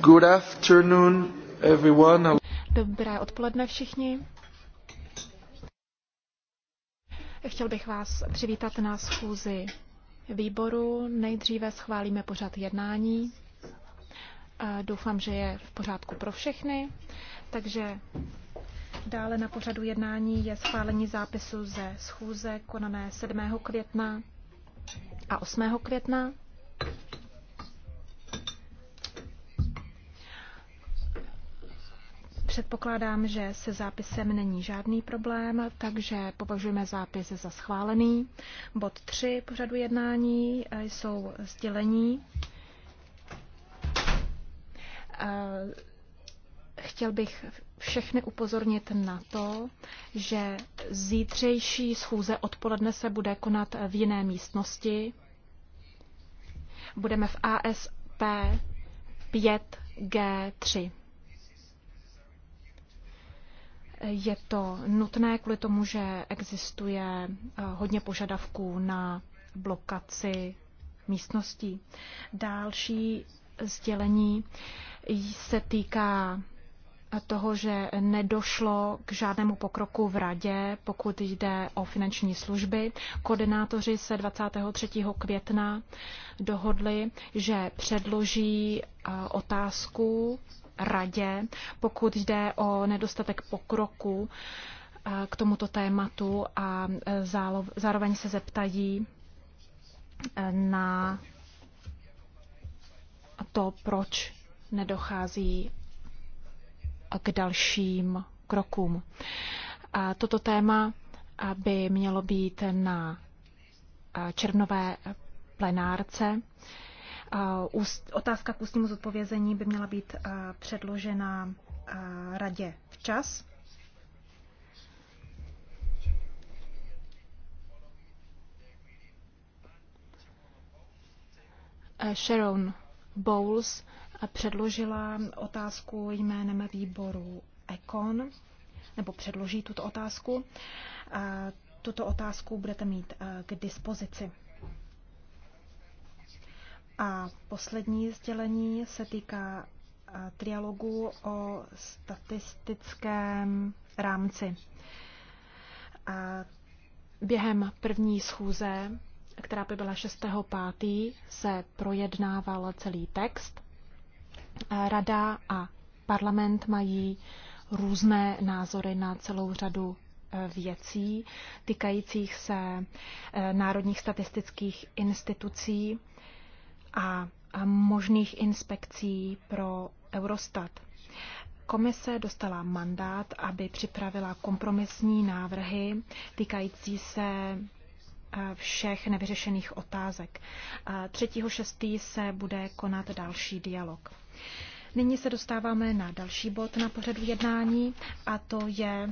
Good afternoon, everyone. Dobré odpoledne všichni. Chtěl bych vás přivítat na schůzi výboru. Nejdříve schválíme pořad jednání. Doufám, že je v pořádku pro všechny. Takže dále na pořadu jednání je schválení zápisu ze schůze konané 7. května a 8. května. Předpokládám, že se zápisem není žádný problém, takže považujeme zápis za schválený. Bod 3 pořadu jednání eh, jsou sdělení. Eh, chtěl bych všechny upozornit na to, že zítřejší schůze odpoledne se bude konat v jiné místnosti. Budeme v ASP 5G3. Je to nutné kvůli tomu, že existuje eh, hodně požadavků na blokaci místností. Další sdělení se týká toho, že nedošlo k žádnému pokroku v radě, pokud jde o finanční služby. Koordinátoři se 23. května dohodli, že předloží eh, otázku radě, pokud jde o nedostatek pokroku eh, k tomuto tématu a eh, zároveň se zeptají na to, proč nedochází k dalším krokům. A toto téma by mělo být na červnové plenárce. Otázka k ústnímu zodpovězení by měla být předložena radě včas. Sharon Bowles předložila otázku jménem výboru ECON, nebo předloží tuto otázku. A tuto otázku budete mít eh, k dispozici. A poslední sdělení se týká eh, trialogu o statistickém rámci. A během první schůze, která by byla 6.5., se projednával celý text Rada a parlament mají různé názory na celou řadu e, věcí týkajících se e, národních statistických institucí a možných inspekcí pro Eurostat. Komise dostala mandát, aby připravila kompromisní návrhy týkající se e, všech nevyřešených otázek. 3.6. se bude konat další dialog. Nyní se dostáváme na další bod na pořadu jednání a to je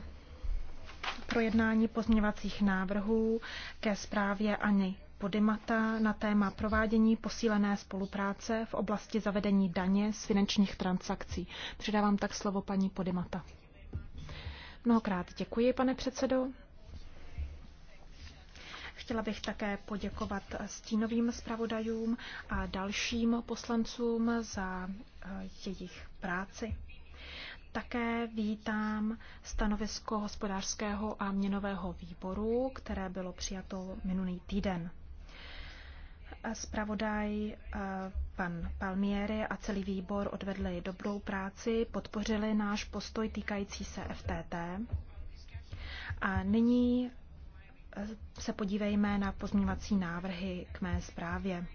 projednání pozměňovacích návrhů ke zprávě Ani Podimata na téma provádění posílené spolupráce v oblasti zavedení daně z finančních transakcí. Předávám tak slovo paní Podimata. Mnohokrát děkuji, pane předsedo. Chtěla bych také poděkovat stínovým zpravodajům a dalším poslancům za eh, jejich práci. Také vítám stanovisko hospodářského a měnového výboru, které bylo přijato minulý týden. Spravodaj eh, pan Palmieri a celý výbor odvedli dobrou práci, podpořili náš postoj týkající se FTT. A nyní se podívejme na pozměňovací návrhy k mé zprávě.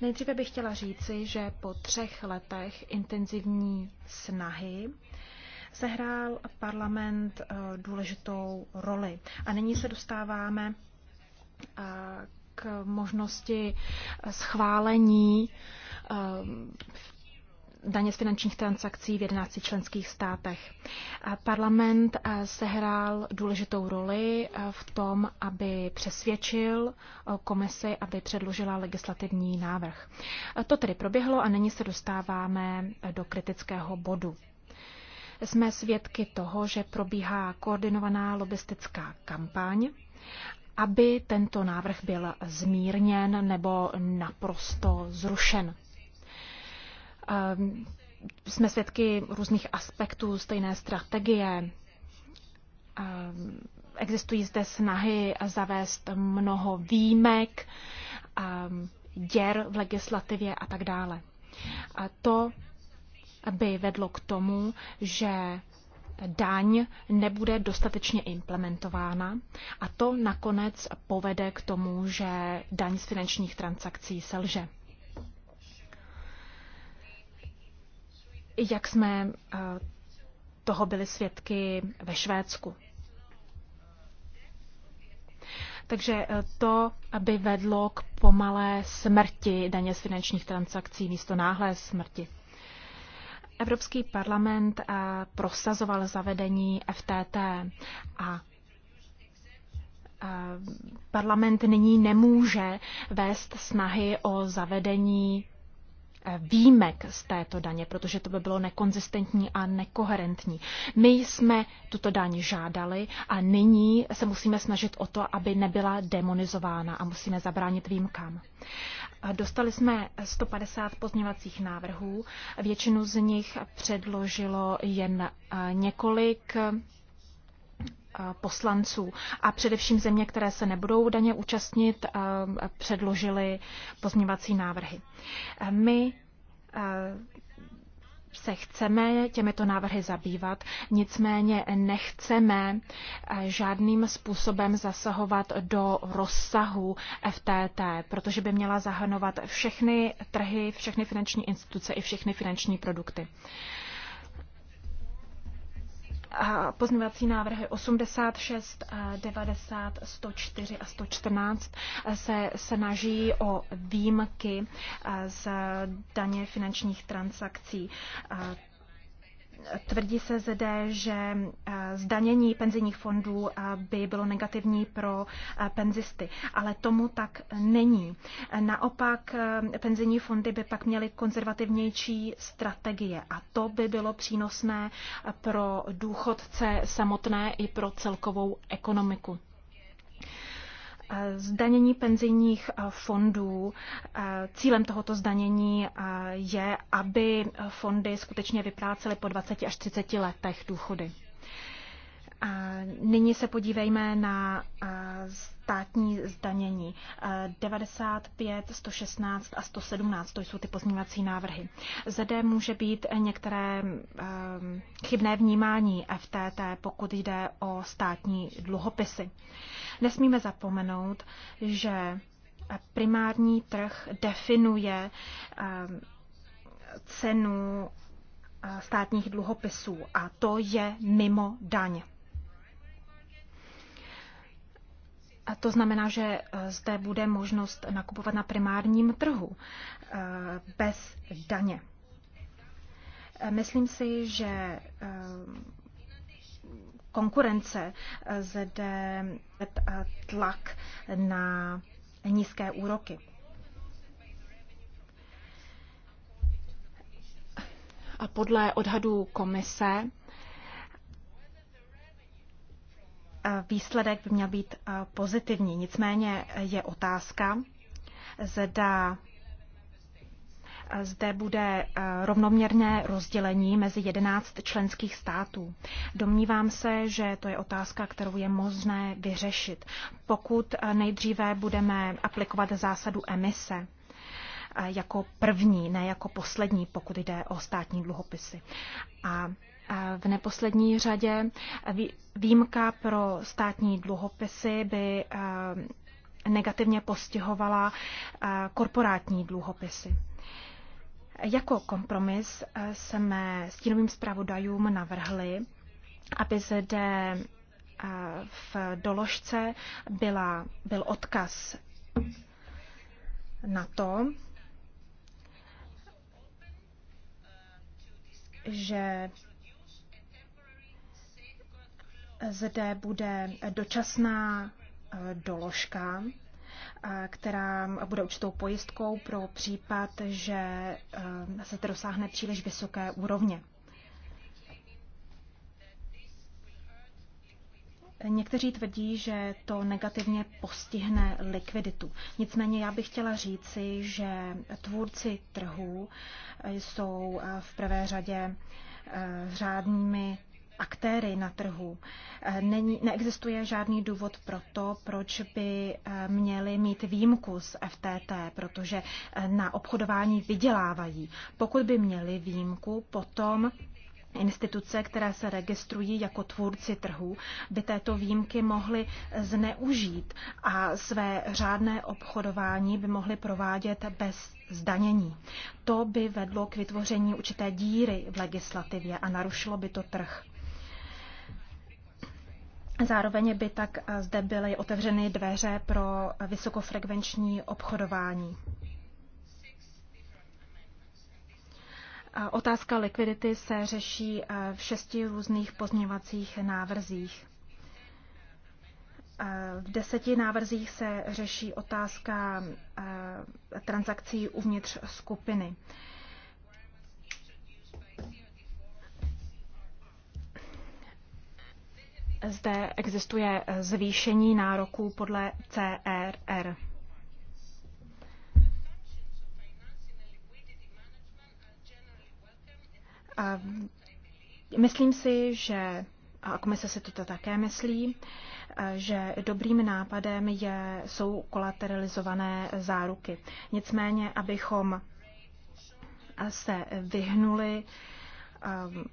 Nejdříve bych chtěla říci, že po třech letech intenzivní snahy sehrál parlament eh, důležitou roli. A nyní se dostáváme eh, k možnosti schválení eh, daně z finančních transakcí v 11 členských státech. Parlament eh, sehrál důležitou roli eh, v tom, aby přesvědčil eh, komisi, aby předložila legislativní návrh. To tedy proběhlo a nyní se dostáváme do kritického bodu. Jsme svědky toho, že probíhá koordinovaná lobistická kampaň aby tento návrh byl zmírněn nebo naprosto zrušen. Ehm, jsme svědky různých aspektů stejné strategie. Ehm, existují zde snahy zavést mnoho výjimek, ehm, děr v legislativě a tak dále. A to by vedlo k tomu, že daň nebude dostatečně implementována a to nakonec povede k tomu, že daň z finančních transakcí selže. jak jsme eh, toho byli svědky ve Švédsku. Takže eh, to aby vedlo k pomalé smrti daně z finančních transakcí místo náhlé smrti. Evropský parlament eh, prosazoval zavedení FTT a parlament nyní nemůže vést snahy o zavedení výjimek z této daně, protože to by bylo nekonzistentní a nekoherentní. My jsme tuto daň žádali a nyní se musíme snažit o to, aby nebyla demonizována a musíme zabránit výjimkám. Dostali jsme 150 pozměvacích návrhů, většinu z nich předložilo jen několik poslanců. A především země, které se nebudou daně účastnit, eh, předložily pozměvací návrhy. Eh, my eh, se chceme těmito návrhy zabývat, nicméně nechceme žádným způsobem zasahovat do rozsahu FTT, protože by měla zahrnovat všechny trhy, všechny finanční instituce i všechny finanční produkty pozměňovací návrhy 86, 90, 104 a 114 eh, se snaží o výjimky eh, z daně finančních transakcí. Eh, Tvrdí se zde, že eh, zdanění penzijních fondů eh, by bylo negativní pro eh, penzisty, ale tomu tak není. Naopak penzijní fondy by pak měly konzervativnější strategie a to by bylo přínosné pro důchodce samotné i pro celkovou ekonomiku. Zdanění penzijních fondů. Cílem tohoto zdanění je, aby fondy skutečně vyplácely po 20 až 30 letech důchody. Nyní se podívejme na státní zdanění 95, 116 a 117, to jsou ty pozměňovací návrhy. Zde může být některé chybné vnímání FTT, pokud jde o státní dluhopisy. Nesmíme zapomenout, že primární trh definuje cenu státních dluhopisů a to je mimo daň. to znamená, že eh, zde bude možnost nakupovat na primárním trhu eh, bez daně. Eh, myslím si, že konkurence zde tlak na nízké úroky. A podle odhadů komise výsledek by měl být pozitivní. Nicméně e, je otázka, zda zde bude rovnoměrné rozdělení mezi 11 členských států. Domnívám se, že to je otázka, kterou je možné vyřešit, pokud nejdříve budeme aplikovat zásadu emise jako první, ne jako poslední, pokud jde o státní dluhopisy. A v neposlední řadě výjimka pro státní dluhopisy by eh, negativně postihovala eh, korporátní dluhopisy. Jako kompromis eh, jsme stínovým zpravodajům navrhli, aby zde v doložce byla, byl odkaz na to, že zde bude dočasná eh, doložka, eh, která bude určitou pojistkou pro případ, že eh, se to dosáhne příliš vysoké úrovně. Někteří tvrdí, že to negativně postihne likviditu. Nicméně já bych chtěla říci, že tvůrci trhů jsou v prvé řadě řádnými aktéry na trhu. Eh, není, neexistuje žádný důvod pro to, proč by eh, měli mít výjimku z FTT, protože eh, na obchodování vydělávají. Pokud by měli výjimku, potom instituce, které se registrují jako tvůrci trhu, by této výjimky mohly zneužít a své řádné obchodování by mohly provádět bez zdanění. To by vedlo k vytvoření určité díry v legislativě a narušilo by to trh. Zároveň by tak eh, zde byly otevřeny dveře pro vysokofrekvenční obchodování. Otázka likvidity se řeší eh, v šesti různých pozměňovacích návrzích. Eh, v deseti návrzích se řeší otázka transakcí uvnitř skupiny. zde existuje zvýšení nároků podle CRR. A myslím si, že, a komise si toto také myslí, že dobrým nápadem je, jsou kolateralizované záruky. Nicméně, abychom se vyhnuli um,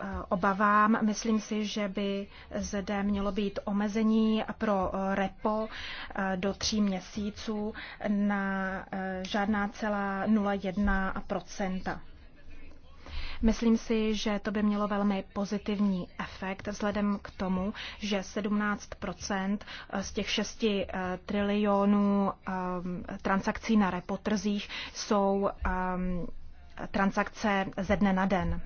Eh, obavám. Myslím si, že by zde mělo být omezení pro repo eh, do tří měsíců na eh, žádná celá 0,1 Myslím si, že to by mělo velmi pozitivní efekt vzhledem k tomu, že 17 z těch 6 trilionů transakcí na repo trzích jsou transakce ze dne na den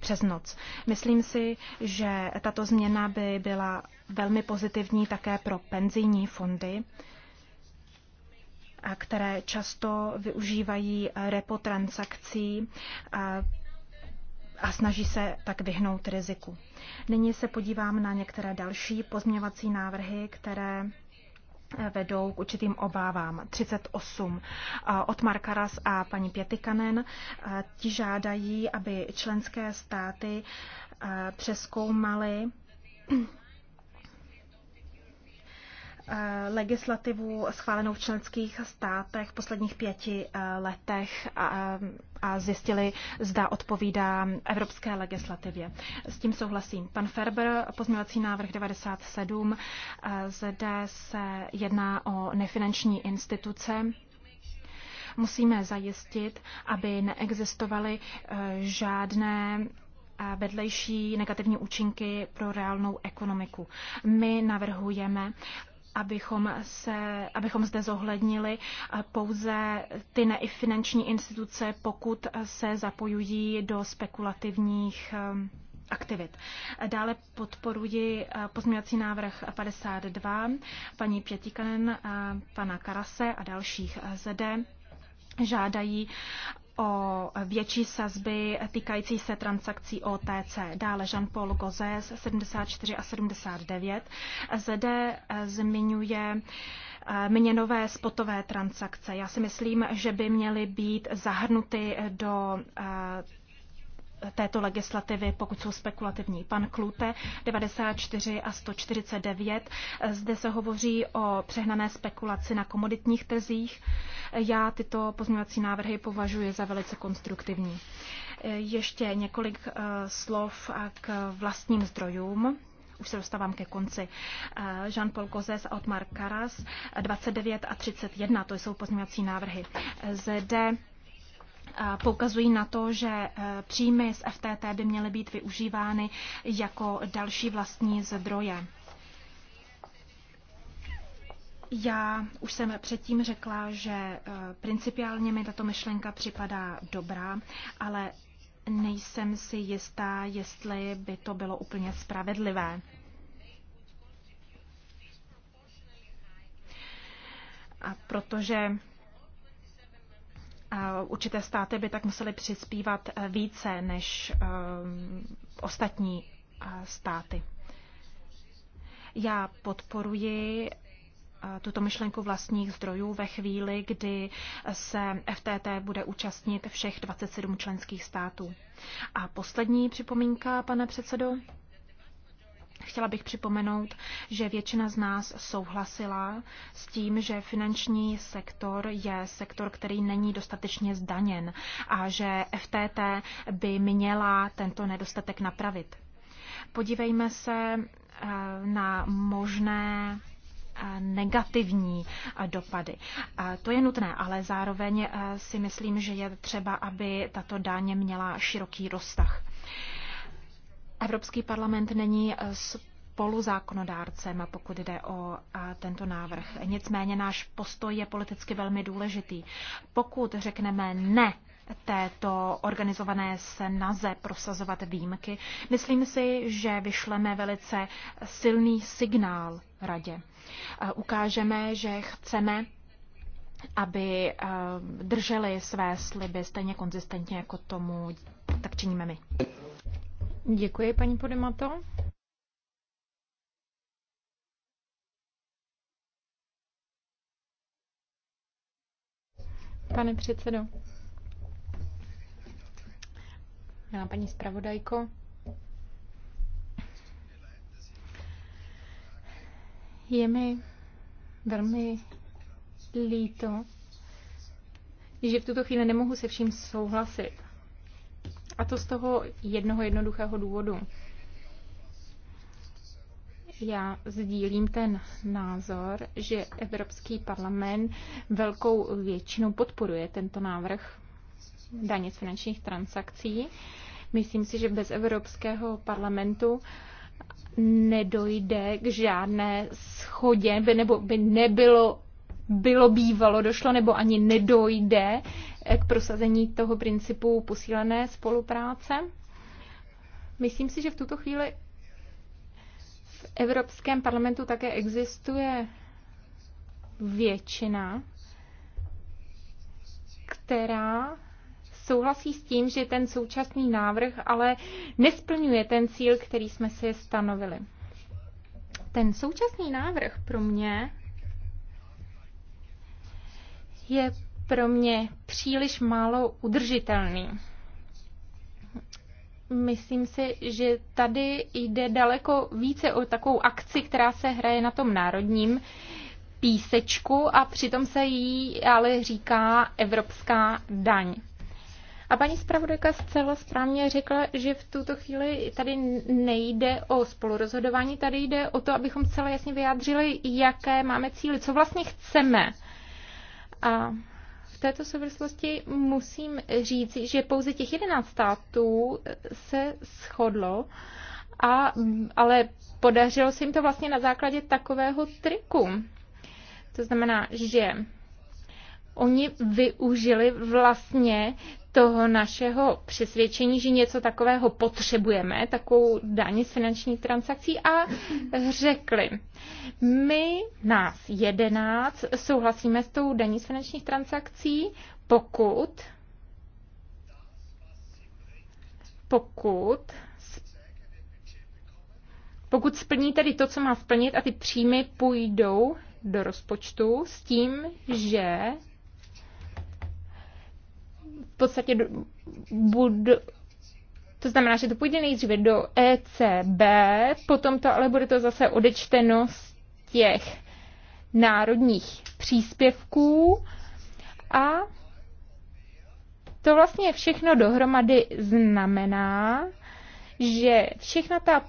přes noc. Myslím si, že tato změna by byla velmi pozitivní také pro penzijní fondy, které často využívají repo transakcí a snaží se tak vyhnout riziku. Nyní se podívám na některé další pozměvací návrhy, které vedou k určitým obávám. 38 eh, od Markaras a paní Pětikanen eh, ti žádají, aby členské státy eh, přeskoumaly Eh, legislativu schválenou v členských státech v posledních pěti eh, letech a, eh, a zjistili, zda odpovídá evropské legislativě. S tím souhlasím. Pan Ferber, pozměvací návrh 97, zde se jedná o nefinanční instituce. Musíme zajistit, aby neexistovaly žádné vedlejší negativní účinky pro reálnou ekonomiku. My navrhujeme, abychom, se, abychom zde zohlednili eh, pouze ty nefinanční instituce, pokud eh, se zapojují do spekulativních eh, aktivit. Dále podporuji pozměňovací návrh 52 paní Pětikanen, pana Karase a dalších ZD žádají o větší sazby týkající se transakcí OTC. Dále Jean-Paul Gozes 74 a 79. Zde eh, zmiňuje eh, měnové spotové transakce. Já si myslím, že by měly být zahrnuty do eh, této legislativy, pokud jsou spekulativní. Pan Klute 94 a 149. Zde se hovoří o přehnané spekulaci na komoditních trzích. Já tyto pozměňovací návrhy považuji za velice konstruktivní. Ještě několik eh, slov k vlastním zdrojům už se dostávám ke konci. Eh, Jean-Paul Gozes a Otmar Karas 29 a 31, to jsou pozměňovací návrhy. Zde poukazují na to, že eh, příjmy z FTT by měly být využívány jako další vlastní zdroje. Já už jsem předtím řekla, že eh, principiálně mi tato myšlenka připadá dobrá, ale nejsem si jistá, jestli by to bylo úplně spravedlivé. A protože určité státy by tak musely přispívat eh, více než eh, ostatní eh, státy. Já podporuji tuto myšlenku vlastních zdrojů ve chvíli, kdy se FTT bude účastnit všech 27 členských států. A poslední připomínka, pane předsedo. Chtěla bych připomenout, že většina z nás souhlasila s tím, že finanční sektor je sektor, který není dostatečně zdaněn a že FTT by měla tento nedostatek napravit. Podívejme se eh, na možné eh, negativní eh, dopady. To je nutné, ale zároveň si myslím, že je třeba, aby tato daně měla široký rozsah. Evropský parlament není eh, a pokud jde o tento návrh. Nicméně náš postoj je politicky velmi důležitý. Pokud řekneme ne této organizované snaze prosazovat výjimky, myslím si, že vyšleme velice silný signál radě. Eh, ukážeme, že chceme aby eh, drželi své sliby stejně konzistentně, jako tomu tak činíme my. Děkuji, paní Podemato. Pane předsedo, milá paní zpravodajko, je mi velmi líto, že v tuto chvíli nemohu se vším souhlasit. A to z toho jednoho jednoduchého důvodu. Já sdílím ten názor, že Evropský parlament velkou většinou podporuje tento návrh daně z finančních transakcí. Myslím si, že bez Evropského parlamentu nedojde k žádné schodě, by, nebo by nebylo bylo bývalo, došlo nebo ani nedojde k prosazení toho principu posílené spolupráce. Myslím si, že v tuto chvíli v Evropském parlamentu také existuje většina, která souhlasí s tím, že ten současný návrh ale nesplňuje ten cíl, který jsme si stanovili. Ten současný návrh pro mě je pro mě příliš málo udržitelný. Myslím si, že tady jde daleko více o takovou akci, která se hraje na tom národním písečku a přitom se jí ale říká evropská daň. A paní zpravodajka zcela správně řekla, že v tuto chvíli tady nejde o spolurozhodování, tady jde o to, abychom celé jasně vyjádřili, jaké máme cíly, co vlastně chceme. A této souvislosti musím říct, že pouze těch 11 států se shodlo, a, ale podařilo se jim to vlastně na základě takového triku. To znamená, že oni využili vlastně toho našeho přesvědčení, že něco takového potřebujeme, takovou daň z finančních transakcí a řekli, my, nás jedenáct, souhlasíme s tou daní z finančních transakcí, pokud pokud pokud splní tedy to, co má splnit a ty příjmy půjdou do rozpočtu s tím, že podstatě budu, to znamená, že to půjde nejdříve do ECB, potom to ale bude to zase odečteno z těch národních příspěvků a to vlastně všechno dohromady znamená, že všechna ta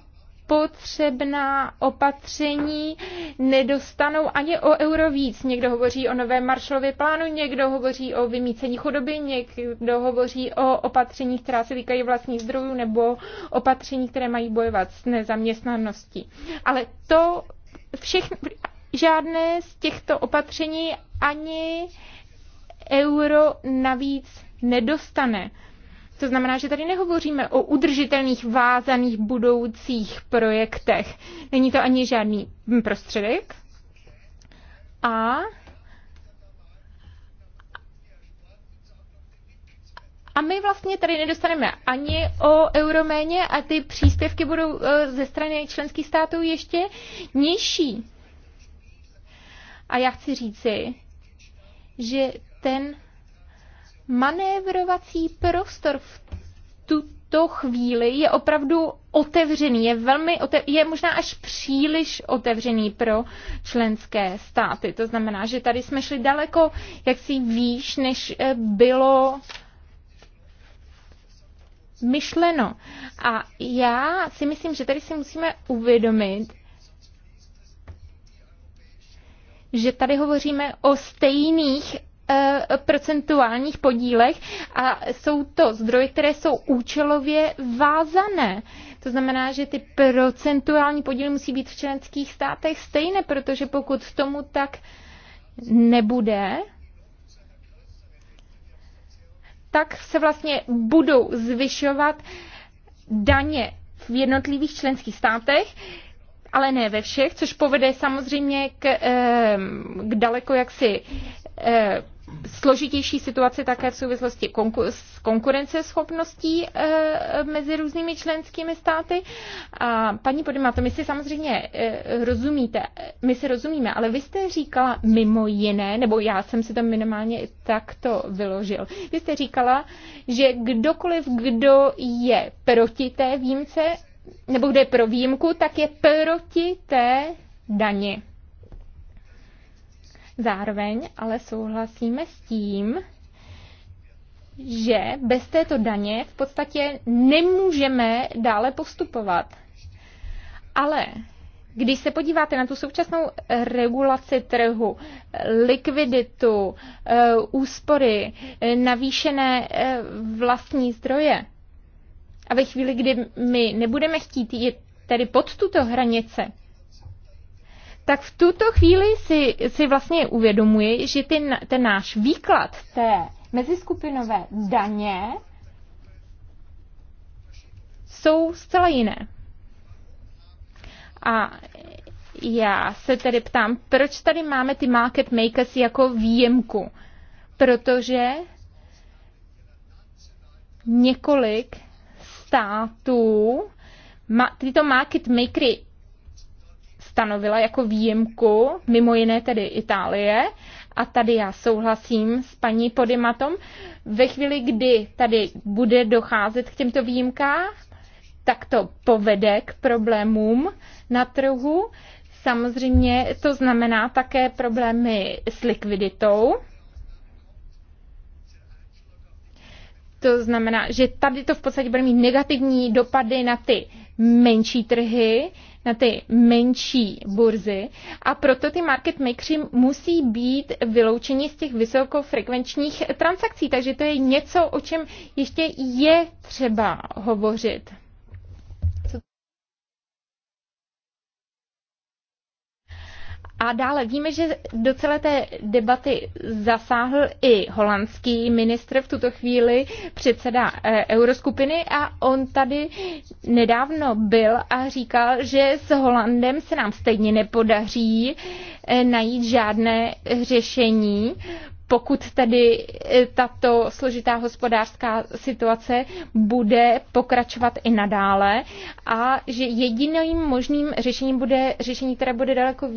potřebná opatření nedostanou ani o euro víc. Někdo hovoří o novém Marshallově plánu, někdo hovoří o vymícení chudoby, někdo hovoří o opatření, která se týkají vlastních zdrojů nebo opatření, které mají bojovat s nezaměstnaností. Ale to všechno, žádné z těchto opatření ani euro navíc nedostane. To znamená, že tady nehovoříme o udržitelných vázaných budoucích projektech. Není to ani žádný prostředek. A A my vlastně tady nedostaneme ani o euroméně a ty příspěvky budou eh, ze strany členských států ještě nižší. A já chci říci, že ten manévrovací prostor v tuto chvíli je opravdu otevřený, je, velmi otev, je možná až příliš otevřený pro členské státy. To znamená, že tady jsme šli daleko jaksi výš, než eh, bylo myšleno. A já si myslím, že tady si musíme uvědomit, že tady hovoříme o stejných Eh, procentuálních podílech a jsou to zdroje, které jsou účelově vázané. To znamená, že ty procentuální podíly musí být v členských státech stejné, protože pokud tomu tak nebude, tak se vlastně budou zvyšovat daně v jednotlivých členských státech, ale ne ve všech, což povede samozřejmě k, eh, k daleko jaksi eh, složitější situaci také v souvislosti s konkurenceschopností eh, mezi různými členskými státy. A paní to my si samozřejmě eh, rozumíte, my si rozumíme, ale vy jste říkala mimo jiné, nebo já jsem si to minimálně takto vyložil, vy jste říkala, že kdokoliv, kdo je proti té výjimce, nebo kdo je pro výjimku, tak je proti té dani. Zároveň ale souhlasíme s tím, že bez této daně v podstatě nemůžeme dále postupovat. Ale když se podíváte na tu současnou regulaci trhu, likviditu, eh, úspory, eh, navýšené eh, vlastní zdroje, a ve chvíli, kdy my nebudeme chtít jít tedy pod tuto hranice, tak v tuto chvíli si, si vlastně uvědomuji, že ty, ten náš výklad té meziskupinové daně jsou zcela jiné. A já se tedy ptám, proč tady máme ty market makers jako výjimku? Protože několik států ma, tyto market makery stanovila jako výjimku, mimo jiné tedy Itálie, a tady já souhlasím s paní Podimatom, ve chvíli, kdy tady bude docházet k těmto výjimkám, tak to povede k problémům na trhu. Samozřejmě to znamená také problémy s likviditou. To znamená, že tady to v podstatě bude mít negativní dopady na ty menší trhy, na ty menší burzy a proto ty market makers musí být vyloučeni z těch vysokofrekvenčních transakcí. Takže to je něco, o čem ještě je třeba hovořit. A dále víme, že do celé té debaty zasáhl i holandský ministr, v tuto chvíli předseda eh, euroskupiny a on tady nedávno byl a říkal, že s Holandem se nám stejně nepodaří eh, najít žádné řešení, pokud tedy eh, tato složitá hospodářská situace bude pokračovat i nadále a že jediným možným řešením bude řešení, které bude daleko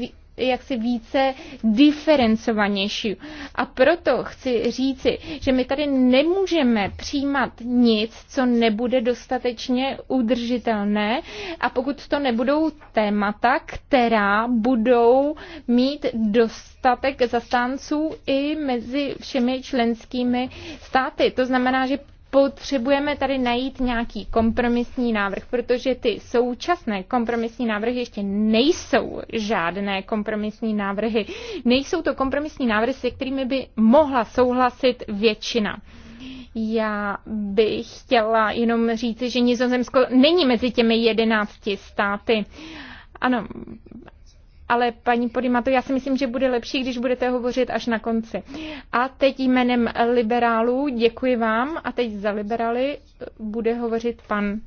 jaksi více diferencovanější. A proto chci říci, že my tady nemůžeme přijímat nic, co nebude dostatečně udržitelné a pokud to nebudou témata, která budou mít dostatek zastánců i mezi všemi členskými státy. To znamená, že potřebujeme tady najít nějaký kompromisní návrh, protože ty současné kompromisní návrhy ještě nejsou žádné kompromisní návrhy. Nejsou to kompromisní návrhy, se kterými by mohla souhlasit většina. Já bych chtěla jenom říci, že Nizozemsko není mezi těmi jedenácti státy. Ano, ale paní Podimato, já si myslím, že bude lepší, když budete hovořit až na konci. A teď jménem liberálů děkuji vám a teď za liberály bude hovořit pan,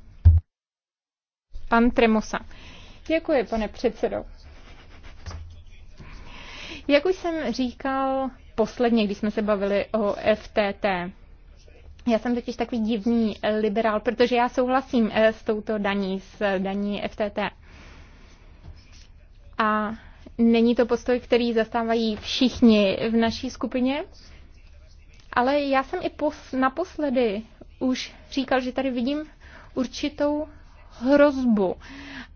pan Tremosa. Děkuji, pane předsedo. Jak už jsem říkal posledně, když jsme se bavili o FTT, já jsem totiž takový divný liberál, protože já souhlasím eh, s touto daní, s daní FTT a není to postoj, který zastávají všichni v naší skupině, ale já jsem i pos- naposledy už říkal, že tady vidím určitou hrozbu.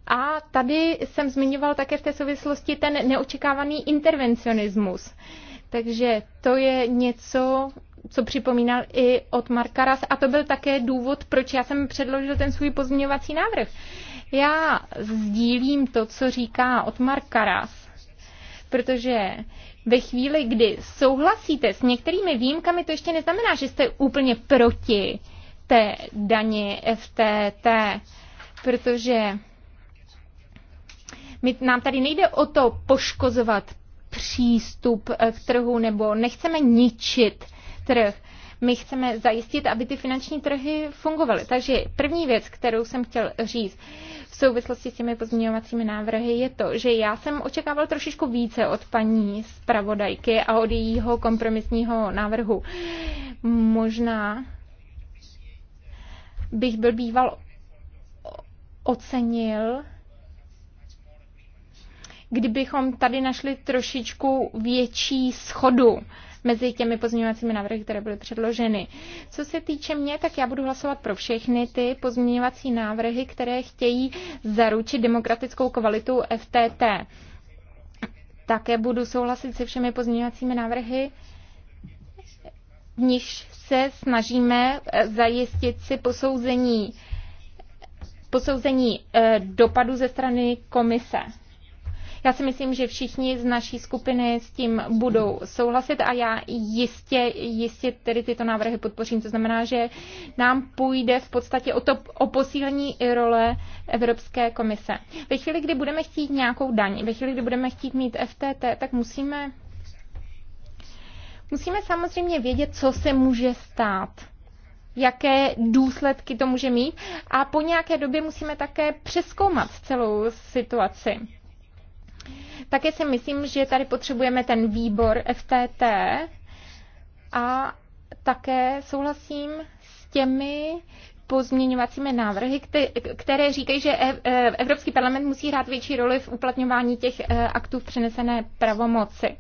A tady jsem zmiňoval také v té souvislosti ten neočekávaný intervencionismus. Takže to je něco, co připomínal i od Markaras a to byl také důvod, proč já jsem předložil ten svůj pozměňovací návrh. Já sdílím to, co říká Otmar Karas, protože ve chvíli, kdy souhlasíte s některými výjimkami, to ještě neznamená, že jste úplně proti té dani FTT, protože my, nám tady nejde o to poškozovat přístup k trhu nebo nechceme ničit trh. My chceme zajistit, aby ty finanční trhy fungovaly. Takže první věc, kterou jsem chtěl říct v souvislosti s těmi pozměňovacími návrhy, je to, že já jsem očekával trošičku více od paní zpravodajky a od jejího kompromisního návrhu. Možná bych byl býval ocenil, kdybychom tady našli trošičku větší schodu mezi těmi pozměňovacími návrhy, které byly předloženy. Co se týče mě, tak já budu hlasovat pro všechny ty pozměňovací návrhy, které chtějí zaručit demokratickou kvalitu FTT. Také budu souhlasit se všemi pozměňovacími návrhy, v nichž se snažíme eh, zajistit si posouzení, posouzení eh, dopadu ze strany komise. Já si myslím, že všichni z naší skupiny s tím budou souhlasit a já jistě, jistě tedy tyto návrhy podpořím. To znamená, že nám půjde v podstatě o, to, o posílení role Evropské komise. Ve chvíli, kdy budeme chtít nějakou daň, ve chvíli, kdy budeme chtít mít FTT, tak musíme Musíme samozřejmě vědět, co se může stát jaké důsledky to může mít a po nějaké době musíme také přeskoumat celou situaci. Také si myslím, že tady potřebujeme ten výbor FTT a také souhlasím s těmi pozměňovacími návrhy, které říkají, že e- e- Evropský parlament musí hrát větší roli v uplatňování těch e, aktů v přenesené pravomoci.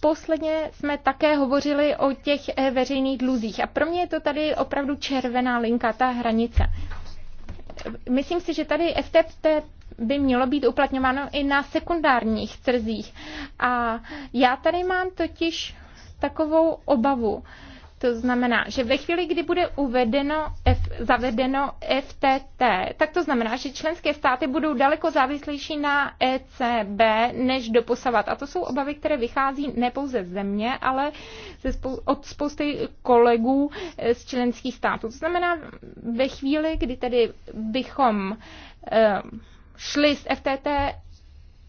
Posledně jsme také hovořili o těch veřejných dluzích a pro mě je to tady opravdu červená linka, ta hranice. Myslím si, že tady FTT by mělo být uplatňováno i na sekundárních trzích. A já tady mám totiž takovou obavu. To znamená, že ve chvíli, kdy bude uvedeno F, zavedeno FTT, tak to znamená, že členské státy budou daleko závislejší na ECB než doposavat. A to jsou obavy, které vychází ne pouze mě, ale ze spou- od spousty kolegů eh, z členských států. To znamená, ve chvíli, kdy tedy bychom. Eh, šli z FTT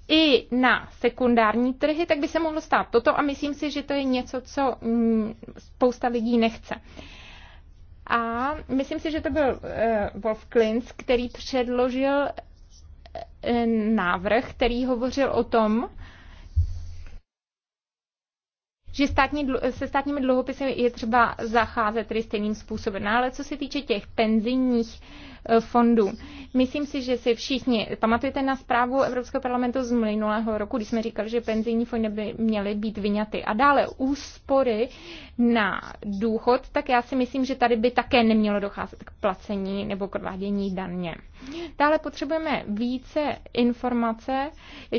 i na sekundární trhy, tak by se mohlo stát toto a myslím si, že to je něco, co mm, spousta lidí nechce. A myslím si, že to byl eh, Wolf Klins, který předložil eh, návrh, který hovořil o tom, že státní, se státními dluhopisy je třeba zacházet tedy stejným způsobem. No, ale co se týče těch penzijních e, fondů, myslím si, že si všichni pamatujete na zprávu Evropského parlamentu z minulého roku, kdy jsme říkali, že penzijní fondy by měly být vyňaty. A dále úspory na důchod, tak já si myslím, že tady by také nemělo docházet k placení nebo k odvádění daně. Dále potřebujeme více informace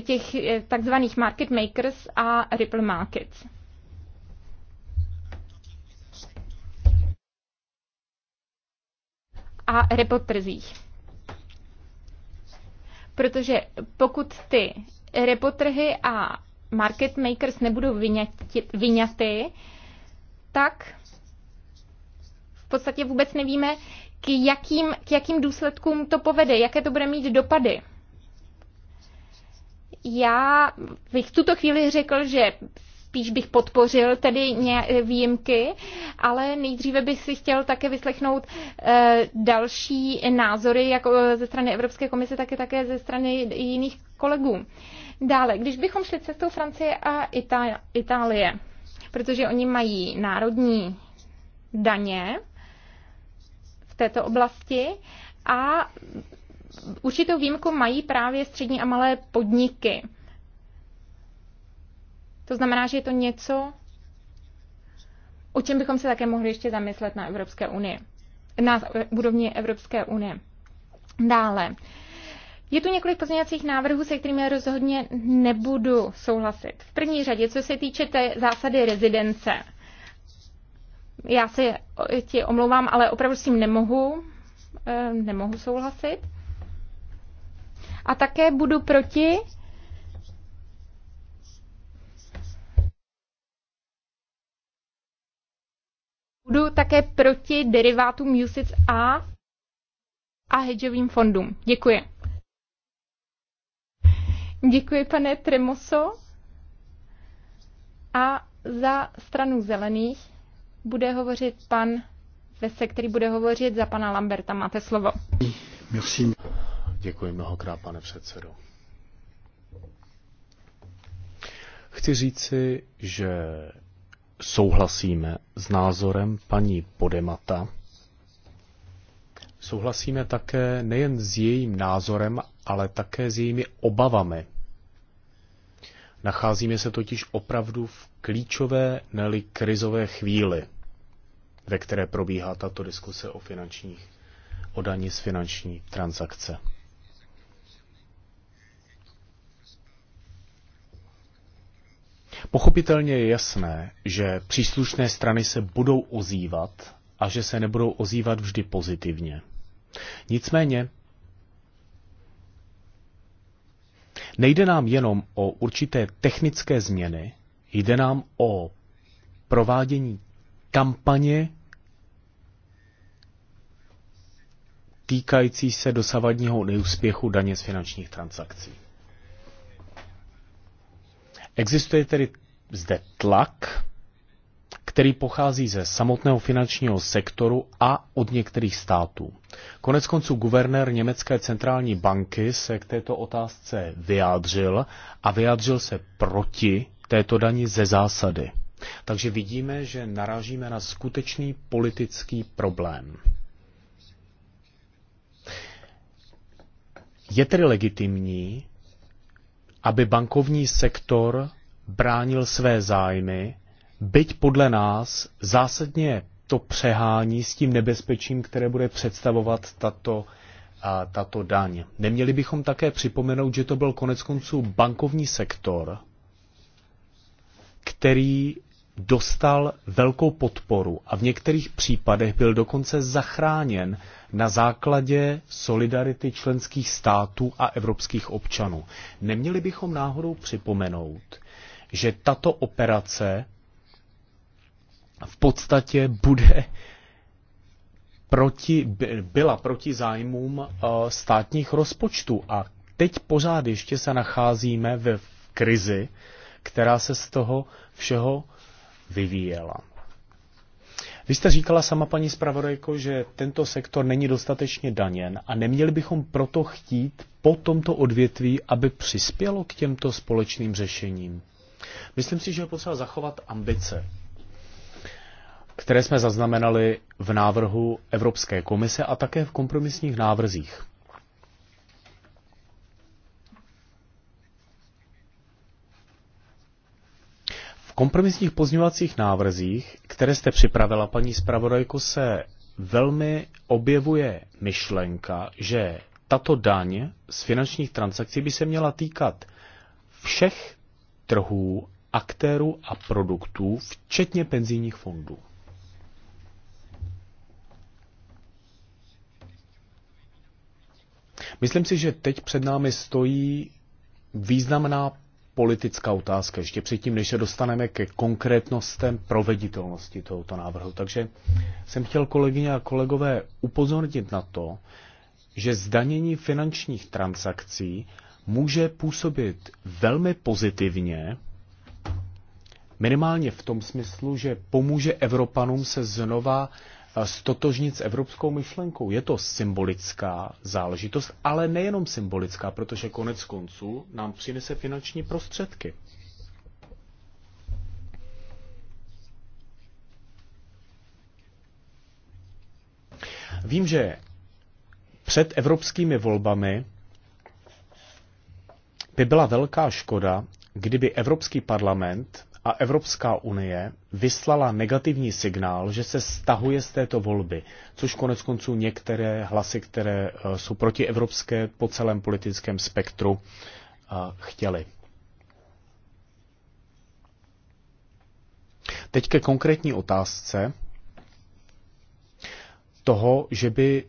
těch e, takzvaných market makers a ripple markets. a repotrzích. Protože pokud ty repotrhy a market makers nebudou vyňati, vyňaty, tak v podstatě vůbec nevíme, k jakým, k jakým důsledkům to povede, jaké to bude mít dopady. Já bych v tuto chvíli řekl, že spíš bych podpořil tedy výjimky, ale nejdříve bych si chtěl také vyslechnout eh, další názory, jak eh, ze strany Evropské komise, tak také ze strany jiných kolegů. Dále, když bychom šli cestou Francie a Itálie, protože oni mají národní daně v této oblasti a určitou výjimku mají právě střední a malé podniky. To znamená, že je to něco, o čem bychom se také mohli ještě zamyslet na Evropské unii, na budovní Evropské unie. Dále. Je tu několik pozměňovacích návrhů, se kterými rozhodně nebudu souhlasit. V první řadě, co se týče té zásady rezidence. Já se ti omlouvám, ale opravdu s tím nemohu, eh, nemohu souhlasit. A také budu proti budu také proti derivátům USIC A a hedžovým fondům. Děkuji. Děkuji, pane Tremoso. A za stranu zelených bude hovořit pan Vese, který bude hovořit za pana Lamberta. Máte slovo. Merci. Děkuji mnohokrát, pane předsedo. Chci říci, že souhlasíme s názorem paní Podemata. Souhlasíme také nejen s jejím názorem, ale také s jejími obavami. Nacházíme se totiž opravdu v klíčové, neli krizové chvíli, ve které probíhá tato diskuse o finančních, o daní z finanční transakce. Pochopitelně je jasné, že příslušné strany se budou ozývat a že se nebudou ozývat vždy pozitivně. Nicméně nejde nám jenom o určité technické změny, jde nám o provádění kampaně týkající se dosavadního neúspěchu daně z finančních transakcí. Existuje tedy zde tlak, který pochází ze samotného finančního sektoru a od některých států. Konec konců guvernér Německé centrální banky se k této otázce vyjádřil a vyjádřil se proti této dani ze zásady. Takže vidíme, že narážíme na skutečný politický problém. Je tedy legitimní, aby bankovní sektor bránil své zájmy, byť podle nás zásadně to přehání s tím nebezpečím, které bude představovat tato, a, tato daň. Neměli bychom také připomenout, že to byl konec konců bankovní sektor, který dostal velkou podporu a v některých případech byl dokonce zachráněn na základě solidarity členských států a evropských občanů. Neměli bychom náhodou připomenout, že tato operace v podstatě bude proti, byla proti zájmům eh, státních rozpočtů a teď pořád ještě se nacházíme ve krizi, která se z toho všeho vyvíjela. Vy jste říkala sama, paní zpravodajko, že tento sektor není dostatečně daněn a neměli bychom proto chtít po tomto odvětví, aby přispělo k těmto společným řešením. Myslím si, že je potřeba zachovat ambice, které jsme zaznamenali v návrhu Evropské komise a také v kompromisních návrzích. kompromisních pozňovacích návrzích, které jste připravila, paní zpravodajko, se velmi objevuje myšlenka, že tato daň z finančních transakcí by se měla týkat všech trhů, aktérů a produktů, včetně penzijních fondů. Myslím si, že teď před námi stojí významná politická otázka, ještě předtím, než se dostaneme ke konkrétnostem proveditelnosti tohoto návrhu. Takže jsem chtěl kolegyně a kolegové upozornit na to, že zdanění finančních transakcí může působit velmi pozitivně, minimálně v tom smyslu, že pomůže Evropanům se znova stotožnit s evropskou myšlenkou. Je to symbolická záležitost, ale nejenom symbolická, protože konec konců nám přinese finanční prostředky. Vím, že před evropskými volbami by byla velká škoda, kdyby Evropský parlament a Evropská unie vyslala negativní signál, že se stahuje z této volby, což konec konců některé hlasy, které eh, jsou protievropské po celém politickém spektru, eh, chtěly. Teď ke konkrétní otázce toho, že by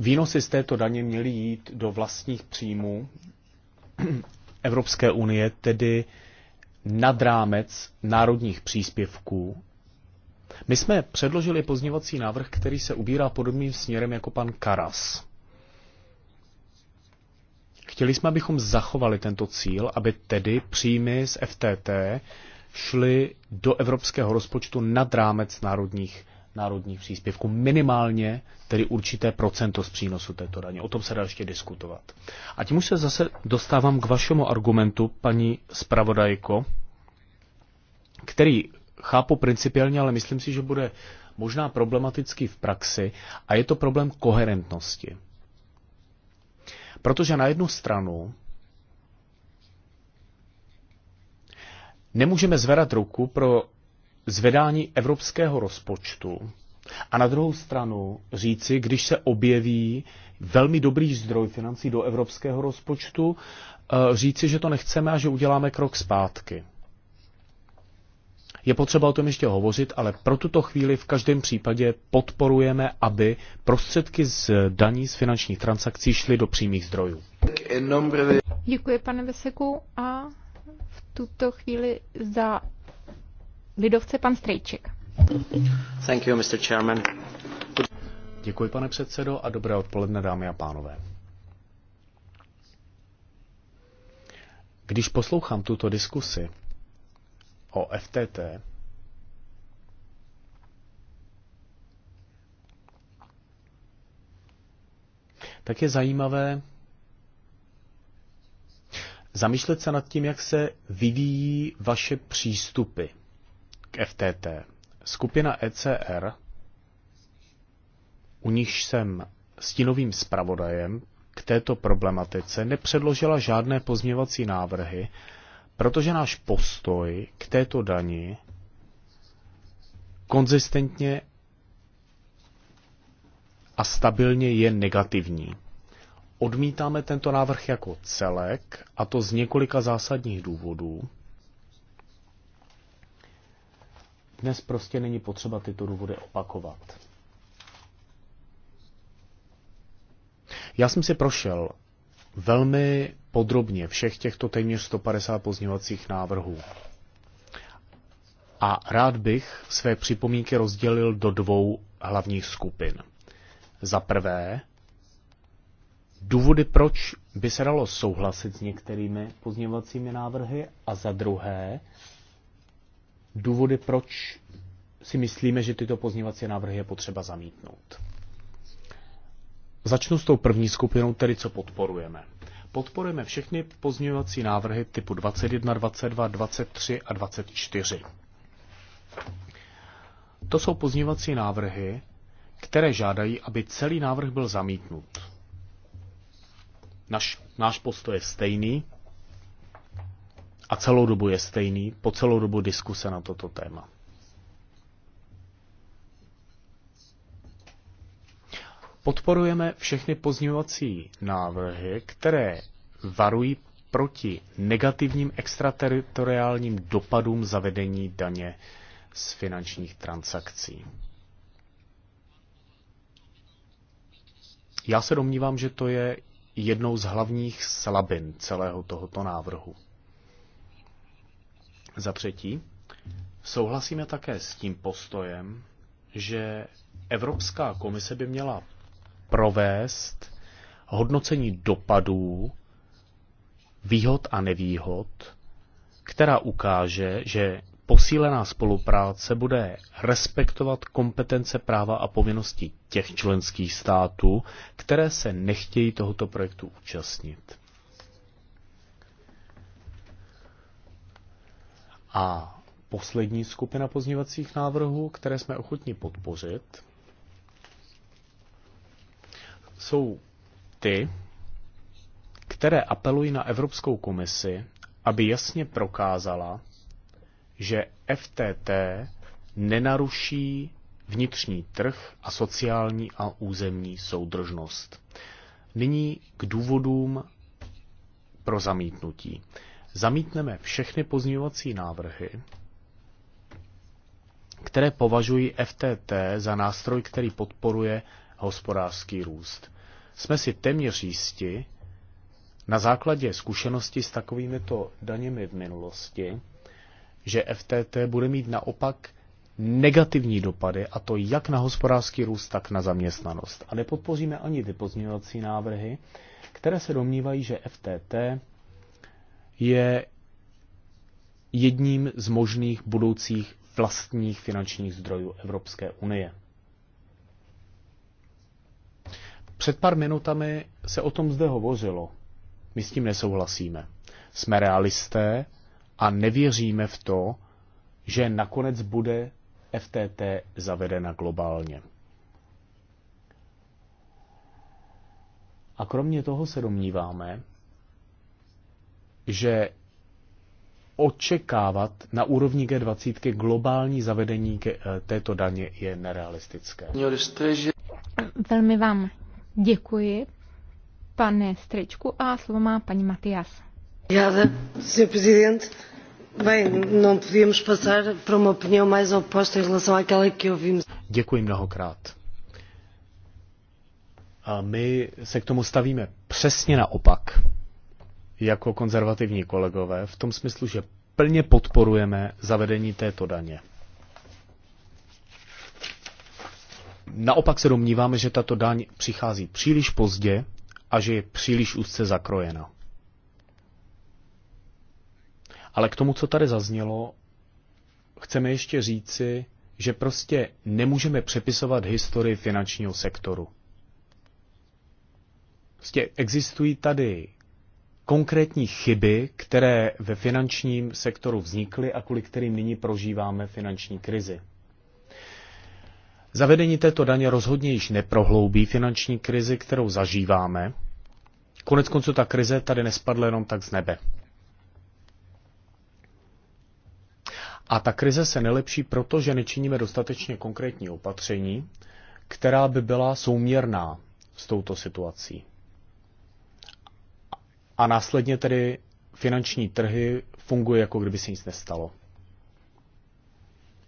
výnosy z této daně měly jít do vlastních příjmů Evropské unie, tedy uh, nad rámec národních příspěvků. My jsme předložili pozněvací návrh, který se ubírá podobným směrem jako pan Karas. Chtěli jsme, abychom zachovali tento cíl, aby tedy příjmy z FTT šly do evropského rozpočtu nad rámec národních národních příspěvků, minimálně tedy určité procento z přínosu této daně. O tom se dá ještě diskutovat. A tím už se zase dostávám k vašemu argumentu, paní zpravodajko, který chápu principiálně, ale myslím si, že bude možná problematický v praxi a je to problém koherentnosti. Protože na jednu stranu nemůžeme zvedat ruku pro zvedání evropského rozpočtu a na druhou stranu říci, když se objeví velmi dobrý zdroj financí do evropského rozpočtu, eh, říci, že to nechceme a že uděláme krok zpátky. Je potřeba o tom ještě hovořit, ale pro tuto chvíli v každém případě podporujeme, aby prostředky z daní z finančních transakcí šly do přímých zdrojů. Děkuji, pane Veseku. A v tuto chvíli za lidovce pan Strejček. Thank you, Mr. Chairman. Děkuji, pane předsedo, a dobré odpoledne, dámy a pánové. Když poslouchám tuto diskusi o FTT, tak je zajímavé zamýšlet se nad tím, jak se vyvíjí vaše přístupy k FTT. Skupina ECR, u níž jsem stínovým zpravodajem k této problematice, nepředložila žádné pozměvací návrhy, protože náš postoj k této dani konzistentně a stabilně je negativní. Odmítáme tento návrh jako celek, a to z několika zásadních důvodů. Dnes prostě není potřeba tyto důvody opakovat. Já jsem si prošel velmi podrobně všech těchto téměř 150 pozměňovacích návrhů. A rád bych své připomínky rozdělil do dvou hlavních skupin. Za prvé, důvody, proč by se dalo souhlasit s některými pozměňovacími návrhy, a za druhé, důvody, proč si myslíme, že tyto pozněvací návrhy je potřeba zamítnout. Začnu s tou první skupinou, tedy co podporujeme. Podporujeme všechny pozměňovací návrhy typu 21, 22, 23 a 24. To jsou pozměňovací návrhy, které žádají, aby celý návrh byl zamítnut. Naš, náš postoj je stejný, a celou dobu je stejný, po celou dobu diskuse na toto téma. Podporujeme všechny pozměňovací návrhy, které varují proti negativním extrateritoriálním dopadům zavedení daně z finančních transakcí. Já se domnívám, že to je jednou z hlavních slabin celého tohoto návrhu. Za třetí, souhlasíme také s tím postojem, že Evropská komise by měla provést hodnocení dopadů, výhod a nevýhod, která ukáže, že posílená spolupráce bude respektovat kompetence práva a povinnosti těch členských států, které se nechtějí tohoto projektu účastnit. A poslední skupina pozněvacích návrhů, které jsme ochotni podpořit, jsou ty, které apelují na Evropskou komisi, aby jasně prokázala, že FTT nenaruší vnitřní trh a sociální a územní soudržnost. Nyní k důvodům pro zamítnutí zamítneme všechny pozměňovací návrhy, které považují FTT za nástroj, který podporuje hospodářský růst. Jsme si téměř jistí na základě zkušenosti s takovýmito daněmi v minulosti, že FTT bude mít naopak negativní dopady, a to jak na hospodářský růst, tak na zaměstnanost. A nepodpoříme ani ty pozměňovací návrhy, které se domnívají, že FTT je jedním z možných budoucích vlastních finančních zdrojů Evropské unie. Před pár minutami se o tom zde hovořilo. My s tím nesouhlasíme. Jsme realisté a nevěříme v to, že nakonec bude FTT zavedena globálně. A kromě toho se domníváme, že očekávat na úrovni G20 globální zavedení eh, této daně je nerealistické. Velmi vám děkuji, pane Strečku, a slovo má paní Matias. Já, pane prezident, Bem, não podíamos passar para uma opinião mais oposta em relação àquela que ouvimos. Děkuji mnohokrát. A my se k tomu stavíme přesně naopak jako konzervativní kolegové v tom smyslu, že plně podporujeme zavedení této daně. Naopak se domníváme, že tato daň přichází příliš pozdě a že je příliš úzce zakrojena. Ale k tomu, co tady zaznělo, chceme ještě říci, že prostě nemůžeme přepisovat historii finančního sektoru. Prostě existují tady konkrétní chyby, které ve finančním sektoru vznikly a kvůli kterým nyní prožíváme finanční krizi. Zavedení této daně rozhodně již neprohloubí finanční krizi, kterou zažíváme. Konec konců ta krize tady nespadla jenom tak z nebe. A ta krize se nelepší proto, že nečiníme dostatečně konkrétní opatření, která by byla souměrná s touto situací a následně tedy finanční trhy fungují, jako kdyby se nic nestalo.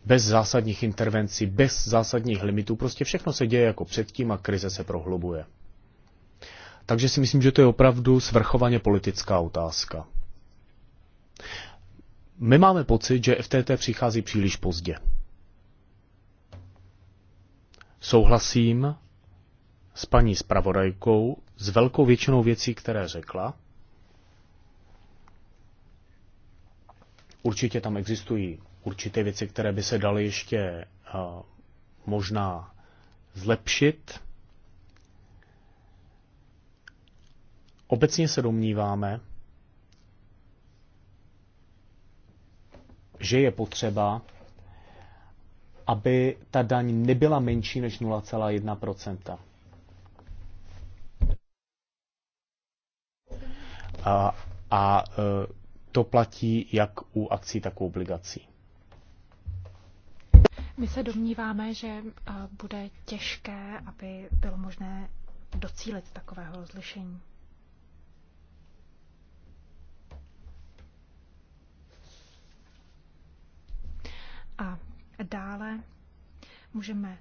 Bez zásadních intervencí, bez zásadních limitů, prostě všechno se děje jako předtím a krize se prohlubuje. Takže si myslím, že to je opravdu svrchovaně politická otázka. My máme pocit, že FTT přichází příliš pozdě. Souhlasím s paní spravodajkou s velkou většinou věcí, které řekla, Určitě tam existují určité věci, které by se daly ještě eh, možná zlepšit. Obecně se domníváme, že je potřeba, aby ta daň nebyla menší než 0,1 a, a eh, to platí jak u akcí, tak u obligací. My se domníváme, že eh, bude těžké, aby bylo možné docílit takového rozlišení. A dále můžeme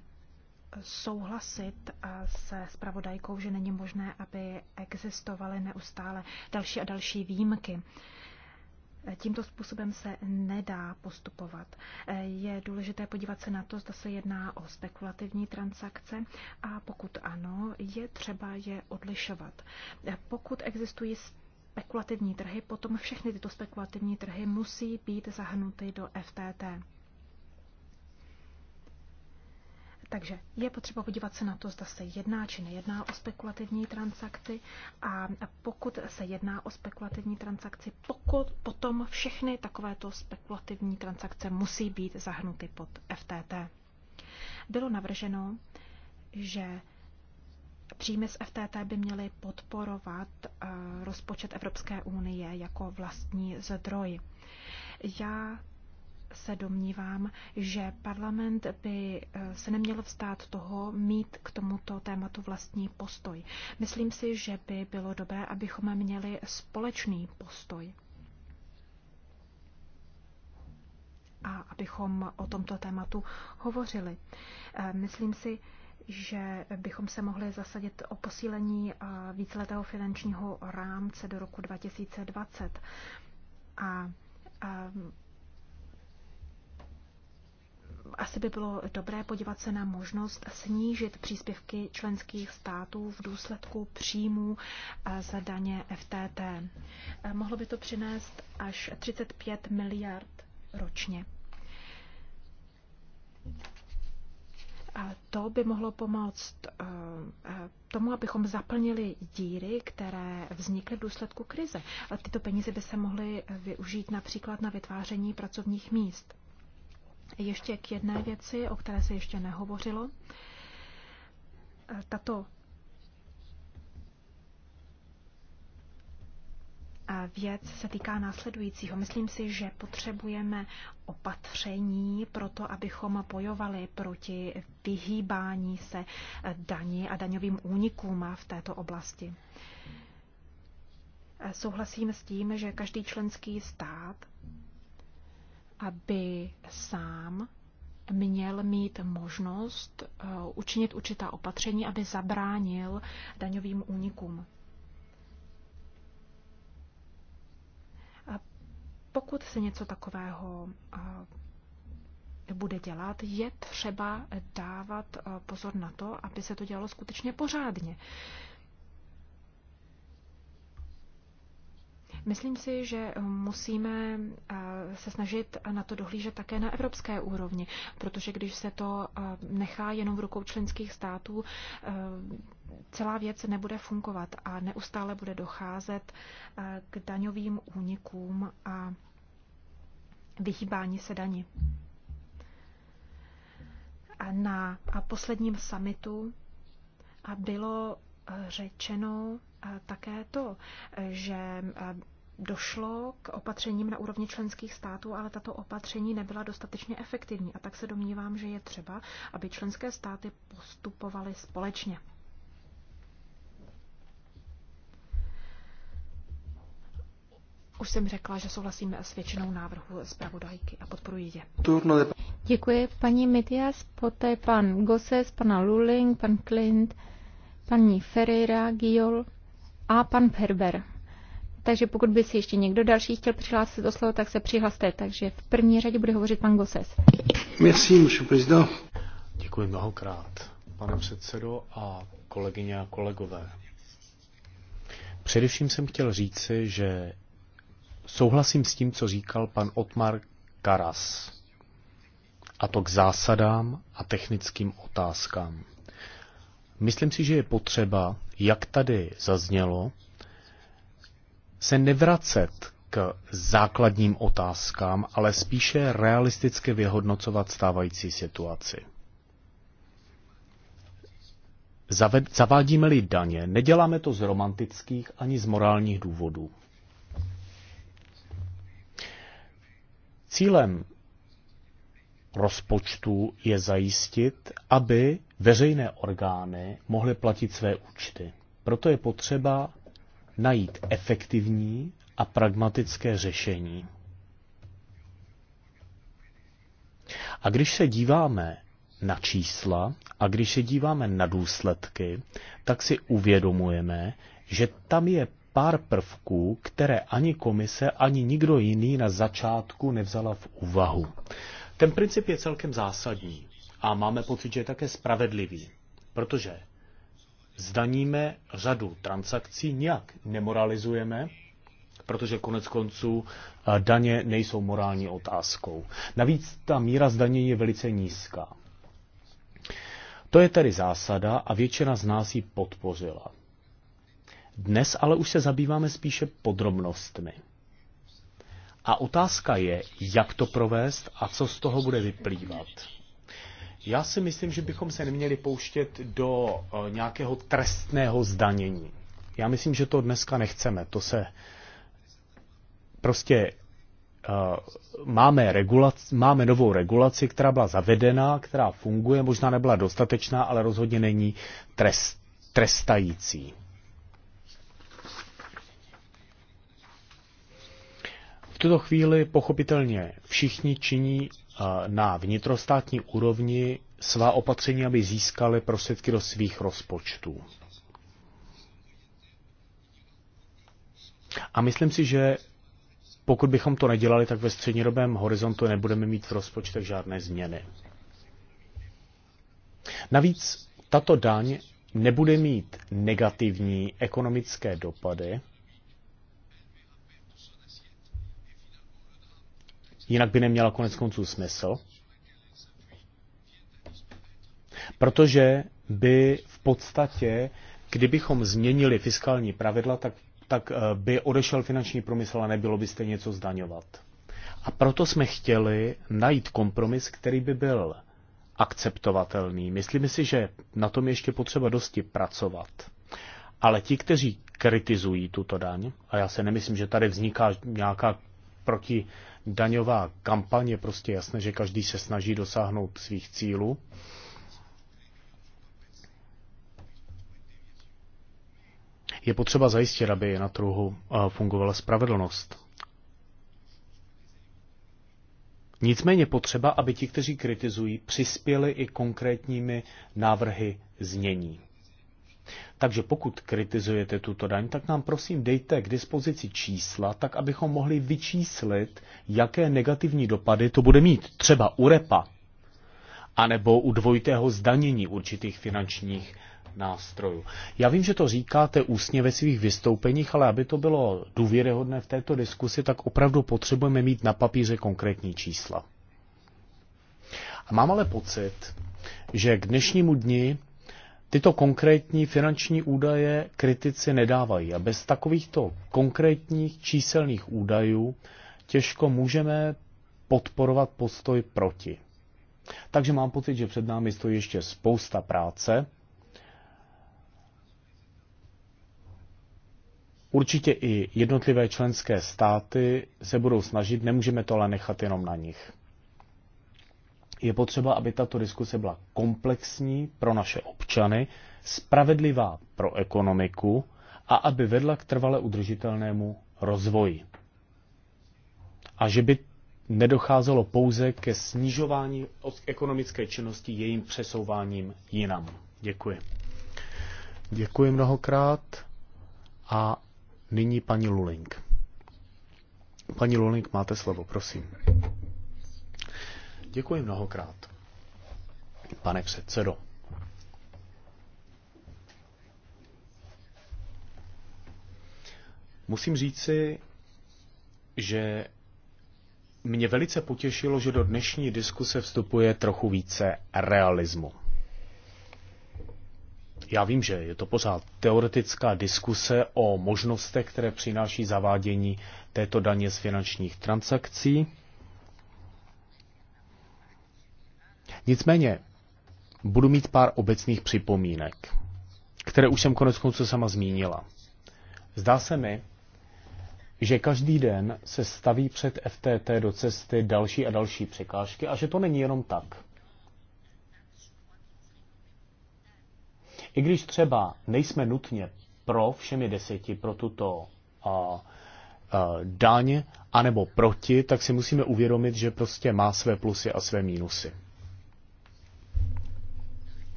souhlasit eh, se spravodajkou, že není možné, aby existovaly neustále další a další výjimky Tímto způsobem se nedá postupovat. Je důležité podívat se na to, zda se jedná o spekulativní transakce a pokud ano, je třeba je odlišovat. Pokud existují spekulativní trhy, potom všechny tyto spekulativní trhy musí být zahrnuty do FTT. Takže je potřeba podívat se na to, zda se jedná či nejedná o spekulativní transakci a pokud se jedná o spekulativní transakci, pokud potom všechny takovéto spekulativní transakce musí být zahnuty pod FTT. Bylo navrženo, že Příjmy z FTT by měly podporovat eh, rozpočet Evropské unie jako vlastní zdroj. Já se domnívám, že parlament by eh, se neměl vstát toho mít k tomuto tématu vlastní postoj. Myslím si, že by bylo dobré, abychom měli společný postoj. A abychom o tomto tématu hovořili. Eh, myslím si, že bychom se mohli zasadit o posílení eh, víceletého finančního rámce do roku 2020. A, a asi by bylo dobré podívat se na možnost snížit příspěvky členských států v důsledku příjmů eh, za daně FTT. Eh, mohlo by to přinést až 35 miliard ročně. A to by mohlo pomoct eh, tomu, abychom zaplnili díry, které vznikly v důsledku krize. A tyto peníze by se mohly využít například na vytváření pracovních míst. Ještě k jedné věci, o které se ještě nehovořilo. Tato věc se týká následujícího. Myslím si, že potřebujeme opatření pro to, abychom bojovali proti vyhýbání se daní a daňovým únikům v této oblasti. Souhlasím s tím, že každý členský stát aby sám měl mít možnost eh, učinit určitá opatření, aby zabránil daňovým únikům. pokud se něco takového eh, bude dělat, je třeba dávat eh, pozor na to, aby se to dělalo skutečně pořádně. Myslím si, že musíme eh, se snažit na to dohlížet také na evropské úrovni, protože když se to eh, nechá jenom v rukou členských států, eh, celá věc nebude fungovat a neustále bude docházet k daňovým únikům a vyhýbání se daní. A na posledním summitu bylo řečeno také to, že došlo k opatřením na úrovni členských států, ale tato opatření nebyla dostatečně efektivní a tak se domnívám, že je třeba, aby členské státy postupovaly společně. Už jsem řekla, že souhlasím s většinou návrhu zpravodajky a podporuji je. Děkuji paní Mityas, poté pan Goses, pana Luling, pan Klint, paní Ferreira, Giol a pan Ferber. Takže pokud by si ještě někdo další chtěl přihlásit do slovo, tak se přihlaste. Takže v první řadě bude hovořit pan Goses. Merci, monsieur président. Děkuji mnohokrát, pane předsedo a kolegyně a kolegové. Především jsem chtěl říci, že souhlasím s tím, co říkal pan Otmar Karas. A to k zásadám a technickým otázkám. Myslím si, že je potřeba, jak tady zaznělo, se nevracet k základním otázkám, ale spíše realisticky vyhodnocovat stávající situaci. Zavádíme-li daně, neděláme to z romantických ani z morálních důvodů. Cílem rozpočtu je zajistit, aby veřejné orgány mohly platit své účty. Proto je potřeba najít efektivní a pragmatické řešení. A když se díváme na čísla a když se díváme na důsledky, tak si uvědomujeme, že tam je pár prvků, které ani komise, ani nikdo jiný na začátku nevzala v úvahu. Ten princip je celkem zásadní a máme pocit, že je také spravedlivý, protože zdaníme řadu transakcí, nijak nemoralizujeme, protože konec konců eh, daně nejsou morální otázkou. Navíc ta míra zdanění je velice nízká. To je tedy zásada a většina z nás ji podpořila. Dnes ale už se zabýváme spíše podrobnostmi. A otázka je, jak to provést a co z toho bude vyplývat. Já si myslím, že bychom se neměli pouštět do eh, nějakého trestného zdanění. Já myslím, že to dneska nechceme. To se prostě uh, máme, regulaci, máme novou regulaci, která byla zavedena, která funguje, možná nebyla dostatečná, ale rozhodně není trest, trestající. V tuto chvíli pochopitelně všichni činí na vnitrostátní úrovni svá opatření, aby získali prostředky do svých rozpočtů. A myslím si, že pokud bychom to nedělali, tak ve střednědobém horizontu nebudeme mít v rozpočtech žádné změny. Navíc tato daň nebude mít negativní ekonomické dopady, jinak by neměla konec konců smysl, protože by v podstatě, kdybychom změnili fiskální pravidla, tak, tak eh, by odešel finanční průmysl a nebylo by stejně co zdaňovat. A proto jsme chtěli najít kompromis, který by byl akceptovatelný. Myslíme si, že na tom ještě potřeba dosti pracovat. Ale ti, kteří kritizují tuto daň, a já se nemyslím, že tady vzniká nějaká proti daňová kampaň. Je prostě jasné, že každý se snaží dosáhnout svých cílů. Je potřeba zajistit, aby na trhu eh, fungovala spravedlnost. Nicméně potřeba, aby ti, kteří kritizují, přispěli i konkrétními návrhy znění. Takže pokud kritizujete tuto daň, tak nám prosím dejte k dispozici čísla, tak abychom mohli vyčíslit, jaké negativní dopady to bude mít třeba u repa, anebo u dvojitého zdanění určitých finančních nástrojů. Já vím, že to říkáte ústně ve svých vystoupeních, ale aby to bylo důvěryhodné v této diskusi, tak opravdu potřebujeme mít na papíře konkrétní čísla. A mám ale pocit, že k dnešnímu dni Tyto konkrétní finanční údaje kritici nedávají a bez takovýchto konkrétních číselných údajů těžko můžeme podporovat postoj proti. Takže mám pocit, že před námi stojí ještě spousta práce. Určitě i jednotlivé členské státy se budou snažit, nemůžeme to ale nechat jenom na nich. Je potřeba, aby tato diskuse byla komplexní pro naše občany, spravedlivá pro ekonomiku a aby vedla k trvale udržitelnému rozvoji. A že by nedocházelo pouze ke snižování ekonomické činnosti jejím přesouváním jinam. Děkuji. Děkuji mnohokrát a nyní paní Luling. Paní Luling, máte slovo, prosím. Děkuji mnohokrát, pane předsedo. Musím říci, že mě velice potěšilo, že do dnešní diskuse vstupuje trochu více realismu. Já vím, že je to pořád teoretická diskuse o možnostech, které přináší zavádění této daně z finančních transakcí. Nicméně budu mít pár obecných připomínek, které už jsem konec konců sama zmínila. Zdá se mi, že každý den se staví před FTT do cesty další a další překážky a že to není jenom tak. I když třeba nejsme nutně pro všemi deseti, pro tuto a, a, daň, anebo proti, tak si musíme uvědomit, že prostě má své plusy a své mínusy.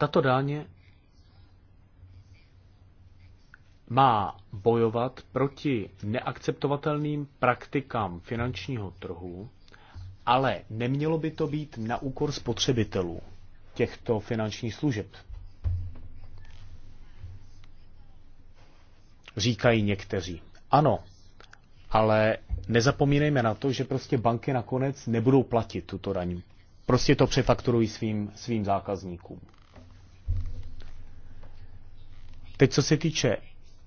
Tato dáně má bojovat proti neakceptovatelným praktikám finančního trhu, ale nemělo by to být na úkor spotřebitelů těchto finančních služeb. Říkají někteří. Ano, ale nezapomínejme na to, že prostě banky nakonec nebudou platit tuto daň. Prostě to přefakturují svým, svým zákazníkům. Teď, co se týče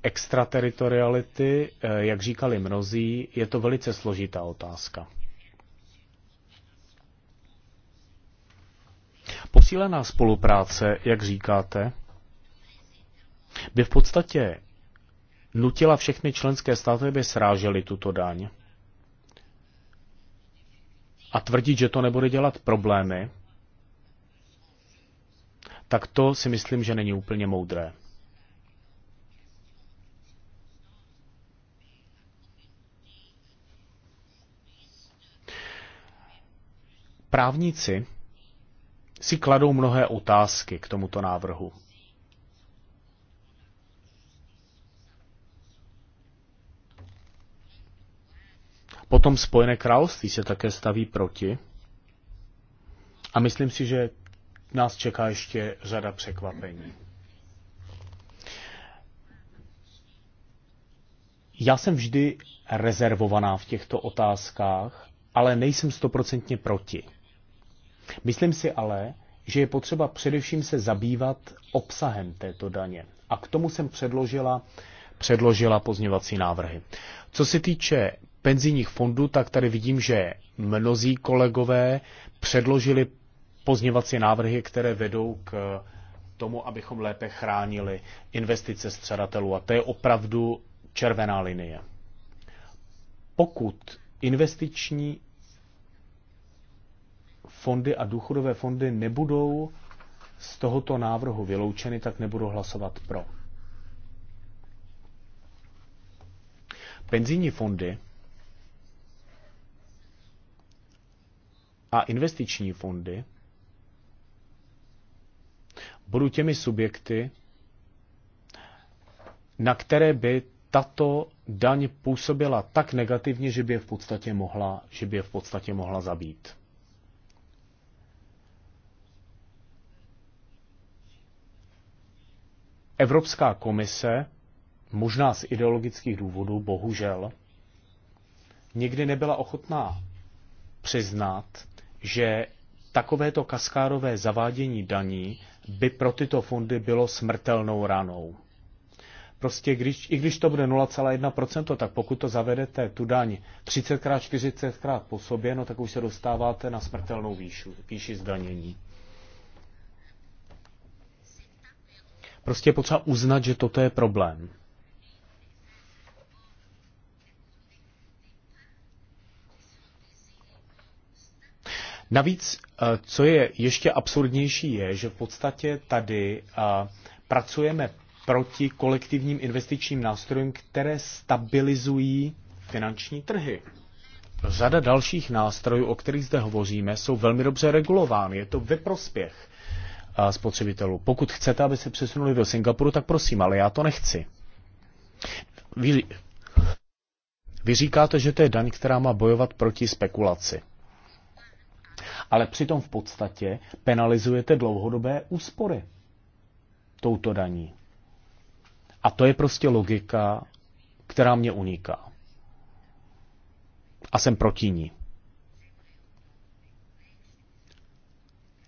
extrateritoriality, eh, jak říkali mnozí, je to velice složitá otázka. Posílená spolupráce, jak říkáte, by v podstatě nutila všechny členské státy, aby srážely tuto daň a tvrdit, že to nebude dělat problémy, tak to si myslím, že není úplně moudré. Právníci si kladou mnohé otázky k tomuto návrhu. Potom Spojené království se také staví proti. A myslím si, že nás čeká ještě řada překvapení. Já jsem vždy rezervovaná v těchto otázkách, ale nejsem stoprocentně proti. Myslím si ale, že je potřeba především se zabývat obsahem této daně. A k tomu jsem předložila, předložila pozněvací návrhy. Co se týče penzijních fondů, tak tady vidím, že mnozí kolegové předložili pozněvací návrhy, které vedou k tomu, abychom lépe chránili investice střadatelů. A to je opravdu červená linie. Pokud investiční fondy a důchodové fondy nebudou z tohoto návrhu vyloučeny, tak nebudu hlasovat pro. Penzijní fondy a investiční fondy budou těmi subjekty, na které by tato daň působila tak negativně, že by je v podstatě mohla, že by je v podstatě mohla zabít. Evropská komise, možná z ideologických důvodů, bohužel, nikdy nebyla ochotná přiznat, že takovéto kaskárové zavádění daní by pro tyto fondy bylo smrtelnou ranou. Prostě když, i když to bude 0,1%, tak pokud to zavedete tu daň 30x, 40x po sobě, no tak už se dostáváte na smrtelnou výšu, výši zdanění. Prostě je potřeba uznat, že toto je problém. Navíc, eh, co je ještě absurdnější, je, že v podstatě tady eh, pracujeme proti kolektivním investičním nástrojům, které stabilizují finanční trhy. Řada dalších nástrojů, o kterých zde hovoříme, jsou velmi dobře regulovány. Je to ve prospěch spotřebitelů. Pokud chcete, aby se přesunuli do Singapuru, tak prosím, ale já to nechci. Vy, vy říkáte, že to je daň, která má bojovat proti spekulaci. Ale přitom v podstatě penalizujete dlouhodobé úspory touto daní. A to je prostě logika, která mě uniká. A jsem proti ní.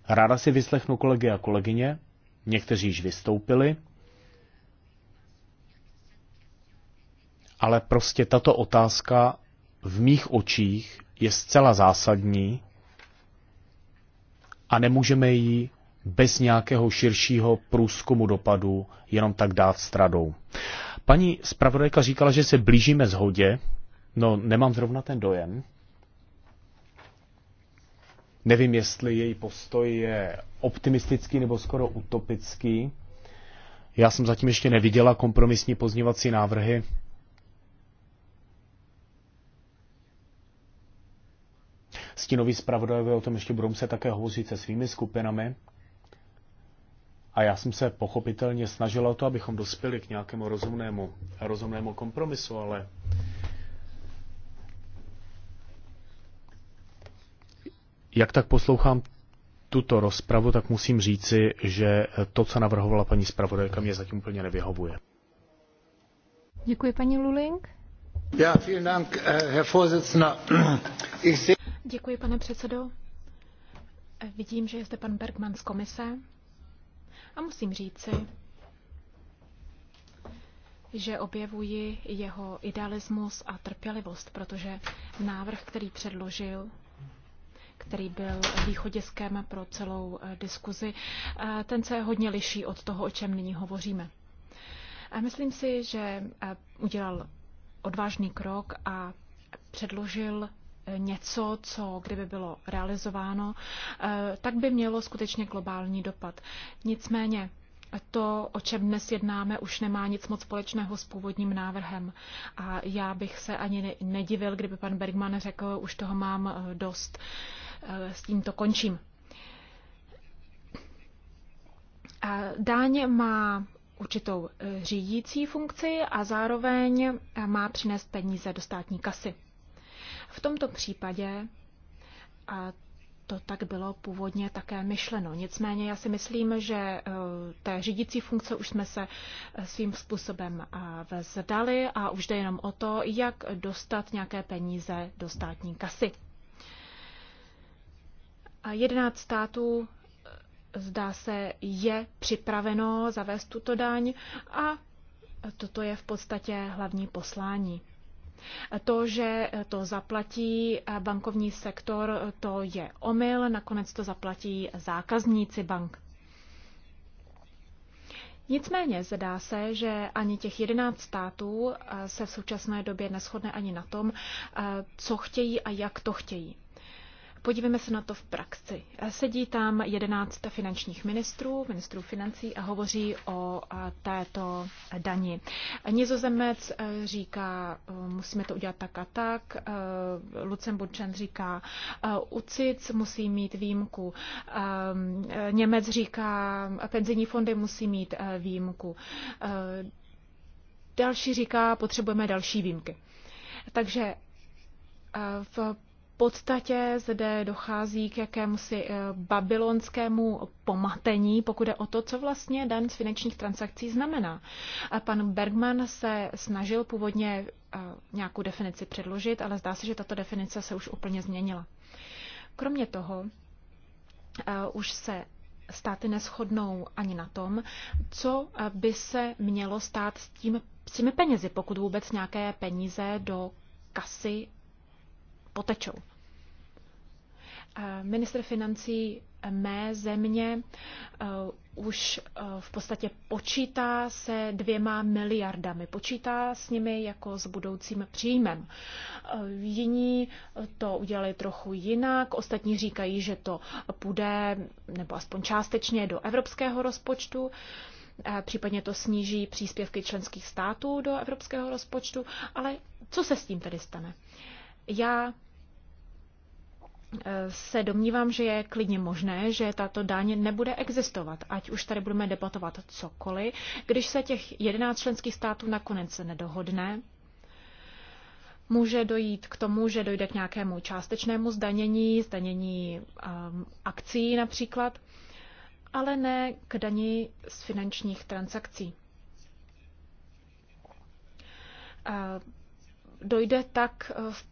Ráda si vyslechnu kolegy a kolegyně, někteří již vystoupili, ale prostě tato otázka v mých očích je zcela zásadní a nemůžeme ji bez nějakého širšího průzkumu dopadu jenom tak dát stradou. Paní zpravodajka říkala, že se blížíme zhodě, no nemám zrovna ten dojem, Nevím, jestli její postoj je optimistický nebo skoro utopický. Já jsem zatím ještě neviděla kompromisní pozněvací návrhy. Stinoví zpravodajové o tom ještě budou se také hovořit se svými skupinami. A já jsem se pochopitelně snažila o to, abychom dospěli k nějakému rozumnému, rozumnému kompromisu, ale Jak tak poslouchám tuto rozpravu, tak musím říci, že to, co navrhovala paní zpravodajka, mě zatím úplně nevyhovuje. Děkuji, paní Luling. Ja, vielen Dank, eh, Herr Vorsitzender. Děkuji, pane předsedo. Vidím, že je zde pan Bergman z komise. A musím říci, že objevuji jeho idealismus a trpělivost, protože návrh, který předložil, který byl východiskem pro celou eh, diskuzi, eh, ten se hodně liší od toho, o čem nyní hovoříme. A myslím si, že eh, udělal odvážný krok a předložil něco, co kdyby bylo realizováno, tak by mělo skutečně globální dopad. Nicméně to, o čem dnes jednáme, už nemá nic moc společného s původním návrhem. A já bych se ani nedivil, kdyby pan Bergman řekl, už toho mám eh, dost, eh, s tím to končím. A dáň má určitou eh, řídící funkci a zároveň má přinést peníze do státní kasy. V tomto případě to tak bylo původně také myšleno. Nicméně já si myslím, že eh, té řídící funkce už jsme se eh, svým způsobem eh, vzdali a už jde jenom o to, jak dostat nějaké peníze do státní kasy. A jedenáct států zdá se je připraveno zavést tuto daň a toto je v podstatě hlavní poslání. To, že to zaplatí bankovní sektor, to je omyl, nakonec to zaplatí zákazníci bank. Nicméně zdá se, že ani těch 11 států se v současné době neschodne ani na tom, co chtějí a jak to chtějí. Podívejme se na to v praxi. Sedí tam 11 finančních ministrů, ministrů financí a hovoří o této dani. Nizozemec e, říká, e, musíme to udělat tak a tak. E, Lucemburčan říká, UCIC musí mít výjimku. Němec říká, penzijní fondy musí mít výjimku. Další říká, potřebujeme další výjimky. Takže v podstatě zde dochází k jakémusi eh, babylonskému pomatení, pokud je o to, co vlastně den z finančních transakcí znamená. Pan Bergman se snažil původně eh, nějakou definici předložit, ale zdá se, že tato definice se už úplně změnila. Kromě toho eh, už se státy neschodnou ani na tom, co by se mělo stát s, tím, s těmi penězi, pokud vůbec nějaké peníze do kasy potečou. Minister financí mé země e, už e, v podstatě počítá se dvěma miliardami. Počítá s nimi jako s budoucím příjmem. E, jiní to udělali trochu jinak, ostatní říkají, že to půjde, nebo aspoň částečně, do evropského rozpočtu případně to sníží příspěvky členských států do evropského rozpočtu, ale co se s tím tedy stane? Já se domnívám, že je klidně možné, že tato daň nebude existovat, ať už tady budeme debatovat cokoliv. Když se těch 11 členských států nakonec nedohodne, může dojít k tomu, že dojde k nějakému částečnému zdanění, zdanění um, akcí například, ale ne k dani z finančních transakcí. A uh, dojde tak uh, v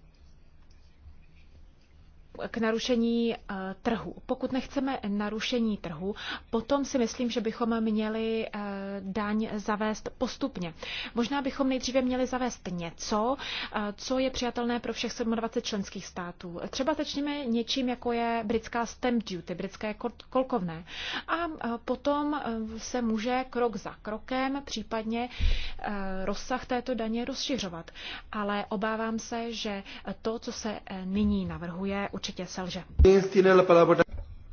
k narušení eh, trhu. Pokud nechceme narušení trhu, potom si myslím, že bychom měli eh, daň zavést postupně. Možná bychom nejdříve měli zavést něco, eh, co je přijatelné pro všech 27 členských států. Třeba začněme něčím, jako je britská stamp duty, britské kolkovné. A potom se může krok za krokem, případně rozsah této daně rozšiřovat. Ale obávám se, že to, co se nyní navrhuje, určitě selže.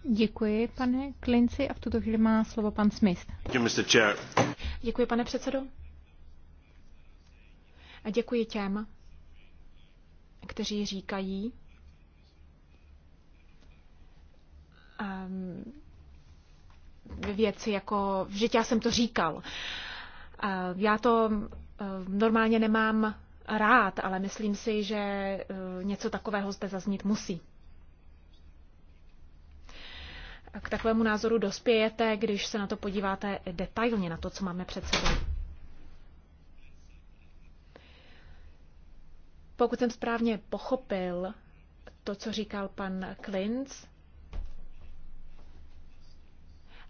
Děkuji, pane Klinci, a v tuto chvíli má slovo pan Smith. Děkuji, pane předsedo. A děkuji těm, kteří říkají, ehm, věci jako, vždyť já jsem to říkal. já to ehm, normálně nemám rád, ale myslím si, že ehm, něco takového zde zaznít musí k takovému názoru dospějete, když se na to podíváte detailně, na to, co máme před sebou. Pokud jsem správně pochopil to, co říkal pan Klinc,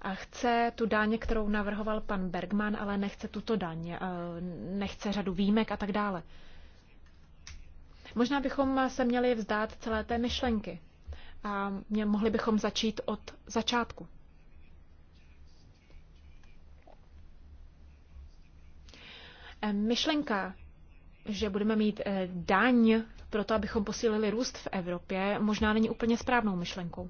a chce tu daň, kterou navrhoval pan Bergman, ale nechce tuto daň, eh, nechce řadu výjimek a tak dále. Možná bychom se měli vzdát celé té myšlenky a mě, mohli bychom začít od začátku. E, myšlenka, že budeme mít e, daň pro to, abychom posílili růst v Evropě, možná není úplně správnou myšlenkou.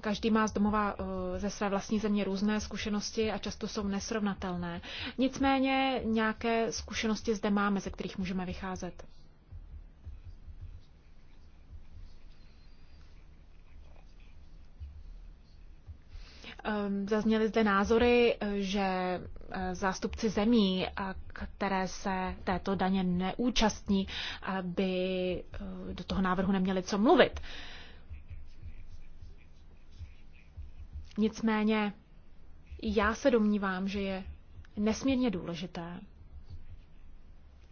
Každý má z domova eh, ze své vlastní země různé zkušenosti a často jsou nesrovnatelné. Nicméně nějaké zkušenosti zde máme, ze kterých můžeme vycházet. Ehm, zazněly zde názory, eh, že eh, zástupci zemí, které se této daně neúčastní, by do toho návrhu neměli co mluvit. Nicméně já se domnívám, že je nesmírně důležité,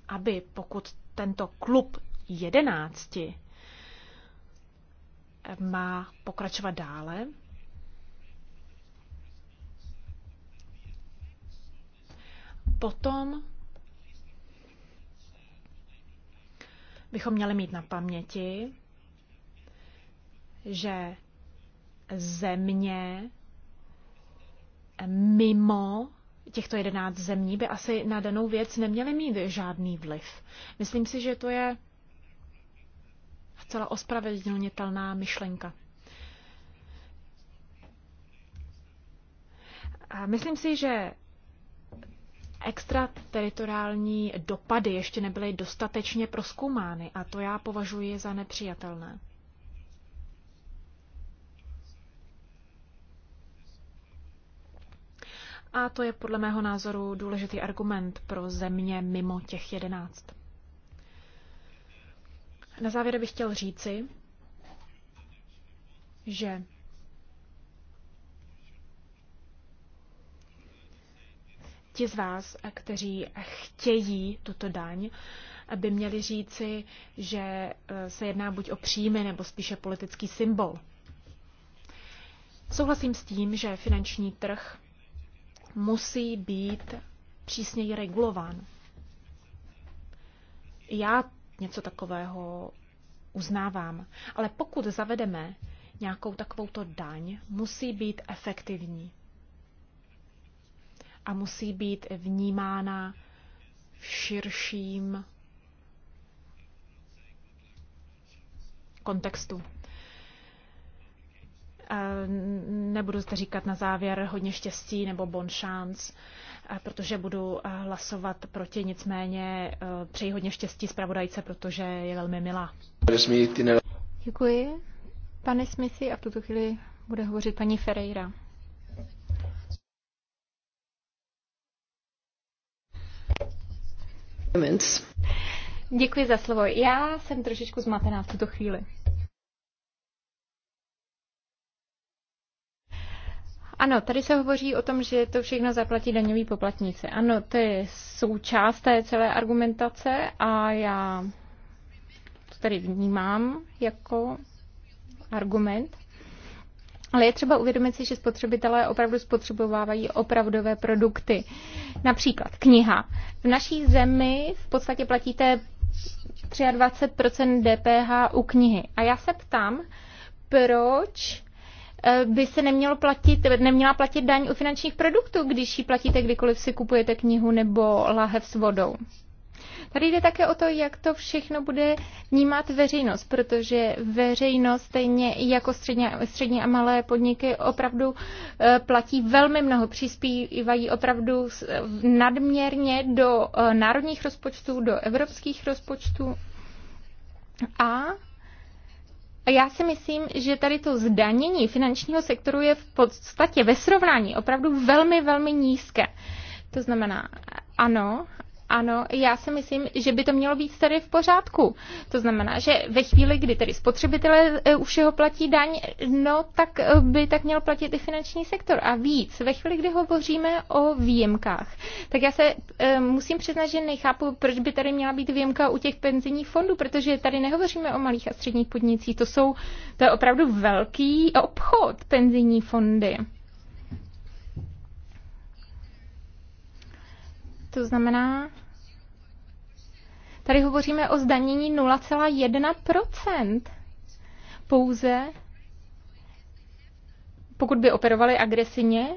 aby pokud tento klub jedenácti má pokračovat dále, potom bychom měli mít na paměti, že země mimo těchto jedenáct zemí by asi na danou věc neměly mít žádný vliv. Myslím si, že to je zcela ospravedlnitelná myšlenka. A myslím si, že extrateritoriální dopady ještě nebyly dostatečně proskoumány a to já považuji za nepřijatelné. a to je podle mého názoru důležitý argument pro země mimo těch jedenáct. Na závěr bych chtěl říci, že ti z vás, kteří chtějí tuto daň, by měli říci, že eh, se jedná buď o příjmy nebo spíše politický symbol. Souhlasím s tím, že finanční trh musí být přísněji regulován. Já něco takového uznávám, ale pokud zavedeme nějakou takovouto daň, musí být efektivní a musí být vnímána v širším kontextu. Nebudu zde říkat na závěr hodně štěstí nebo bon chance, protože budu hlasovat proti, nicméně e, přeji hodně štěstí zpravodajce, protože je velmi milá. Děkuji. Pane Smithy, a v tuto chvíli bude hovořit paní Ferreira. Děkuji za slovo. Já jsem trošičku zmatená v tuto chvíli. Ano, tady se hovoří o tom, že to všechno zaplatí daňový poplatníci. Ano, to je součást té celé argumentace a já to tady vnímám jako argument. Ale je třeba uvědomit si, že spotřebitelé opravdu spotřebovávají opravdové produkty. Například kniha. V naší zemi v podstatě platíte 23% DPH u knihy. A já se ptám, proč Eh, by se nemělo platit, neměla platit daň u finančních produktů, když ji platíte kdykoliv si kupujete knihu nebo láhev s vodou. Tady jde také o to, jak to všechno bude vnímat veřejnost, protože veřejnost stejně jako střední, střední a malé podniky opravdu eh, platí velmi mnoho, přispívají opravdu nadměrně do eh, národních rozpočtů, do evropských rozpočtů a a já si myslím, že tady to zdanění finančního sektoru je v podstatě ve srovnání opravdu velmi, velmi nízké. To znamená, ano, ano, já si myslím, že by to mělo být tady v pořádku. To znamená, že ve chvíli, kdy tedy spotřebitelé eh, u všeho platí daň, no tak eh, by tak měl platit i finanční sektor. A víc, ve chvíli, kdy hovoříme o výjimkách, tak já se e, musím přiznat, že nechápu, proč by tady měla být výjimka u těch penzijních fondů, protože tady nehovoříme o malých a středních podnicích. To jsou, to je opravdu velký obchod, penzijní fondy. To znamená, tady hovoříme o zdanění 0,1%. Pouze pokud by operovali agresivně,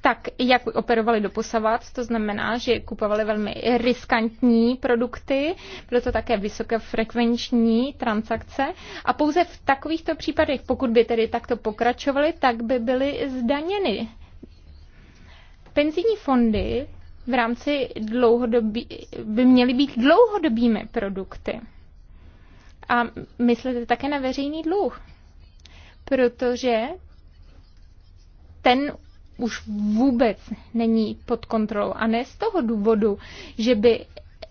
tak jak operovali posavac, to znamená, že kupovali velmi riskantní produkty, byly to také vysokofrekvenční transakce a pouze v takovýchto případech, pokud by tedy takto pokračovali, tak by byly zdaněny. Penzijní fondy v rámci dlouhodobí, by měly být dlouhodobými produkty. A myslete také na veřejný dluh, protože ten už vůbec není pod kontrolou. A ne z toho důvodu, že by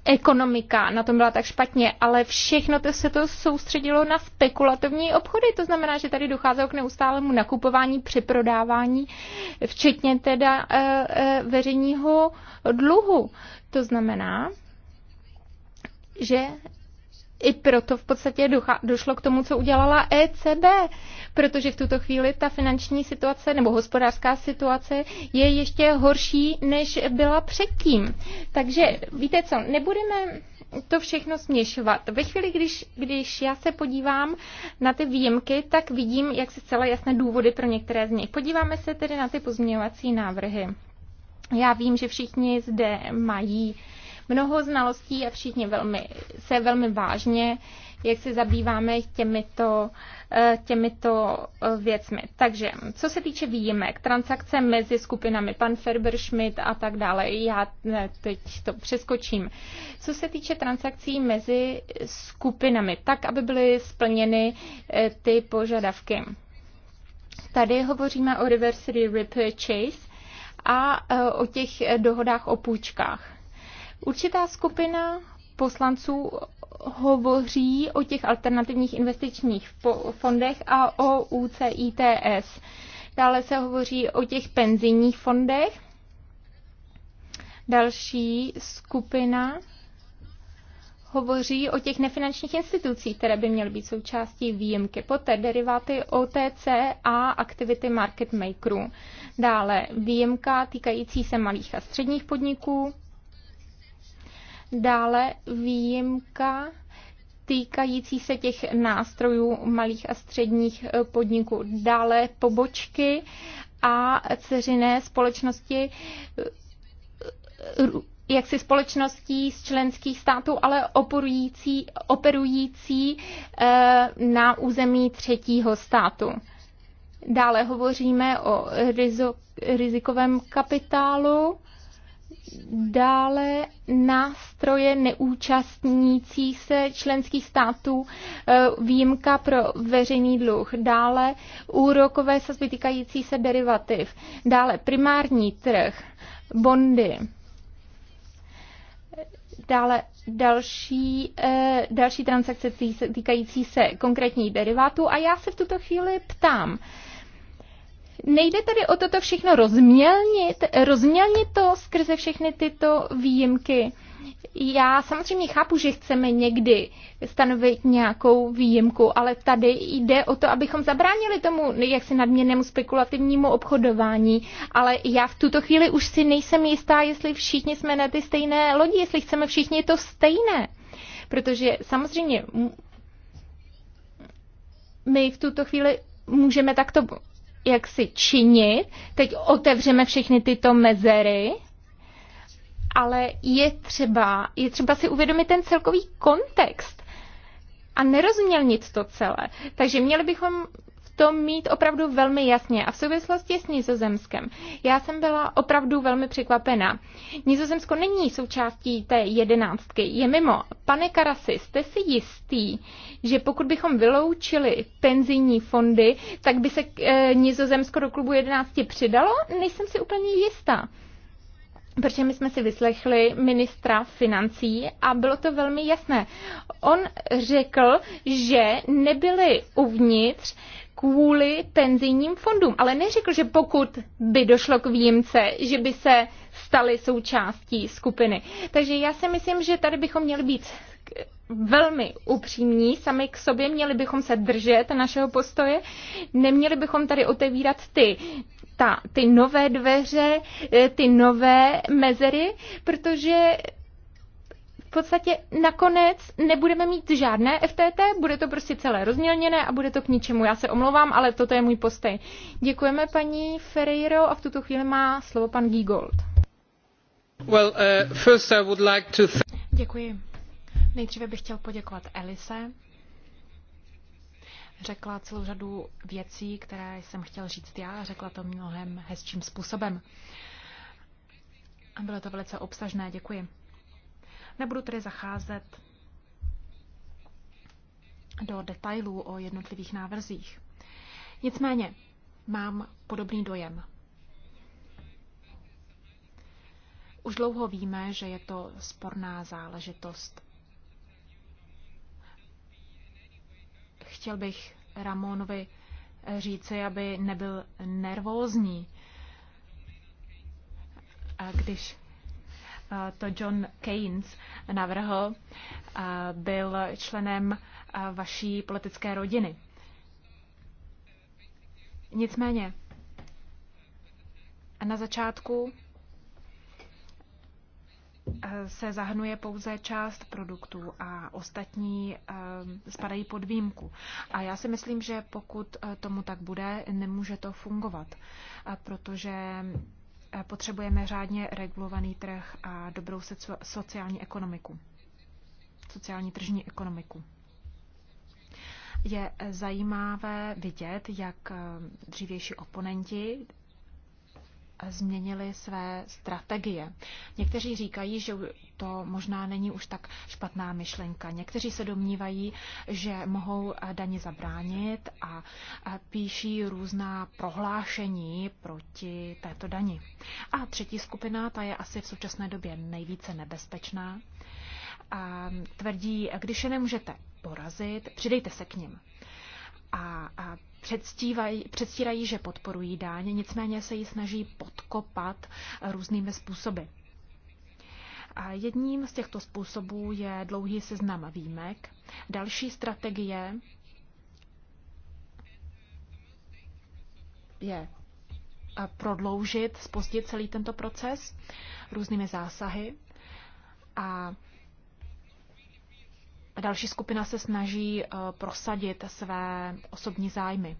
ekonomika na tom byla tak špatně, ale všechno to se to soustředilo na spekulativní obchody. To znamená, že tady docházelo k neustálému nakupování, přeprodávání, včetně teda e, e, veřejního dluhu. To znamená, že i proto v podstatě došlo k tomu, co udělala ECB, protože v tuto chvíli ta finanční situace nebo hospodářská situace je ještě horší, než byla předtím. Takže víte co, nebudeme to všechno směšovat. Ve chvíli, když, když já se podívám na ty výjimky, tak vidím, jak se celé jasné důvody pro některé z nich. Podíváme se tedy na ty pozměňovací návrhy. Já vím, že všichni zde mají uh, mnoho znalostí a všichni velmi, se velmi vážně jak se zabýváme těmito, eh, těmito eh, věcmi. Takže co se týče výjimek, transakce mezi skupinami pan Ferber, Schmidt a tak dále, já teď to přeskočím. Co se týče transakcí mezi skupinami, tak, aby byly splněny eh, ty požadavky. Tady hovoříme o reverse repurchase a o těch dohodách o půjčkách. Určitá skupina poslanců hovoří o těch alternativních investičních fondech a o UCITS. Dále se hovoří o těch penzijních fondech. Další skupina hovoří o těch nefinančních institucích, které by měly být součástí výjimky. Poté deriváty OTC a aktivity market makerů. Dále výjimka týkající se malých a středních podniků. Dále výjimka týkající se těch nástrojů malých a středních podniků. Dále pobočky a ceřiné společnosti eh, jaksi společností z členských států, ale operující, operující eh, na území třetího státu. Dále hovoříme o rizikovém kapitálu dále nástroje neúčastnících se členských států, e, výjimka pro veřejný dluh, dále úrokové sazby týkající se derivativ, dále primární trh, bondy, dále další, e, další transakce týkající se konkrétních derivátů a já se v tuto chvíli ptám, Nejde tedy o toto všechno rozmělnit, rozmělnit to skrze všechny tyto výjimky. Já samozřejmě chápu, že chceme někdy stanovit nějakou výjimku, ale tady jde o to, abychom zabránili tomu jaksi nadměrnému spekulativnímu obchodování. Ale já v tuto chvíli už si nejsem jistá, jestli všichni jsme na ty stejné lodi, jestli chceme všichni to stejné. Protože samozřejmě my v tuto chvíli můžeme takto jak si činit. Teď otevřeme všechny tyto mezery, ale je třeba, je třeba si uvědomit ten celkový kontext a nerozumělnit to celé. Takže měli bychom to mít opravdu velmi jasně. A v souvislosti s Nizozemskem, já jsem byla opravdu velmi překvapena. Nizozemsko není součástí té jedenáctky, je mimo. Pane Karasi, jste si jistý, že pokud bychom vyloučili penzijní fondy, tak by se e, Nizozemsko do klubu jedenácti přidalo? Nejsem si úplně jistá protože my jsme si vyslechli ministra financí a bylo to velmi jasné. On řekl, že nebyly uvnitř kvůli penzijním fondům, ale neřekl, že pokud by došlo k výjimce, že by se staly součástí skupiny. Takže já si myslím, že tady bychom měli být velmi upřímní sami k sobě, měli bychom se držet našeho postoje, neměli bychom tady otevírat ty, ta, ty nové dveře, eh, ty nové mezery, protože podstatě nakonec nebudeme mít žádné FTT, bude to prostě celé rozmělněné a bude to k ničemu. Já se omlouvám, ale toto je můj postoj. Děkujeme paní Ferreiro a v tuto chvíli má slovo pan Giegold. Well, uh, first I would like to Děkuji. Nejdříve bych chtěl poděkovat Elise. Řekla celou řadu věcí, které jsem chtěl říct já řekla to mnohem hezčím způsobem. Bylo to velice obsažné, děkuji. Nebudu tedy zacházet do detailů o jednotlivých návrzích. Nicméně mám podobný dojem. Už dlouho víme, že je to sporná záležitost. Chtěl bych Ramonovi říci, aby nebyl nervózní, když to John Keynes navrhl, byl členem vaší politické rodiny. Nicméně, na začátku se zahrnuje pouze část produktů a ostatní spadají pod výjimku. A já si myslím, že pokud tomu tak bude, nemůže to fungovat, protože potřebujeme řádně regulovaný trh a dobrou sociální ekonomiku, sociální tržní ekonomiku. Je zajímavé vidět, jak eh, dřívější oponenti změnili své strategie. Někteří říkají, že to možná není už tak špatná myšlenka. Někteří se domnívají, že mohou daně zabránit a píší různá prohlášení proti této dani. A třetí skupina, ta je asi v současné době nejvíce nebezpečná. A tvrdí, když je nemůžete porazit, přidejte se k ním. A, a předstírají, že podporují dáně, nicméně se ji snaží podkopat různými způsoby. A jedním z těchto způsobů je dlouhý seznam výjimek. Další strategie je prodloužit, spozdit celý tento proces různými zásahy. A Další skupina se snaží eh, prosadit své osobní zájmy.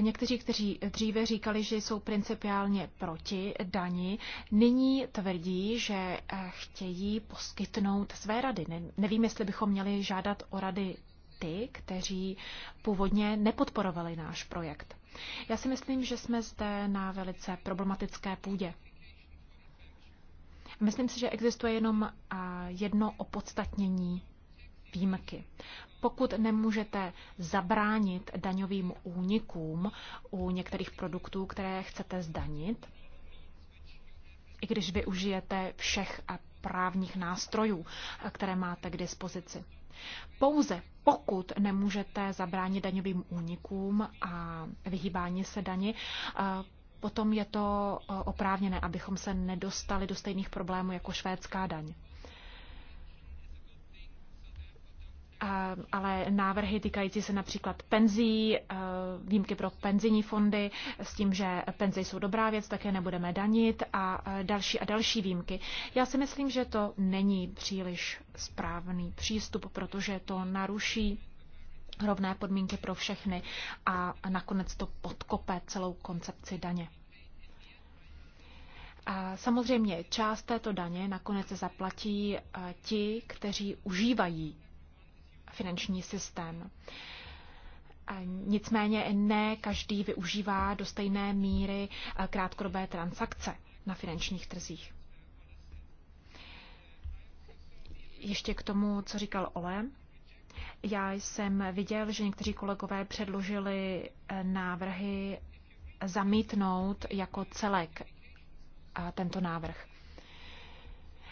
Někteří, kteří dříve říkali, že jsou principiálně proti dani, nyní tvrdí, že eh, chtějí poskytnout své rady. Nevím, jestli bychom měli žádat o rady ty, kteří původně nepodporovali náš projekt. Já si myslím, že jsme zde na velice problematické půdě. Myslím si, že existuje jenom jedno opodstatnění výjimky. Pokud nemůžete zabránit daňovým únikům u některých produktů, které chcete zdanit, i když využijete všech právních nástrojů, které máte k dispozici. Pouze pokud nemůžete zabránit daňovým únikům a vyhýbání se dani, potom je to e, oprávněné, abychom se nedostali do stejných problémů jako švédská daň. ale návrhy týkající se například penzí, e, výjimky pro penzijní fondy, s tím, že penze jsou dobrá věc, také nebudeme danit a e, další a další výjimky. Já si myslím, že to není příliš správný přístup, protože to naruší rovné podmínky pro všechny a nakonec to podkope celou koncepci daně. A samozřejmě část této daně nakonec zaplatí eh, ti, kteří užívají finanční systém. Nicméně ne každý využívá do stejné míry eh, krátkodobé transakce na finančních trzích. Ještě k tomu, co říkal Ole. Já jsem viděl, že někteří kolegové předložili eh, návrhy zamítnout jako celek eh, tento návrh.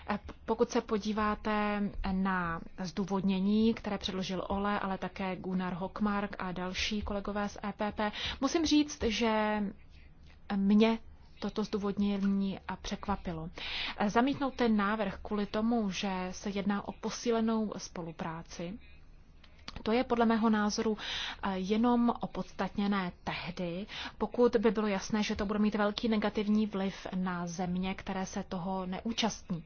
Eh, pokud se podíváte na zdůvodnění, které předložil Ole, ale také Gunnar Hockmark a další kolegové z EPP, musím říct, že mě toto zdůvodnění a překvapilo. Zamítnout ten návrh kvůli tomu, že se jedná o posílenou spolupráci, to je podle mého názoru eh, jenom opodstatněné tehdy, pokud by bylo jasné, že to bude mít velký negativní vliv na země, které se toho neúčastní.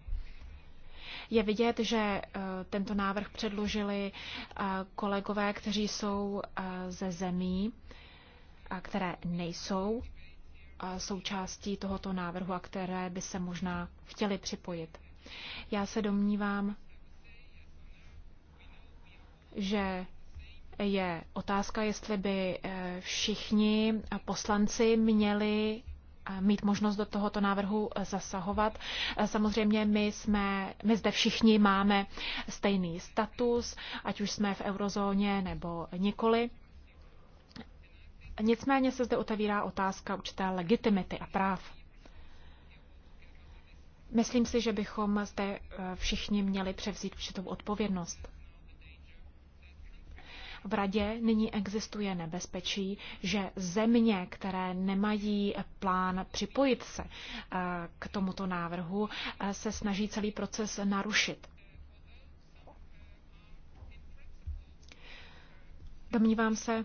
Je vidět, že eh, tento návrh předložili eh, kolegové, kteří jsou ze zemí, které nejsou součástí tohoto návrhu a které by se možná chtěli připojit. Já se domnívám, že je otázka, jestli by eh, všichni poslanci měli eh, mít možnost do tohoto návrhu eh, zasahovat. Samozřejmě my, jsme, my zde všichni máme stejný status, ať už jsme v eurozóně nebo nikoli. Nicméně se zde otevírá otázka určité legitimity a práv. Myslím si, že bychom zde všichni měli převzít určitou odpovědnost v radě nyní existuje nebezpečí, že země, které nemají plán připojit se eh, k tomuto návrhu, eh, se snaží celý proces narušit. Domnívám se,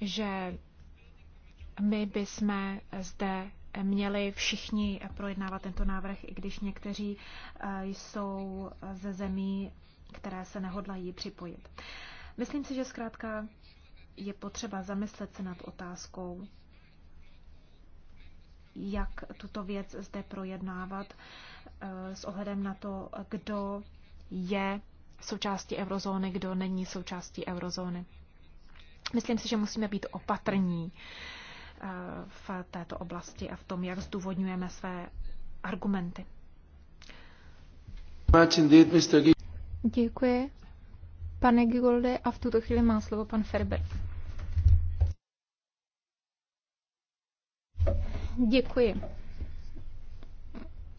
že my bychom zde měli všichni projednávat tento návrh, i když někteří eh, jsou ze zemí které se nehodlají připojit. Myslím si, že zkrátka je potřeba zamyslet se nad otázkou, jak tuto věc zde projednávat eh, s ohledem na to, kdo je součástí eurozóny, kdo není součástí eurozóny. Myslím si, že musíme být opatrní eh, v této oblasti a v tom, jak zdůvodňujeme své argumenty. Děkuji. Pane Gigolde, a v tuto chvíli má slovo pan Ferber. Děkuji.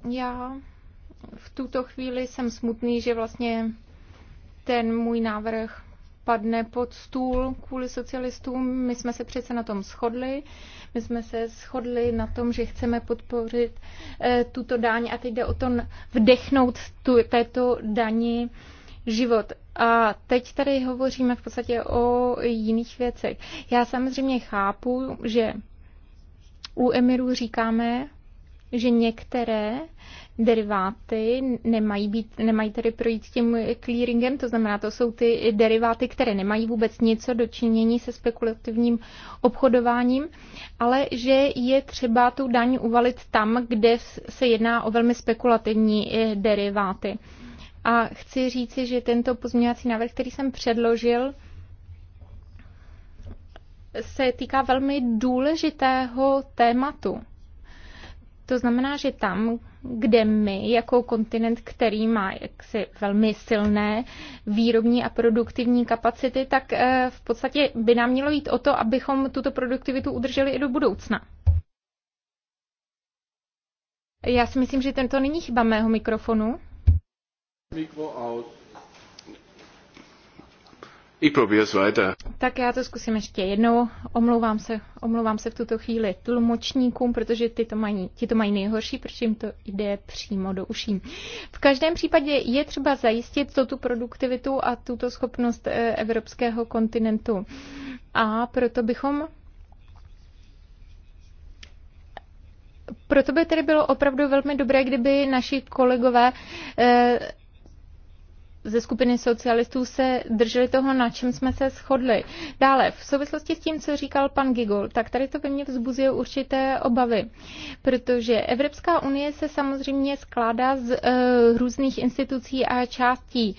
Já v tuto chvíli jsem smutný, že vlastně ten můj návrh padne pod stůl kvůli socialistům. My jsme se přece na tom shodli. My jsme se shodli na tom, že chceme podpořit eh, tuto daň a teď jde o to vdechnout tu, této dani život. A teď tady hovoříme v podstatě o jiných věcech. Já samozřejmě chápu, že u Emiru říkáme, že některé deriváty nemají, být, nemají tedy projít tím clearingem, to znamená, to jsou ty deriváty, které nemají vůbec něco dočinění se spekulativním obchodováním, ale že je třeba tu daň uvalit tam, kde se jedná o velmi spekulativní eh, deriváty. A chci říci, že tento pozměňovací návrh, který jsem předložil, se týká velmi důležitého tématu. To znamená, že tam, kde my jako kontinent, který má jaksi velmi silné výrobní a produktivní kapacity, tak eh, v podstatě by nám mělo jít o to, abychom tuto produktivitu udrželi i do budoucna. Já si myslím, že tento není chyba mého mikrofonu. Mikro out. Tak já to zkusím ještě jednou. Omlouvám se, omlouvám se v tuto chvíli tlumočníkům, protože ty to mají, ty to mají nejhorší, protože jim to jde přímo do uší. V každém případě je třeba zajistit to, tu produktivitu a tuto schopnost eh, evropského kontinentu. A proto bychom proto by tedy bylo opravdu velmi dobré, kdyby naši kolegové eh, ze skupiny socialistů se drželi toho, na čem jsme se shodli. Dále, v souvislosti s tím, co říkal pan Gigol, tak tady to ve mně vzbuzuje určité obavy, protože Evropská unie se samozřejmě skládá z e, různých institucí a částí.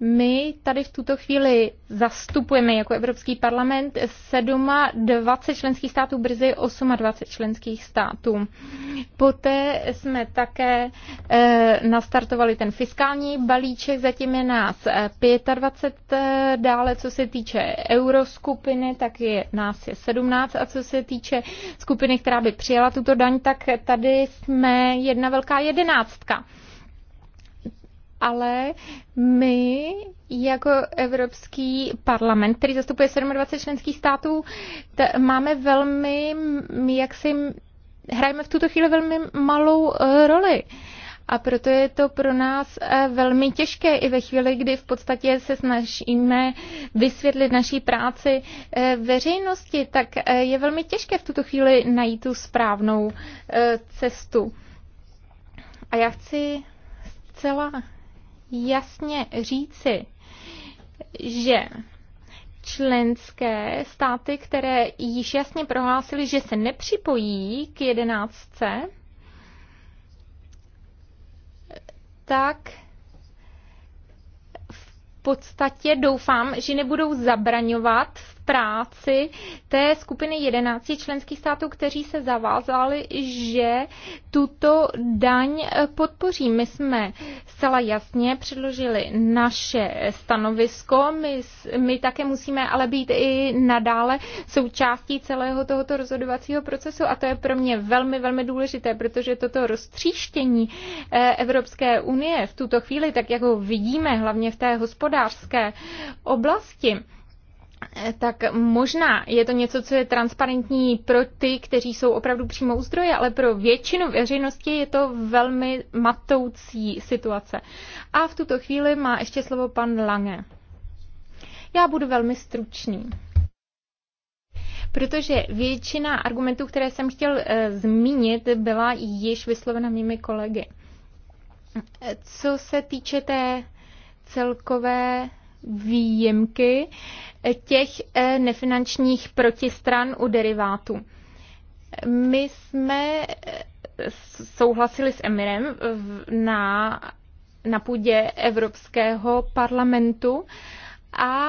My tady v tuto chvíli zastupujeme jako Evropský parlament 27 členských států, brzy 28 členských států. Poté jsme také e, nastartovali ten fiskální balíček, zatím je nás 25, eh, eh, dále co se týče euroskupiny, tak je, nás je 17 a co se týče skupiny, která by přijala tuto daň, tak tady jsme jedna velká jedenáctka ale my jako Evropský parlament, který zastupuje 27 členských států, máme velmi, jak si hrajeme v tuto chvíli velmi malou eh, roli. A proto je to pro nás eh, velmi těžké i ve chvíli, kdy v podstatě se snažíme vysvětlit naší práci eh, veřejnosti, tak je velmi těžké v tuto chvíli najít tu správnou cestu. A já chci zcela jasně říci, že členské státy, které již jasně prohlásily, že se nepřipojí k jedenáctce, tak v podstatě doufám, že nebudou zabraňovat v práci té skupiny 11 členských států, kteří se zavázali, že tuto daň podpoří. My jsme zcela jasně předložili naše stanovisko. My, my také musíme ale být i nadále součástí celého tohoto rozhodovacího procesu a to je pro mě velmi, velmi důležité, protože toto roztříštění eh, Evropské unie v tuto chvíli, tak jak ho vidíme, hlavně v té hospodářské oblasti, tak možná je to něco, co je transparentní pro ty, kteří jsou opravdu přímo u zdroje, ale pro většinu veřejnosti je to velmi matoucí situace. A v tuto chvíli má ještě slovo pan Lange. Já budu velmi stručný protože většina argumentů, které jsem chtěl e, zmínit, byla již vyslovena mými kolegy. Co se týče té celkové výjimky, těch eh, nefinančních protistran u derivátů. My jsme eh, souhlasili s Emirem na, na půdě Evropského parlamentu a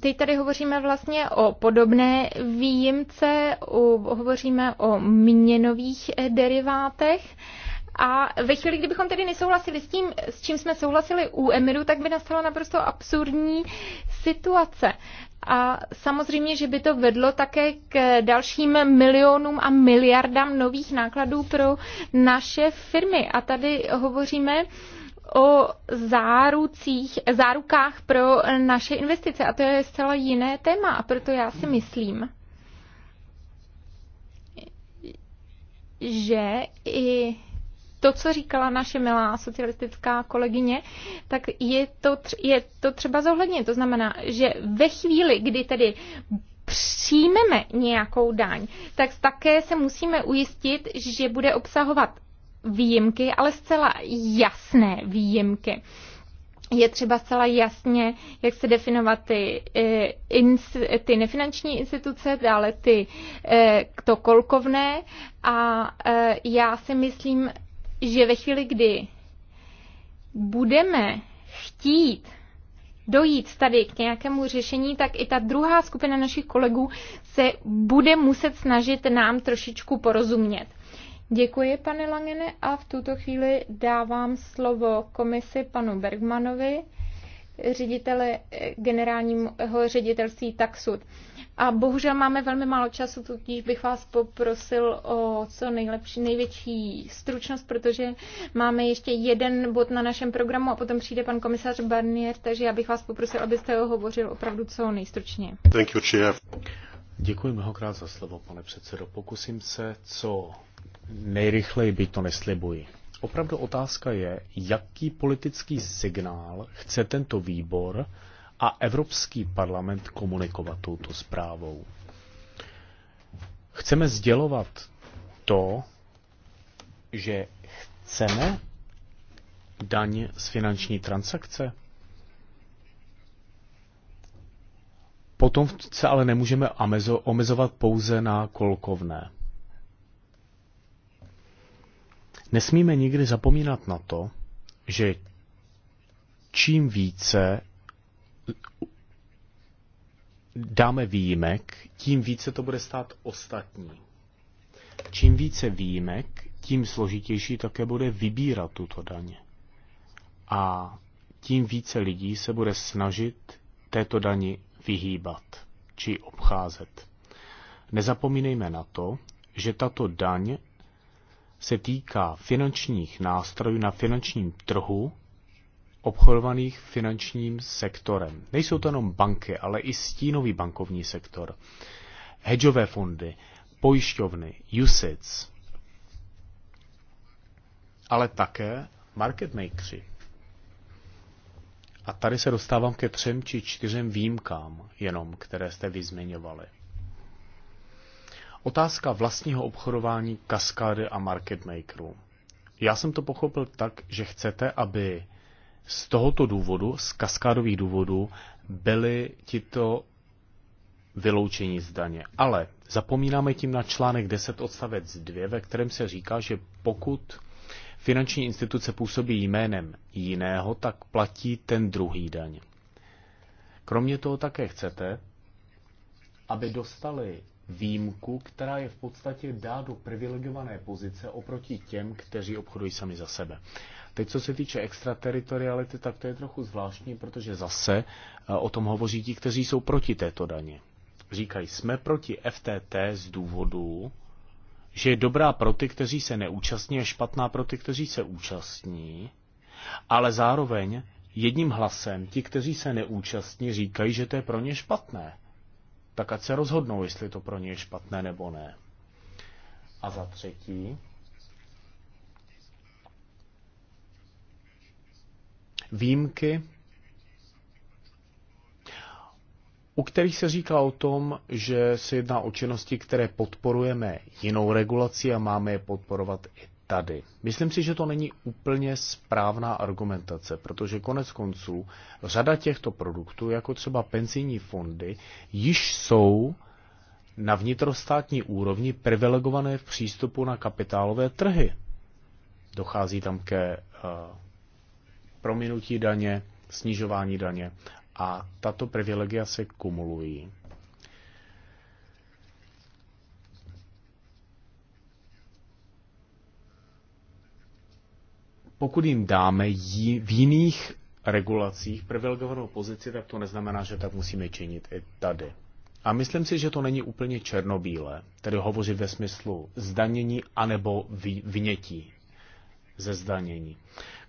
Teď tady hovoříme vlastně o podobné výjimce, hovoříme o měnových eh, derivátech a ve chvíli, kdybychom tedy nesouhlasili s tím, s čím jsme souhlasili u Emiru, tak by nastala naprosto absurdní situace. A samozřejmě, že by to vedlo také k dalším milionům a miliardám nových nákladů pro naše firmy. A tady hovoříme o zárucích, zárukách pro naše investice. A to je zcela jiné téma. A proto já si myslím, že i to, co říkala naše milá socialistická kolegyně, tak je to, je to třeba zohledně. To znamená, že ve chvíli, kdy tedy přijmeme nějakou daň, tak také se musíme ujistit, že bude obsahovat výjimky, ale zcela jasné výjimky je třeba zcela jasně, jak se definovat ty, eh, ty nefinanční instituce, dále ty eh, to kolkovné a eh, já si myslím, že ve chvíli, kdy budeme chtít dojít tady k nějakému řešení, tak i ta druhá skupina našich kolegů se bude muset snažit nám trošičku porozumět. Děkuji, pane Langene, a v tuto chvíli dávám slovo komisi panu Bergmanovi ředitele generálního ředitelství Taxud. A bohužel máme velmi málo času, tudíž bych vás poprosil o co nejlepší, největší stručnost, protože máme ještě jeden bod na našem programu a potom přijde pan komisař Barnier, takže já bych vás poprosil, abyste ho hovořil opravdu co nejstručněji. Thank you, chief. Děkuji mnohokrát za slovo, pane předsedo. Pokusím se co nejrychleji, by to neslibuji opravdu otázka je, jaký politický signál chce tento výbor a Evropský parlament komunikovat touto zprávou. Chceme sdělovat to, že chceme daň z finanční transakce? Potom se ale nemůžeme omezovat pouze na kolkovné. Nesmíme nikdy zapomínat na to, že čím více dáme výjimek, tím více to bude stát ostatní. Čím více výjimek, tím složitější také bude vybírat tuto daň. A tím více lidí se bude snažit této dani vyhýbat či obcházet. Nezapomínejme na to, že tato daň se týká finančních nástrojů na finančním trhu obchodovaných finančním sektorem. Nejsou to jenom banky, ale i stínový bankovní sektor, hedžové fondy, pojišťovny, USITs, ale také market makersi. A tady se dostávám ke třem či čtyřem výjimkám, jenom které jste vyzmiňovali. Otázka vlastního obchodování kaskády a market makerů. Já jsem to pochopil tak, že chcete, aby z tohoto důvodu, z kaskádových důvodů, byli tito vyloučení z daně. Ale zapomínáme tím na článek 10 odstavec 2, ve kterém se říká, že pokud finanční instituce působí jménem jiného, tak platí ten druhý daň. Kromě toho také chcete, aby dostali výjimku, která je v podstatě dá do privilegované pozice oproti těm, kteří obchodují sami za sebe. Teď, co se týče extrateritoriality, tak to je trochu zvláštní, protože zase eh, o tom hovoří ti, kteří jsou proti této daně. Říkají, jsme proti FTT z důvodu, že je dobrá pro ty, kteří se neúčastní a špatná pro ty, kteří se účastní, ale zároveň jedním hlasem ti, kteří se neúčastní, říkají, že to je pro ně špatné tak ať se rozhodnou, jestli to pro ně je špatné nebo ne. A za třetí, výjimky, u kterých se říká o tom, že se jedná o činnosti, které podporujeme jinou regulací a máme je podporovat i tady. Myslím si, že to není úplně správná argumentace, protože konec konců řada těchto produktů, jako třeba penzijní fondy, již jsou na vnitrostátní úrovni privilegované v přístupu na kapitálové trhy. Dochází tam ke eh, prominutí daně, snižování daně a tato privilegia se kumulují. pokud jim dáme jí, v jiných regulacích privilegovanou pozici, tak to neznamená, že tak musíme činit i tady. A myslím si, že to není úplně černobílé, tedy hovořit ve smyslu zdanění anebo vynětí ze zdanění.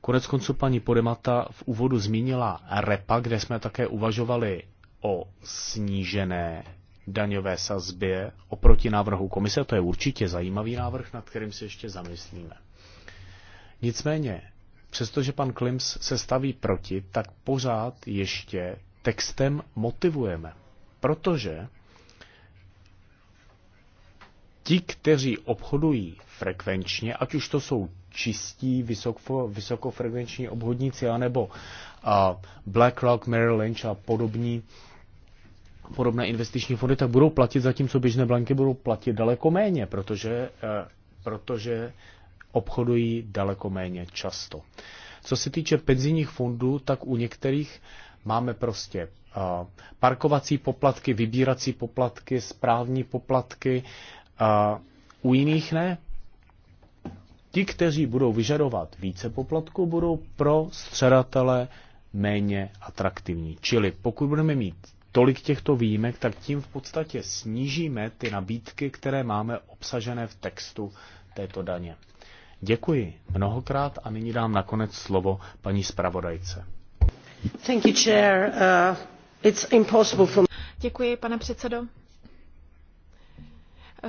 Konec konců paní Podemata v úvodu zmínila REPA, kde jsme také uvažovali o snížené daňové sazbě oproti návrhu komise. To je určitě zajímavý návrh, nad kterým se ještě zamyslíme. Nicméně, přestože pan Klims se staví proti, tak pořád ještě textem motivujeme. Protože ti, kteří obchodují frekvenčně, ať už to jsou čistí vysoko, vysokofrekvenční obchodníci, anebo a BlackRock, Merrill Lynch a podobní, podobné investiční fondy, tak budou platit, zatímco běžné blanky budou platit daleko méně, protože, e, protože obchodují daleko méně často. Co se týče penzijních fondů, tak u některých máme prostě parkovací poplatky, vybírací poplatky, správní poplatky, u jiných ne. Ti, kteří budou vyžadovat více poplatku, budou pro středatele méně atraktivní. Čili pokud budeme mít tolik těchto výjimek, tak tím v podstatě snížíme ty nabídky, které máme obsažené v textu této daně. Děkuji mnohokrát a nyní dám nakonec slovo paní zpravodajce. Thank you, chair. Uh, it's impossible for... Děkuji, pane předsedo.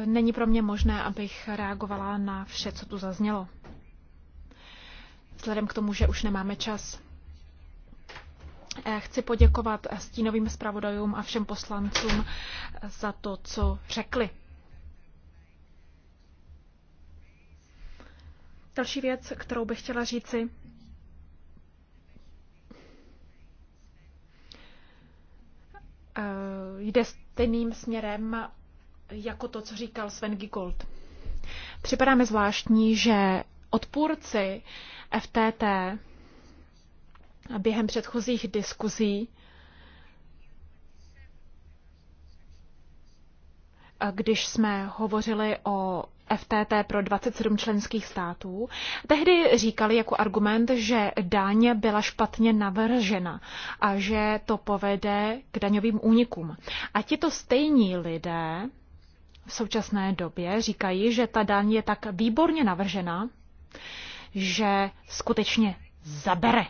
Není pro mě možné, abych reagovala na vše, co tu zaznělo. Vzhledem k tomu, že už nemáme čas. Eh, chci poděkovat stínovým zpravodajům a všem poslancům za to, co řekli. Další věc, kterou bych chtěla říci, eh, jde stejným směrem jako to, co říkal Sven Gigold. Připadá mi zvláštní, že odpůrci FTT během předchozích diskuzí eh, když jsme hovořili o FTT pro 27 členských států, tehdy říkali jako argument, že daň byla špatně navržena a že to povede k daňovým únikům. A tito stejní lidé v současné době říkají, že ta daň je tak výborně navržena, že skutečně zabere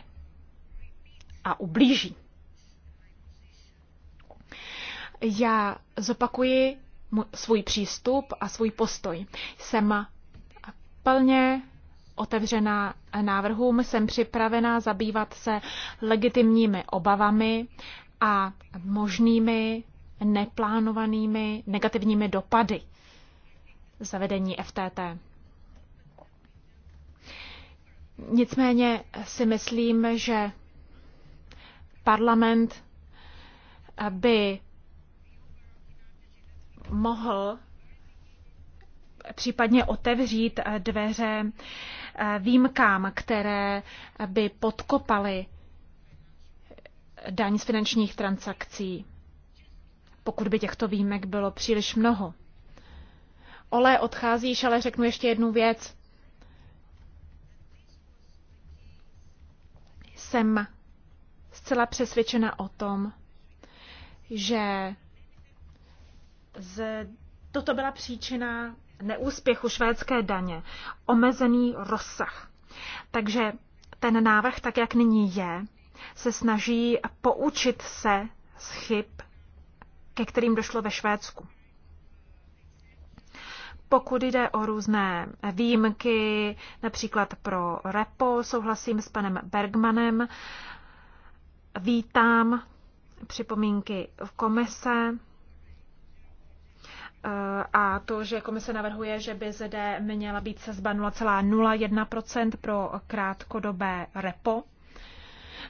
a ublíží. Já zopakuji svůj přístup a svůj postoj. Jsem plně otevřená návrhům, jsem připravená zabývat se legitimními obavami a možnými neplánovanými negativními dopady zavedení FTT. Nicméně si myslím, že parlament by mohl případně otevřít eh, dveře eh, výjimkám, které by podkopaly daň z finančních transakcí, pokud by těchto výjimek bylo příliš mnoho. Ole, odcházíš, ale řeknu ještě jednu věc. Jsem zcela přesvědčena o tom, že z, toto byla příčina neúspěchu švédské daně, omezený rozsah. Takže ten návrh, tak jak nyní je, se snaží poučit se z chyb, ke kterým došlo ve Švédsku. Pokud jde o různé výjimky, například pro repo, souhlasím s panem Bergmanem, vítám připomínky v komise, a to, že komise navrhuje, že by zde měla být sazba 0,01 pro krátkodobé repo.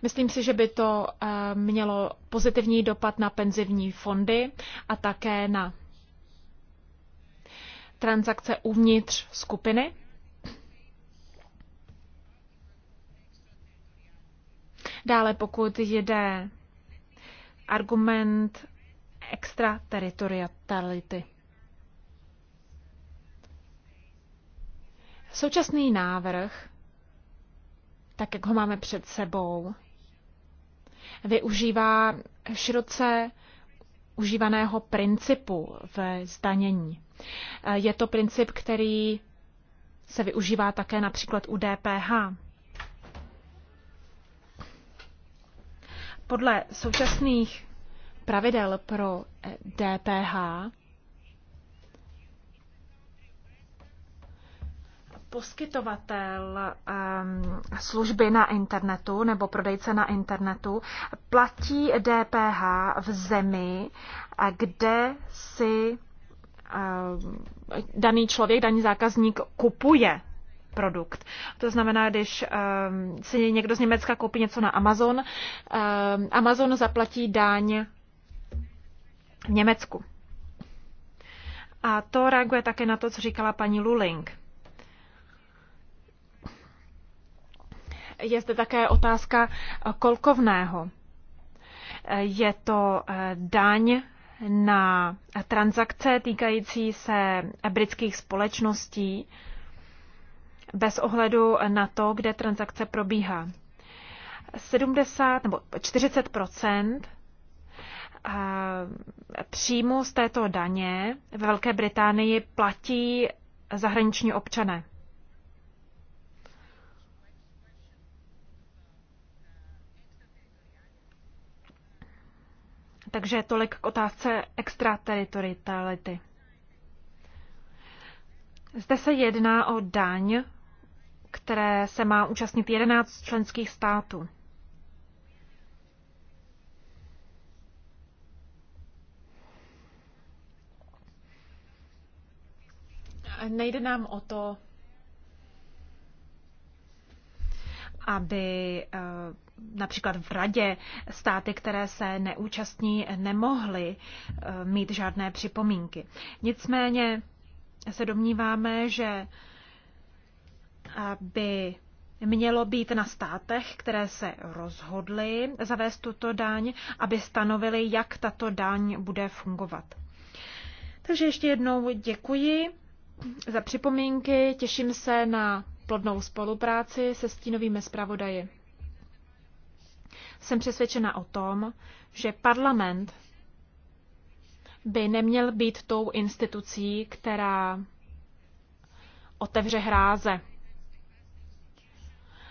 Myslím si, že by to eh, mělo pozitivní dopad na penzivní fondy a také na transakce uvnitř skupiny. Dále pokud jde argument extrateritoriality. Současný návrh, tak jak ho máme před sebou, využívá široce užívaného principu v zdanění. Je to princip, který se využívá také například u DPH. Podle současných pravidel pro DPH poskytovatel služby na internetu nebo prodejce na internetu platí DPH v zemi, kde si daný člověk, daný zákazník kupuje produkt. To znamená, když um, si někdo z Německa koupí něco na Amazon, um, Amazon zaplatí daň v Německu. A to reaguje také na to, co říkala paní Luling. je zde také otázka eh, kolkovného. Eh, je to eh, daň na transakce týkající se britských společností bez ohledu na to, kde transakce probíhá. 70 nebo 40 příjmu z této daně ve Velké Británii platí zahraniční občané. Takže tolik k otázce extrateritoriality. Zde se jedná o daň, které se má účastnit 11 členských států. Nejde nám o to, aby eh, například v radě státy, které se neúčastní, nemohly eh, mít žádné připomínky. Nicméně se domníváme, že by mělo být na státech, které se rozhodly zavést tuto daň, aby stanovili, jak tato daň bude fungovat. Takže ještě jednou děkuji za připomínky, těším se na plodnou spolupráci se stínovými zpravodaji. Jsem přesvědčena o tom, že parlament by neměl být tou institucí, která otevře hráze,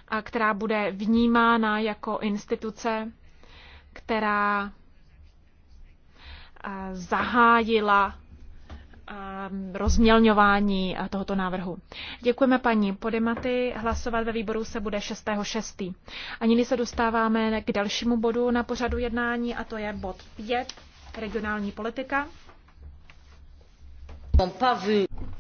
a která bude vnímána jako instituce, která eh, zahájila rozmělňování tohoto návrhu. Děkujeme paní Podematy. Hlasovat ve výboru se bude 6.6. A nyní se dostáváme k dalšímu bodu na pořadu jednání a to je bod 5, regionální politika.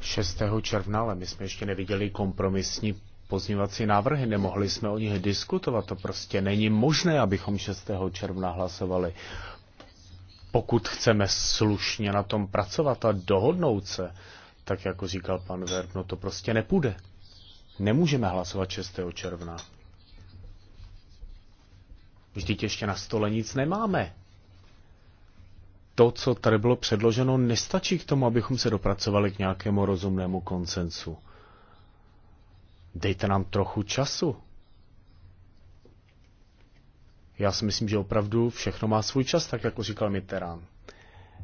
6. června, ale my jsme ještě neviděli kompromisní pozměvací návrhy, nemohli jsme o nich diskutovat. To prostě není možné, abychom 6. června hlasovali pokud chceme slušně na tom pracovat a dohodnout se, tak jako říkal pan Verb, no to prostě nepůjde. Nemůžeme hlasovat 6. června. Vždyť ještě na stole nic nemáme. To, co tady bylo předloženo, nestačí k tomu, abychom se dopracovali k nějakému rozumnému konsensu. Dejte nám trochu času. Já si myslím, že opravdu všechno má svůj čas, tak jako říkal Mitterrand.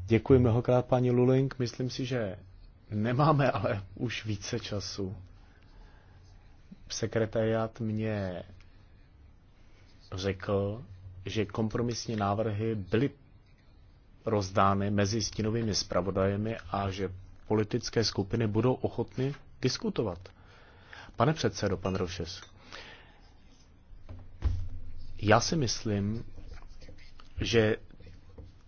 Děkuji mnohokrát, paní Luling. Myslím si, že nemáme ale už více času. Sekretariat mě řekl, že kompromisní návrhy byly rozdány mezi stínovými zpravodajemi a že politické skupiny budou ochotny diskutovat. Pane předsedo, pan Rošes, já si myslím, že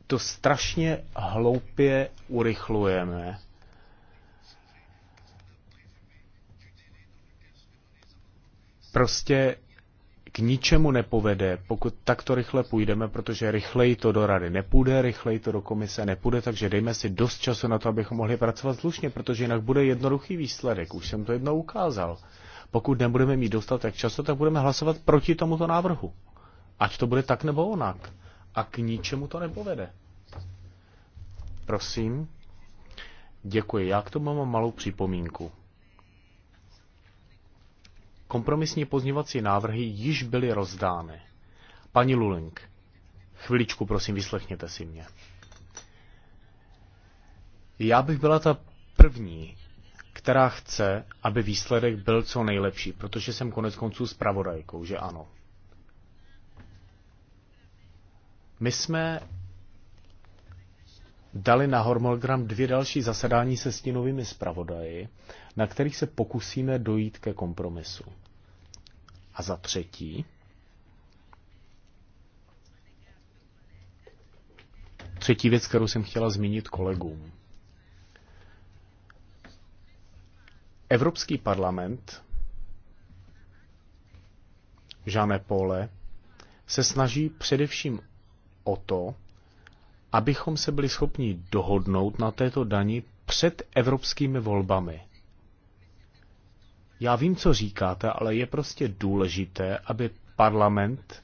to strašně hloupě urychlujeme. Prostě k ničemu nepovede, pokud takto rychle půjdeme, protože rychleji to do rady nepůjde, rychleji to do komise nepůjde, takže dejme si dost času na to, abychom mohli pracovat slušně, protože jinak bude jednoduchý výsledek. Už jsem to jednou ukázal. Pokud nebudeme mít dostatek času, tak budeme hlasovat proti tomuto návrhu. Ať to bude tak nebo onak. A k ničemu to nepovede. Prosím. Děkuji. Já k tomu mám malou připomínku. Kompromisní pozněvací návrhy již byly rozdány. Paní Luling, chviličku prosím, vyslechněte si mě. Já bych byla ta první, která chce, aby výsledek byl co nejlepší, protože jsem konec konců zpravodajkou, že ano. My jsme dali na harmonogram dvě další zasedání se stínovými zpravodaji, na kterých se pokusíme dojít ke kompromisu. A za třetí, třetí věc, kterou jsem chtěla zmínit kolegům. Evropský parlament, Žáne Paule se snaží především o to, abychom se byli schopni dohodnout na této dani před evropskými volbami. Já vím, co říkáte, ale je prostě důležité, aby parlament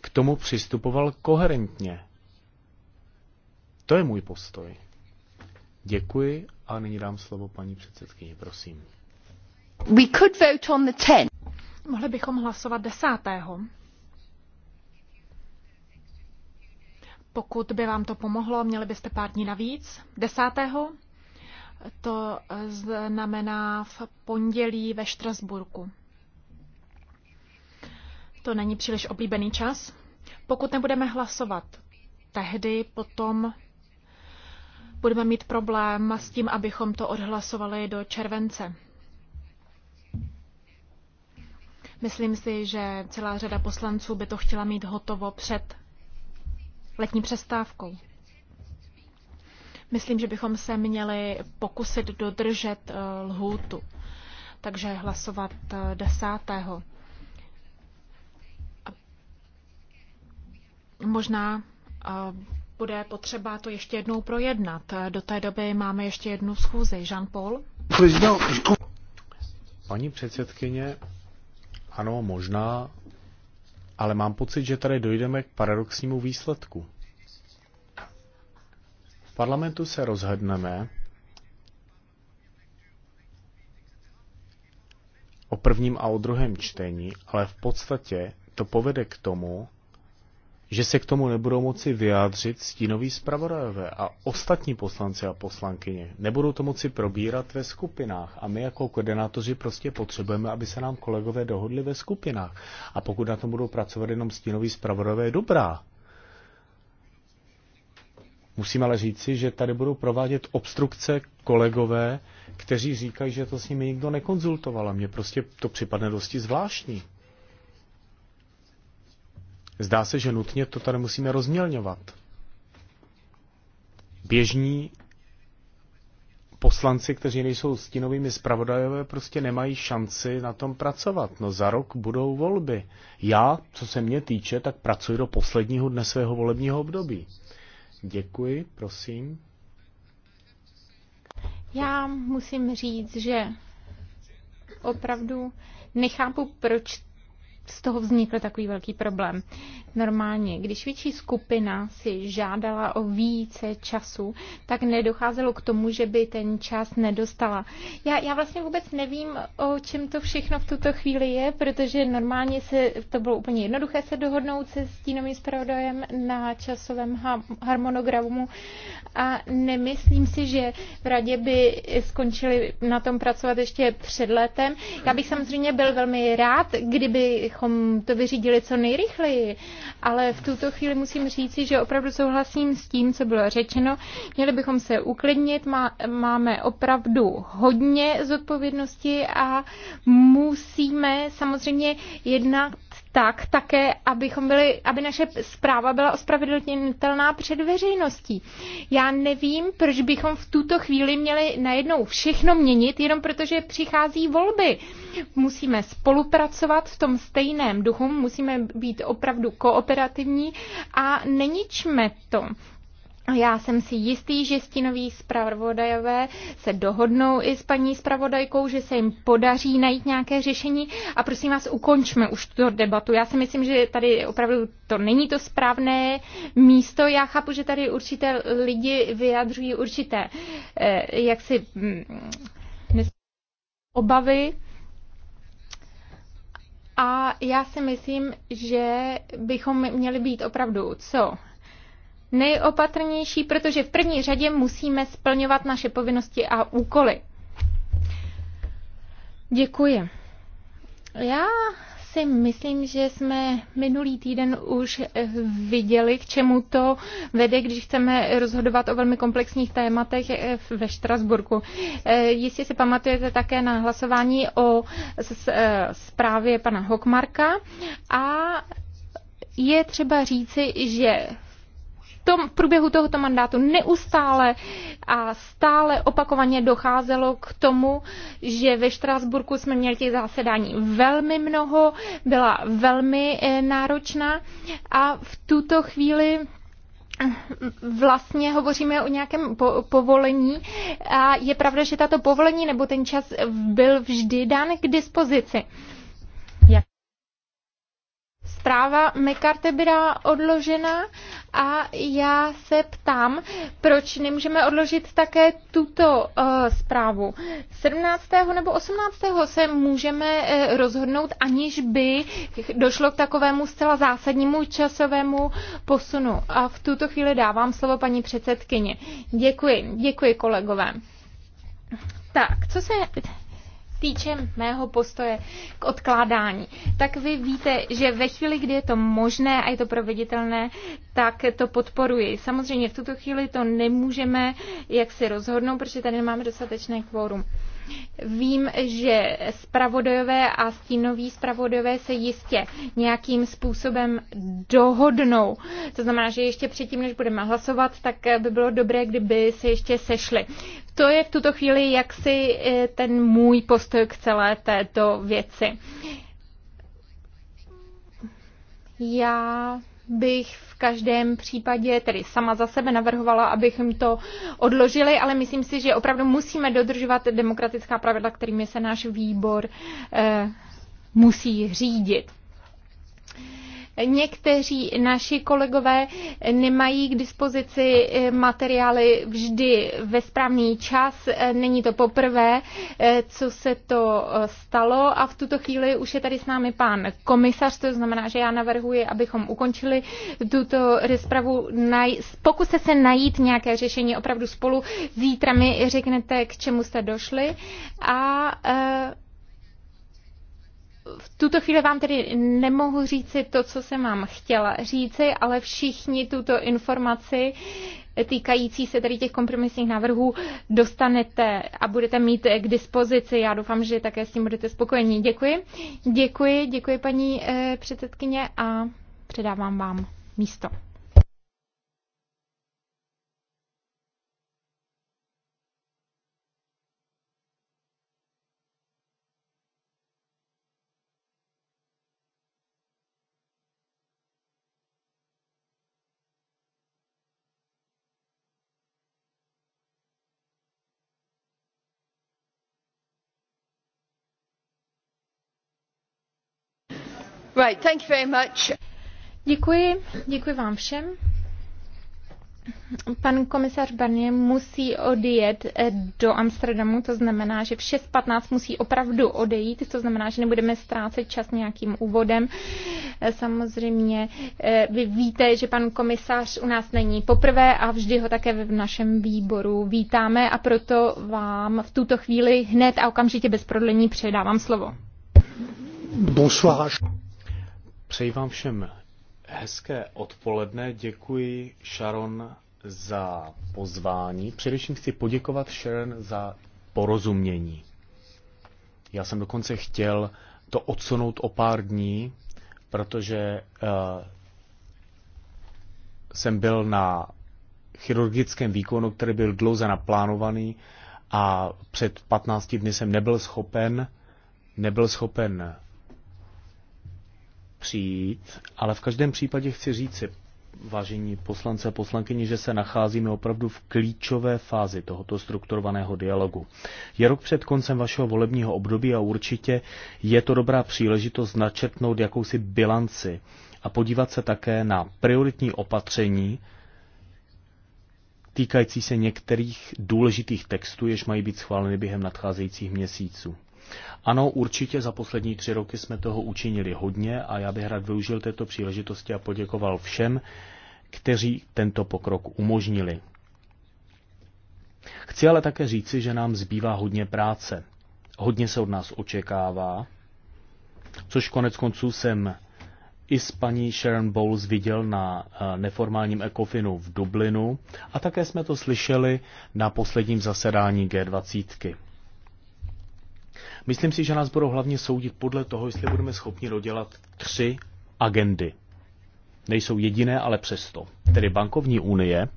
k tomu přistupoval koherentně. To je můj postoj. Děkuji a nyní dám slovo paní předsedkyni, prosím. We could vote on the ten. Mohli bychom hlasovat desátého. Pokud by vám to pomohlo, měli byste pár dní navíc. Desátého to znamená v pondělí ve Štrasburku. To není příliš oblíbený čas. Pokud nebudeme hlasovat tehdy, potom budeme mít problém s tím, abychom to odhlasovali do července. Myslím si, že celá řada poslanců by to chtěla mít hotovo před letní přestávkou. Myslím, že bychom se měli pokusit dodržet eh, lhůtu, takže hlasovat eh, desátého. Možná eh, bude potřeba to ještě jednou projednat. Do té doby máme ještě jednu schůzi. Jean-Paul? Paní předsedkyně, ano, možná ale mám pocit, že tady dojdeme k paradoxnímu výsledku. V parlamentu se rozhodneme o prvním a o druhém čtení, ale v podstatě to povede k tomu, že se k tomu nebudou moci vyjádřit stínoví zpravodajové a ostatní poslanci a poslankyně. Nebudou to moci probírat ve skupinách a my jako koordinátoři prostě potřebujeme, aby se nám kolegové dohodli ve skupinách. A pokud na tom budou pracovat jenom stínoví zpravodajové, je dobrá. Musím ale říci, že tady budou provádět obstrukce kolegové, kteří říkají, že to s nimi nikdo nekonzultoval. A mně prostě to připadne dosti zvláštní. Zdá se, že nutně to tady musíme rozmělňovat. Běžní poslanci, kteří nejsou stínovými zpravodajové, prostě nemají šanci na tom pracovat. No za rok budou volby. Já, co se mě týče, tak pracuji do posledního dne svého volebního období. Děkuji, prosím. Já musím říct, že opravdu nechápu, proč z toho vznikl takový velký problém. Normálně, když větší skupina si žádala o více času, tak nedocházelo k tomu, že by ten čas nedostala. Já, já vlastně vůbec nevím, o čem to všechno v tuto chvíli je, protože normálně se, to bylo úplně jednoduché se dohodnout se stínovým zpravodajem na časovém harmonogramu a nemyslím si, že v radě by skončili na tom pracovat ještě před letem. Já bych samozřejmě byl velmi rád, kdyby abychom to vyřídili co nejrychleji, ale v tuto chvíli musím říci, že opravdu souhlasím s tím, co bylo řečeno. Měli bychom se uklidnit, má, máme opravdu hodně zodpovědnosti a musíme samozřejmě jednat tak také, abychom byli, aby naše zpráva byla ospravedlnitelná před veřejností. Já nevím, proč bychom v tuto chvíli měli najednou všechno měnit, jenom protože přichází volby. Musíme spolupracovat v tom stejném duchu, musíme být opravdu kooperativní a neničme to. Já jsem si jistý, že stinoví zpravodajové se dohodnou i s paní zpravodajkou, že se jim podaří najít nějaké řešení a prosím vás, ukončme už tuto debatu. Já si myslím, že tady opravdu to není to správné místo. Já chápu, že tady určité lidi vyjadřují určité eh, jaksi mm, obavy, a já si myslím, že bychom měli být opravdu co nejopatrnější, protože v první řadě musíme splňovat naše povinnosti a úkoly. Děkuji. Já si myslím, že jsme minulý týden už viděli, k čemu to vede, když chceme rozhodovat o velmi komplexních tématech ve Štrasburku. Eh, jistě si pamatujete také na hlasování o eh, zprávě pana Hokmarka a je třeba říci, že tom, v průběhu tohoto mandátu neustále a stále opakovaně docházelo k tomu, že ve Štrásburku jsme měli těch zásedání velmi mnoho, byla velmi eh, náročná a v tuto chvíli eh, vlastně hovoříme o nějakém po- povolení a je pravda, že tato povolení nebo ten čas byl vždy dán k dispozici zpráva McCarthy byla odložena a já se ptám, proč nemůžeme odložit také tuto uh, zprávu. 17. nebo 18. se můžeme uh, rozhodnout, aniž by došlo k takovému zcela zásadnímu časovému posunu. A v tuto chvíli dávám slovo paní předsedkyni. Děkuji, děkuji kolegové. Tak, co se týče mého postoje k odkládání, tak vy víte, že ve chvíli, kdy je to možné a je to proveditelné, tak to podporuji. Samozřejmě v tuto chvíli to nemůžeme jak si rozhodnout, protože tady nemáme dostatečné kvórum. Vím, že spravodajové a stínoví spravodajové se jistě nějakým způsobem dohodnou. To znamená, že ještě předtím, než budeme hlasovat, tak by bylo dobré, kdyby se ještě sešli. To je v tuto chvíli jaksi eh, ten můj postoj k celé této věci. Já bych v každém případě, tedy sama za sebe navrhovala, abychom to odložili, ale myslím si, že opravdu musíme dodržovat demokratická pravidla, kterými se náš výbor eh, musí řídit. Někteří naši kolegové nemají k dispozici eh, materiály vždy ve správný čas. Eh, není to poprvé, eh, co se to stalo a v tuto chvíli už je tady s námi pán komisař, to znamená, že já navrhuji, abychom ukončili tuto rozpravu. Pokuste se najít nějaké řešení opravdu spolu. Zítra mi řeknete, k čemu jste došli a v tuto chvíli vám tedy nemohu říci to, co jsem vám chtěla říci, ale všichni tuto informaci týkající se tady těch kompromisních návrhů dostanete a budete mít k dispozici. Já doufám, že také s tím budete spokojení. Děkuji. Děkuji, děkuji paní eh, předsedkyně a předávám vám místo. Right, thank you very much. Děkuji, děkuji vám všem. Pan komisař Barnier musí odjet eh, do Amsterdamu, to znamená, že v 6.15 musí opravdu odejít, to znamená, že nebudeme ztrácet čas nějakým úvodem. Eh, samozřejmě eh, vy víte, že pan komisař u nás není poprvé a vždy ho také v našem výboru vítáme a proto vám v tuto chvíli hned a okamžitě bez prodlení předávám slovo. Bonsoir. Přeji vám všem hezké odpoledne. Děkuji Sharon za pozvání. Především chci poděkovat Sharon za porozumění. Já jsem dokonce chtěl to odsunout o pár dní, protože uh, jsem byl na chirurgickém výkonu, který byl dlouze naplánovaný a před 15 dny jsem nebyl schopen, nebyl schopen přijít, ale v každém případě chci říci, vážení poslance a poslankyni, že se nacházíme opravdu v klíčové fázi tohoto strukturovaného dialogu. Je rok před koncem vašeho volebního období a určitě je to dobrá příležitost načetnout jakousi bilanci a podívat se také na prioritní opatření týkající se některých důležitých textů, jež mají být schváleny během nadcházejících měsíců. Ano, určitě za poslední tři roky jsme toho učinili hodně a já bych rád využil této příležitosti a poděkoval všem, kteří tento pokrok umožnili. Chci ale také říci, že nám zbývá hodně práce. Hodně se od nás očekává, což konec konců jsem i s paní Sharon Bowles viděl na eh, neformálním ekofinu v Dublinu a také jsme to slyšeli na posledním zasedání G20. -ky. Myslím si, že nás budou hlavně soudit podle toho, jestli budeme schopni dodělat tři agendy. Nejsou jediné, ale přesto. Tedy bankovní unie,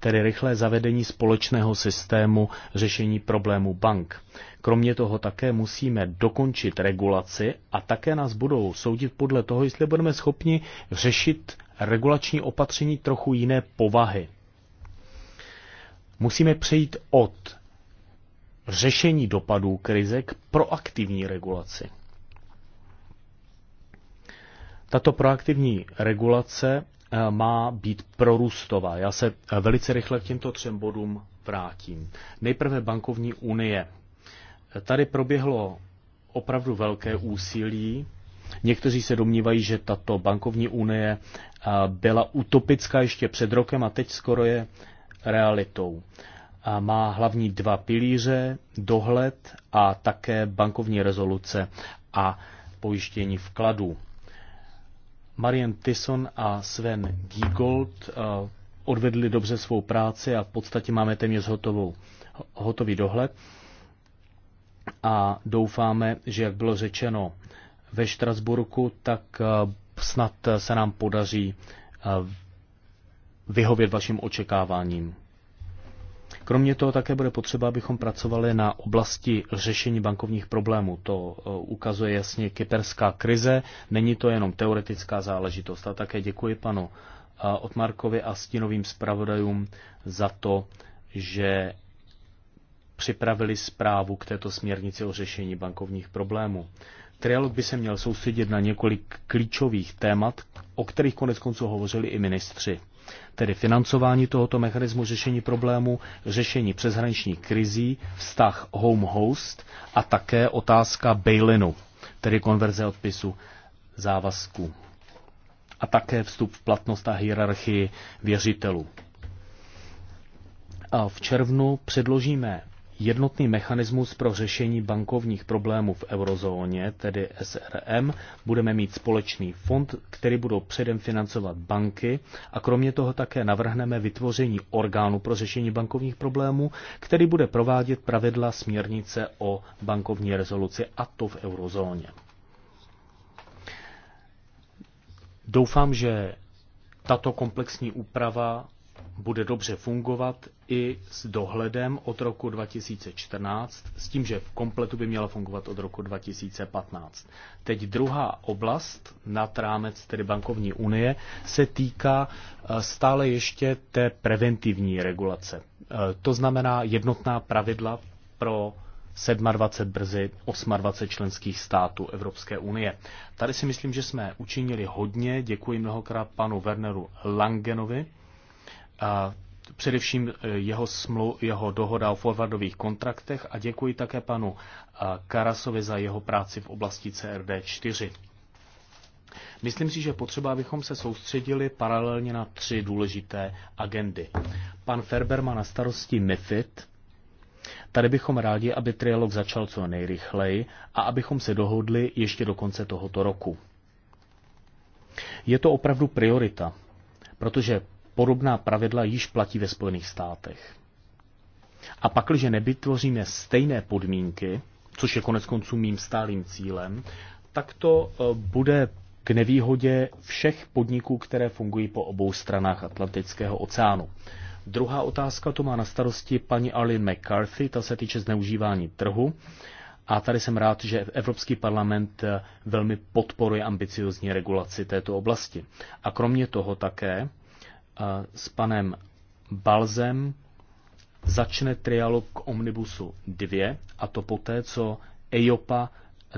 tedy rychlé zavedení společného systému řešení problému bank. Kromě toho také musíme dokončit regulaci a také nás budou soudit podle toho, jestli budeme schopni řešit regulační opatření trochu jiné povahy. Musíme přejít od řešení dopadů krize k proaktivní regulaci. Tato proaktivní regulace eh, má být prorůstová. Já se eh, velice rychle k těmto třem bodům vrátím. Nejprve bankovní unie. Tady proběhlo opravdu velké úsilí. Někteří se domnívají, že tato bankovní unie eh, byla utopická ještě před rokem a teď skoro je realitou a má hlavní dva pilíře, dohled a také bankovní rezoluce a pojištění vkladů. Marian Tyson a Sven Giegold eh, odvedli dobře svou práci a v podstatě máme téměř hotovou, hotový dohled. A doufáme, že jak bylo řečeno ve Štrasburku, tak eh, snad se nám podaří eh, vyhovět vašim očekáváním. Kromě toho také bude potřeba, abychom pracovali na oblasti řešení bankovních problémů. To e, ukazuje jasně kyperská krize, není to jenom teoretická záležitost. A také děkuji panu e, Otmarkovi a stínovým zpravodajům za to, že připravili zprávu k této směrnici o řešení bankovních problémů. Trialog by se měl soustředit na několik klíčových témat, o kterých konec konců hovořili i ministři tedy financování tohoto mechanismu řešení problému, řešení přeshraničních krizí, vztah home host a také otázka bailinu, tedy konverze odpisu závazků a také vstup v platnost a hierarchii věřitelů. A v červnu předložíme jednotný mechanismus pro řešení bankovních problémů v eurozóně, tedy SRM. Budeme mít společný fond, který budou předem financovat banky a kromě toho také navrhneme vytvoření orgánu pro řešení bankovních problémů, který bude provádět pravidla směrnice o bankovní rezoluci a to v eurozóně. Doufám, že tato komplexní úprava bude dobře fungovat i s dohledem od roku 2014, s tím, že v kompletu by měla fungovat od roku 2015. Teď druhá oblast nad rámec tedy bankovní unie se týká eh, stále ještě té preventivní regulace. Eh, to znamená jednotná pravidla pro 27, brzy 28 členských států Evropské unie. Tady si myslím, že jsme učinili hodně. Děkuji mnohokrát panu Werneru Langenovi a především eh, jeho, smlu, jeho dohoda o forwardových kontraktech a děkuji také panu eh, Karasovi za jeho práci v oblasti CRD4. Myslím si, že potřeba, abychom se soustředili paralelně na tři důležité agendy. Pan Ferber má na starosti MIFID. Tady bychom rádi, aby trialog začal co nejrychleji a abychom se dohodli ještě do konce tohoto roku. Je to opravdu priorita, protože podobná pravidla již platí ve Spojených státech. A pak, když nevytvoříme stejné podmínky, což je konec konců mým stálým cílem, tak to e, bude k nevýhodě všech podniků, které fungují po obou stranách Atlantického oceánu. Druhá otázka to má na starosti paní Arlene McCarthy, ta se týče zneužívání trhu. A tady jsem rád, že Evropský parlament e, velmi podporuje ambiciozní regulaci této oblasti. A kromě toho také s panem Balzem začne trialog k Omnibusu 2 a to poté, co EIOPA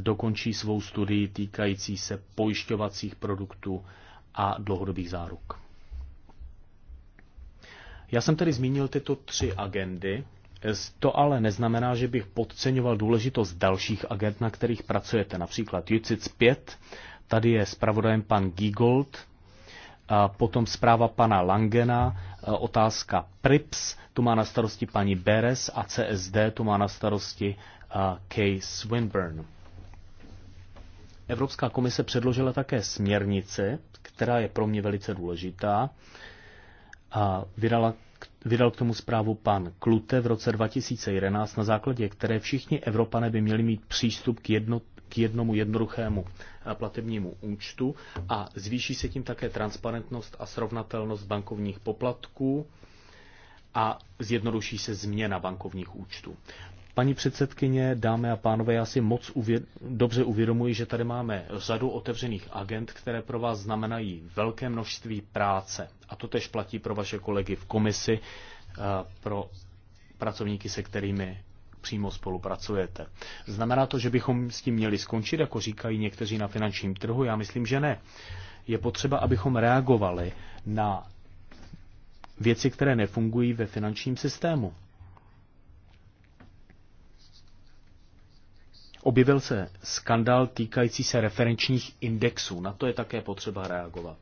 dokončí svou studii týkající se pojišťovacích produktů a dlouhodobých záruk. Já jsem tedy zmínil tyto tři agendy. To ale neznamená, že bych podceňoval důležitost dalších agent, na kterých pracujete. Například UCITS 5, tady je zpravodajem pan Gigold, potom zpráva pana Langena, e, otázka PRIPS, tu má na starosti paní Beres a CSD, tu má na starosti e, Kay Swinburne. Evropská komise předložila také směrnici, která je pro mě velice důležitá. A vydala, vydal k tomu zprávu pan Klute v roce 2011, na základě které všichni Evropané by měli mít přístup k, jednot, k jednomu jednoduchému eh, platebnímu účtu a zvýší se tím také transparentnost a srovnatelnost bankovních poplatků a zjednoduší se změna bankovních účtů. Paní předsedkyně, dámy a pánové, já si moc uvěd- dobře uvědomuji, že tady máme řadu otevřených agent, které pro vás znamenají velké množství práce. A to tež platí pro vaše kolegy v komisi, eh, pro pracovníky, se kterými přímo spolupracujete. Znamená to, že bychom s tím měli skončit, jako říkají někteří na finančním trhu? Já myslím, že ne. Je potřeba, abychom reagovali na věci, které nefungují ve finančním systému. Objevil se skandal týkající se referenčních indexů. Na to je také potřeba reagovat.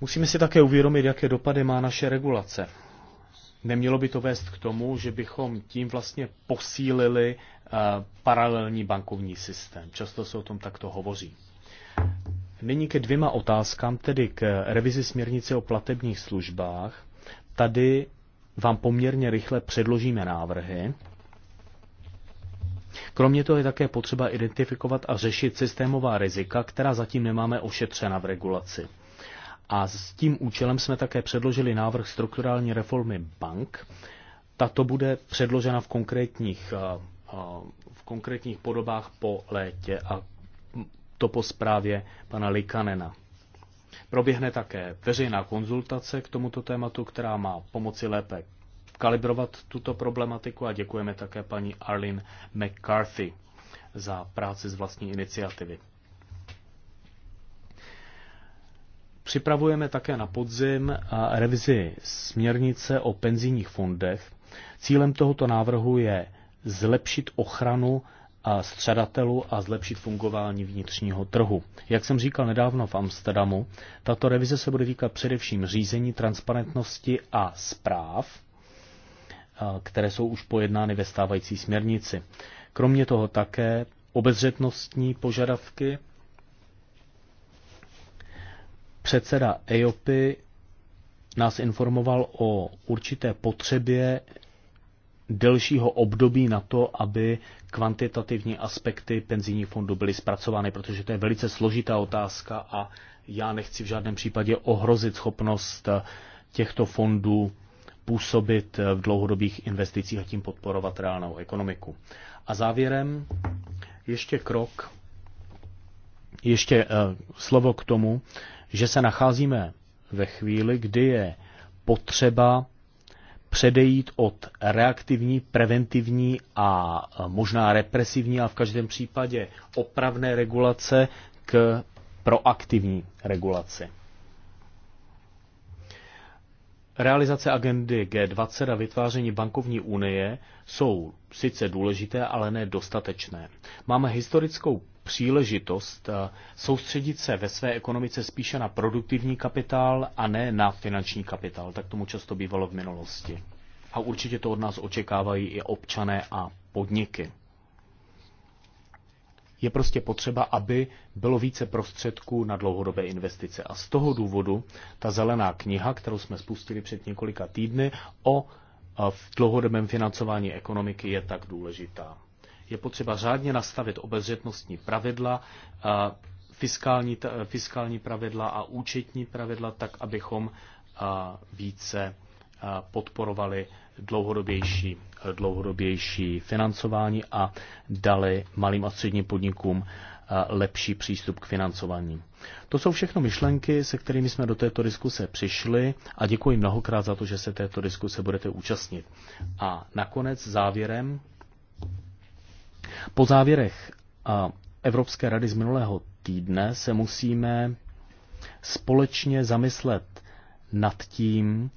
Musíme si také uvědomit, jaké dopady má naše regulace. Nemělo by to vést k tomu, že bychom tím vlastně posílili eh, paralelní bankovní systém. Často se o tom takto hovoří. Nyní ke dvěma otázkám, tedy k revizi směrnice o platebních službách. Tady vám poměrně rychle předložíme návrhy. Kromě toho je také potřeba identifikovat a řešit systémová rizika, která zatím nemáme ošetřena v regulaci. A s tím účelem jsme také předložili návrh strukturální reformy bank. Tato bude předložena v konkrétních, eh, eh, v konkrétních podobách po létě a to po zprávě pana Likanena. Proběhne také veřejná konzultace k tomuto tématu, která má pomoci lépe kalibrovat tuto problematiku a děkujeme také paní Arlene McCarthy za práci z vlastní iniciativy. Připravujeme také na podzim revizi směrnice o penzijních fondech. Cílem tohoto návrhu je zlepšit ochranu střadatelů a zlepšit fungování vnitřního trhu. Jak jsem říkal nedávno v Amsterdamu, tato revize se bude týkat především řízení, transparentnosti a zpráv, které jsou už pojednány ve stávající směrnici. Kromě toho také obezřetnostní požadavky Předseda EOPy nás informoval o určité potřebě delšího období na to, aby kvantitativní aspekty penzijních fondů byly zpracovány, protože to je velice složitá otázka a já nechci v žádném případě ohrozit schopnost těchto fondů působit v dlouhodobých investicích a tím podporovat reálnou ekonomiku. A závěrem ještě krok, ještě eh, slovo k tomu, že se nacházíme ve chvíli, kdy je potřeba předejít od reaktivní, preventivní a možná represivní, a v každém případě opravné regulace k proaktivní regulaci. Realizace agendy G20 a vytváření bankovní unie jsou sice důležité, ale ne dostatečné. Máme historickou příležitost eh, soustředit se ve své ekonomice spíše na produktivní kapitál a ne na finanční kapitál. Tak tomu často bývalo v minulosti. A určitě to od nás očekávají i občané a podniky. Je prostě potřeba, aby bylo více prostředků na dlouhodobé investice. A z toho důvodu ta zelená kniha, kterou jsme spustili před několika týdny, o eh, v dlouhodobém financování ekonomiky je tak důležitá je potřeba řádně nastavit obezřetnostní pravidla, fiskální, e, fiskální pravidla a účetní pravidla, tak abychom více podporovali dlouhodobější, dlouhodobější financování a dali malým a středním podnikům lepší přístup k financování. To jsou všechno myšlenky, se kterými jsme do této diskuse přišli a děkuji mnohokrát za to, že se této diskuse budete účastnit. A nakonec závěrem po závěrech a Evropské rady z minulého týdne se musíme společně zamyslet nad tím,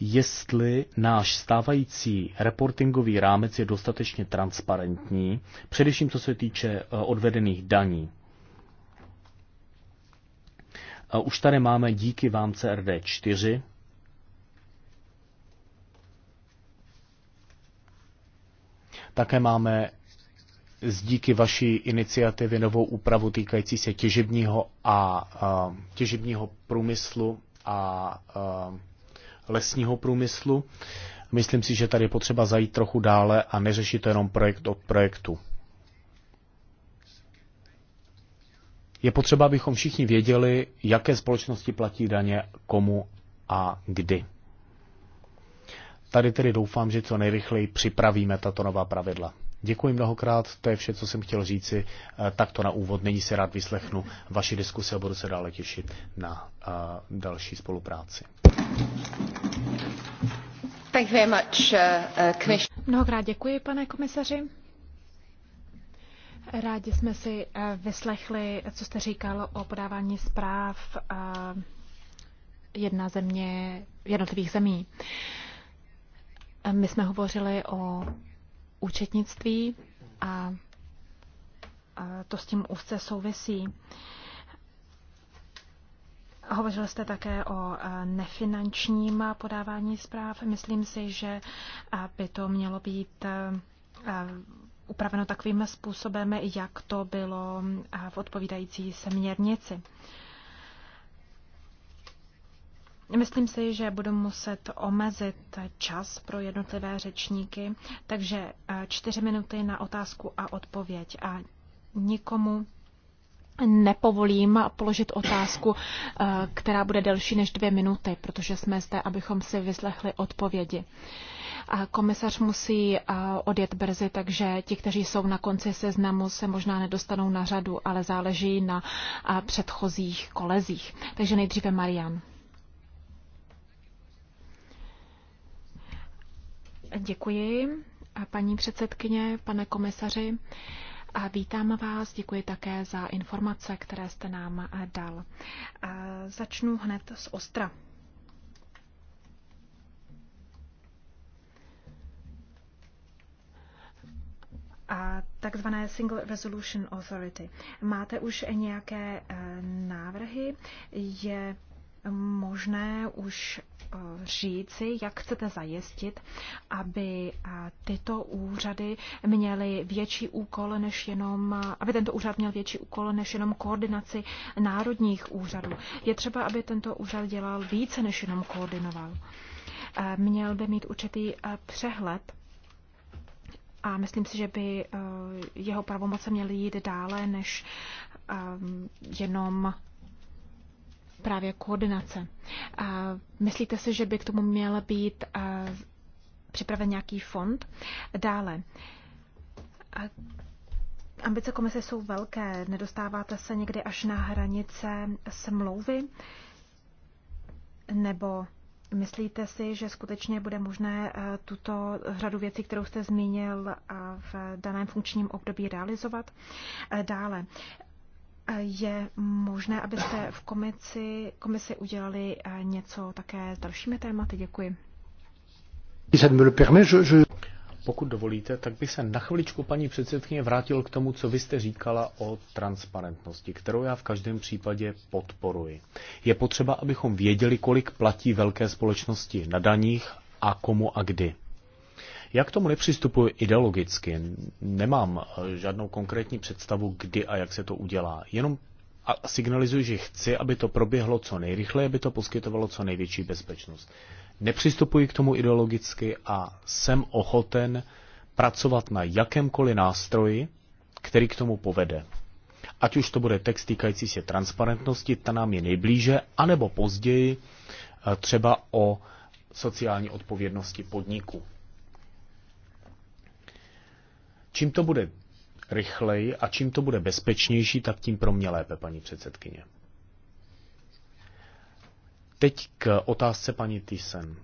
jestli náš stávající reportingový rámec je dostatečně transparentní, především co se týče e, odvedených daní. E, už tady máme díky vám CRD4, Také máme z díky vaší iniciativě novou úpravu týkající se těžebního a, a těžebního průmyslu a, a lesního průmyslu. Myslím si, že tady je potřeba zajít trochu dále a neřešit to jenom projekt od projektu. Je potřeba, abychom všichni věděli, jaké společnosti platí daně, komu a kdy. Tady tedy doufám, že co nejrychleji připravíme tato nová pravidla. Děkuji mnohokrát, to je vše, co jsem chtěl říci eh, takto na úvod. Nyní se rád vyslechnu vaši diskusi a budu se dále těšit na eh, další spolupráci. Thank you very much, uh, Mnohokrát děkuji, pane komisaři. Rádi jsme si vyslechli, co jste říkal o podávání zpráv jedna země, jednotlivých zemí. My jsme hovořili o účetnictví a to s tím úzce souvisí. Hovořil jste také o e, nefinančním podávání zpráv. Myslím si, že by to mělo být e, e, upraveno takovým způsobem, jak to bylo v odpovídající směrnici. Myslím si, že budu muset omezit čas pro jednotlivé řečníky, takže eh, čtyři minuty na otázku a odpověď a nikomu nepovolím položit otázku, eh, která bude delší než dvě minuty, protože jsme zde, abychom si vyslechli odpovědi. A komisař musí eh, odjet brzy, takže ti, kteří jsou na konci seznamu, se možná nedostanou na řadu, ale záleží na předchozích kolezích. Takže nejdříve Marian. Děkuji, paní předsedkyně, pane komisaři. A vítám vás, děkuji také za informace, které jste nám dal. A začnu hned z Ostra. A takzvané Single Resolution Authority. Máte už nějaké e, návrhy? Je možné už eh, říci, jak chcete zajistit, aby eh, tyto úřady měly větší úkol než jenom, aby tento úřad měl větší úkol než jenom koordinaci národních úřadů. Je třeba, aby tento úřad dělal více než jenom koordinoval. Eh, měl by mít určitý přehled a myslím si, že by jeho pravomoce měly jít dále než jenom právě koordinace. Myslíte si, že by k tomu měl být připraven nějaký fond? Dále. Ambice komise jsou velké, nedostáváte se někdy až na hranice smlouvy? Nebo myslíte si, že skutečně bude možné tuto řadu věcí, kterou jste zmínil v daném funkčním období realizovat? Dále, je možné, abyste v komisi, komisi udělali eh, něco také s dalšími tématy? Děkuji. Pokud dovolíte, tak bych se na chviličku, paní předsedkyně, vrátil k tomu, co vy jste říkala o transparentnosti, kterou já v každém případě podporuji. Je potřeba, abychom věděli, kolik platí velké společnosti na daních a komu a kdy. Já k tomu nepřistupuji ideologicky. Nemám eh, žádnou konkrétní představu, kdy a jak se to udělá. Jenom signalizuji, že chci, aby to proběhlo co nejrychleji, aby to poskytovalo co největší bezpečnost. Nepřistupuji k tomu ideologicky a jsem ochoten pracovat na jakémkoliv nástroji, který k tomu povede. Ať už to bude text týkající se transparentnosti, ta nám je nejblíže, anebo později eh, třeba o sociální odpovědnosti podniku. Čím to bude rychleji a čím to bude bezpečnější, tak tím pro mě lépe, paní předsedkyně. Teď k otázce paní Thyssen.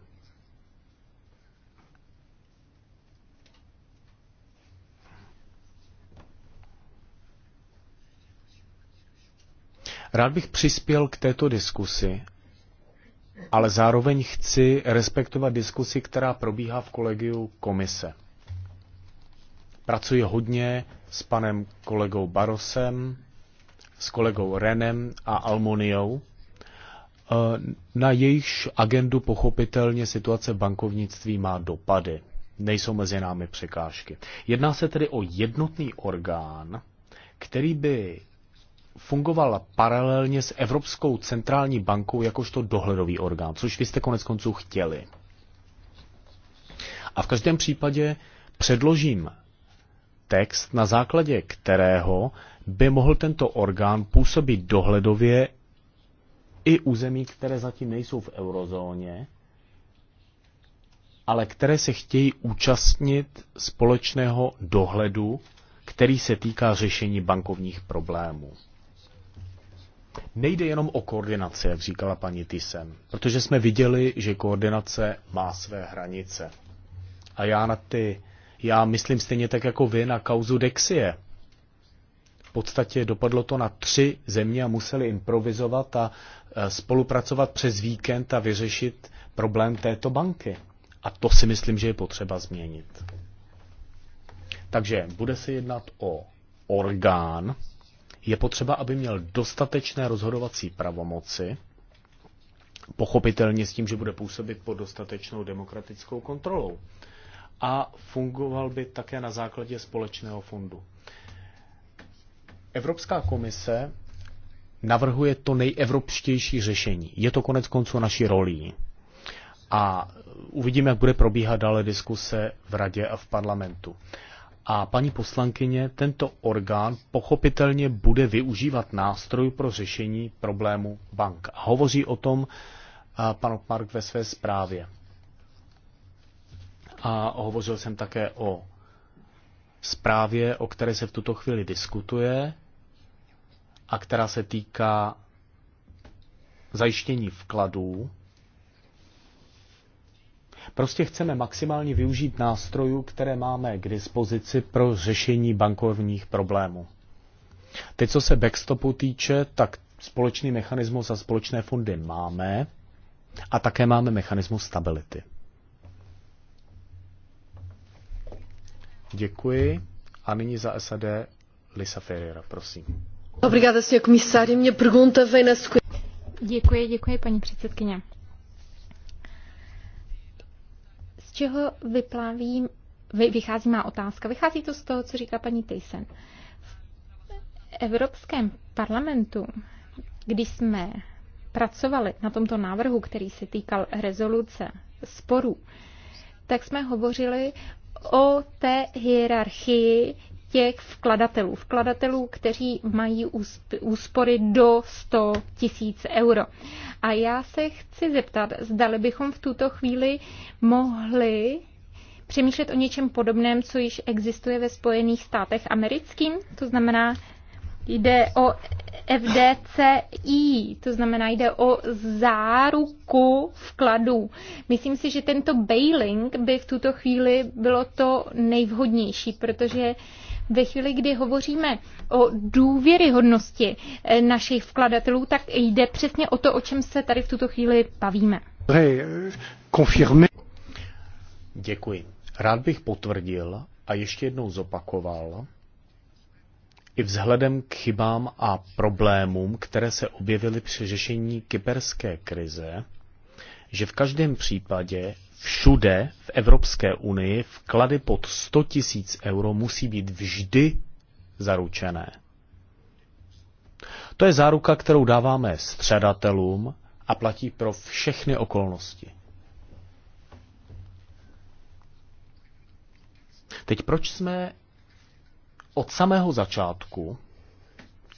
Rád bych přispěl k této diskusi, ale zároveň chci respektovat diskusi, která probíhá v kolegiu komise. Pracuji hodně s panem kolegou Barosem, s kolegou Renem a Almoniou, eh, na jejichž agendu pochopitelně situace bankovnictví má dopady. Nejsou mezi námi překážky. Jedná se tedy o jednotný orgán, který by fungoval paralelně s Evropskou centrální bankou jakožto dohledový orgán, což vy jste konec konců chtěli. A v každém případě předložím text, na základě kterého by mohl tento orgán působit dohledově i u zemí, které zatím nejsou v eurozóně, ale které se chtějí účastnit společného dohledu, který se týká řešení bankovních problémů. Nejde jenom o koordinaci, jak říkala paní Tysen, protože jsme viděli, že koordinace má své hranice. A já na ty já myslím stejně tak jako vy na kauzu Dexie. V podstatě dopadlo to na tři země a museli improvizovat a e, spolupracovat přes víkend a vyřešit problém této banky. A to si myslím, že je potřeba změnit. Takže bude se jednat o orgán. Je potřeba, aby měl dostatečné rozhodovací pravomoci, pochopitelně s tím, že bude působit pod dostatečnou demokratickou kontrolou a fungoval by také na základě společného fondu. Evropská komise navrhuje to nejevropštější řešení. Je to konec konců naší rolí. A uvidíme, jak bude probíhat dále diskuse v radě a v parlamentu. A paní poslankyně, tento orgán pochopitelně bude využívat nástroj pro řešení problému bank. A hovoří o tom pan Mark ve své zprávě a hovořil jsem také o zprávě, o které se v tuto chvíli diskutuje a která se týká zajištění vkladů. Prostě chceme maximálně využít nástrojů, které máme k dispozici pro řešení bankovních problémů. Teď, co se backstopu týče, tak společný mechanismus a společné fondy máme a také máme mechanismus stability. Děkuji. A nyní za SAD Lisa Ferreira, prosím. Obrigada, senhor comissário. Minha pergunta vem na sequência. Děkuji, děkuji, paní předsedkyně. Z čeho vypláví, vy, vychází má otázka? Vychází to z toho, co říká paní Tyson. V Evropském parlamentu, když jsme pracovali na tomto návrhu, který se týkal rezoluce sporů, tak jsme hovořili o té hierarchii těch vkladatelů. Vkladatelů, kteří mají úspory do 100 tisíc euro. A já se chci zeptat, zdali bychom v tuto chvíli mohli přemýšlet o něčem podobném, co již existuje ve Spojených státech americkým, to znamená Jde o FDCI, to znamená, jde o záruku vkladů. Myslím si, že tento bailing by v tuto chvíli bylo to nejvhodnější, protože ve chvíli, kdy hovoříme o důvěryhodnosti eh, našich vkladatelů, tak jde přesně o to, o čem se tady v tuto chvíli bavíme. Eh, Děkuji. Rád bych potvrdil a ještě jednou zopakoval, i vzhledem k chybám a problémům, které se objevily při řešení kyperské krize, že v každém případě všude v Evropské unii vklady pod 100 tisíc euro musí být vždy zaručené. To je záruka, kterou dáváme středatelům a platí pro všechny okolnosti. Teď proč jsme od samého začátku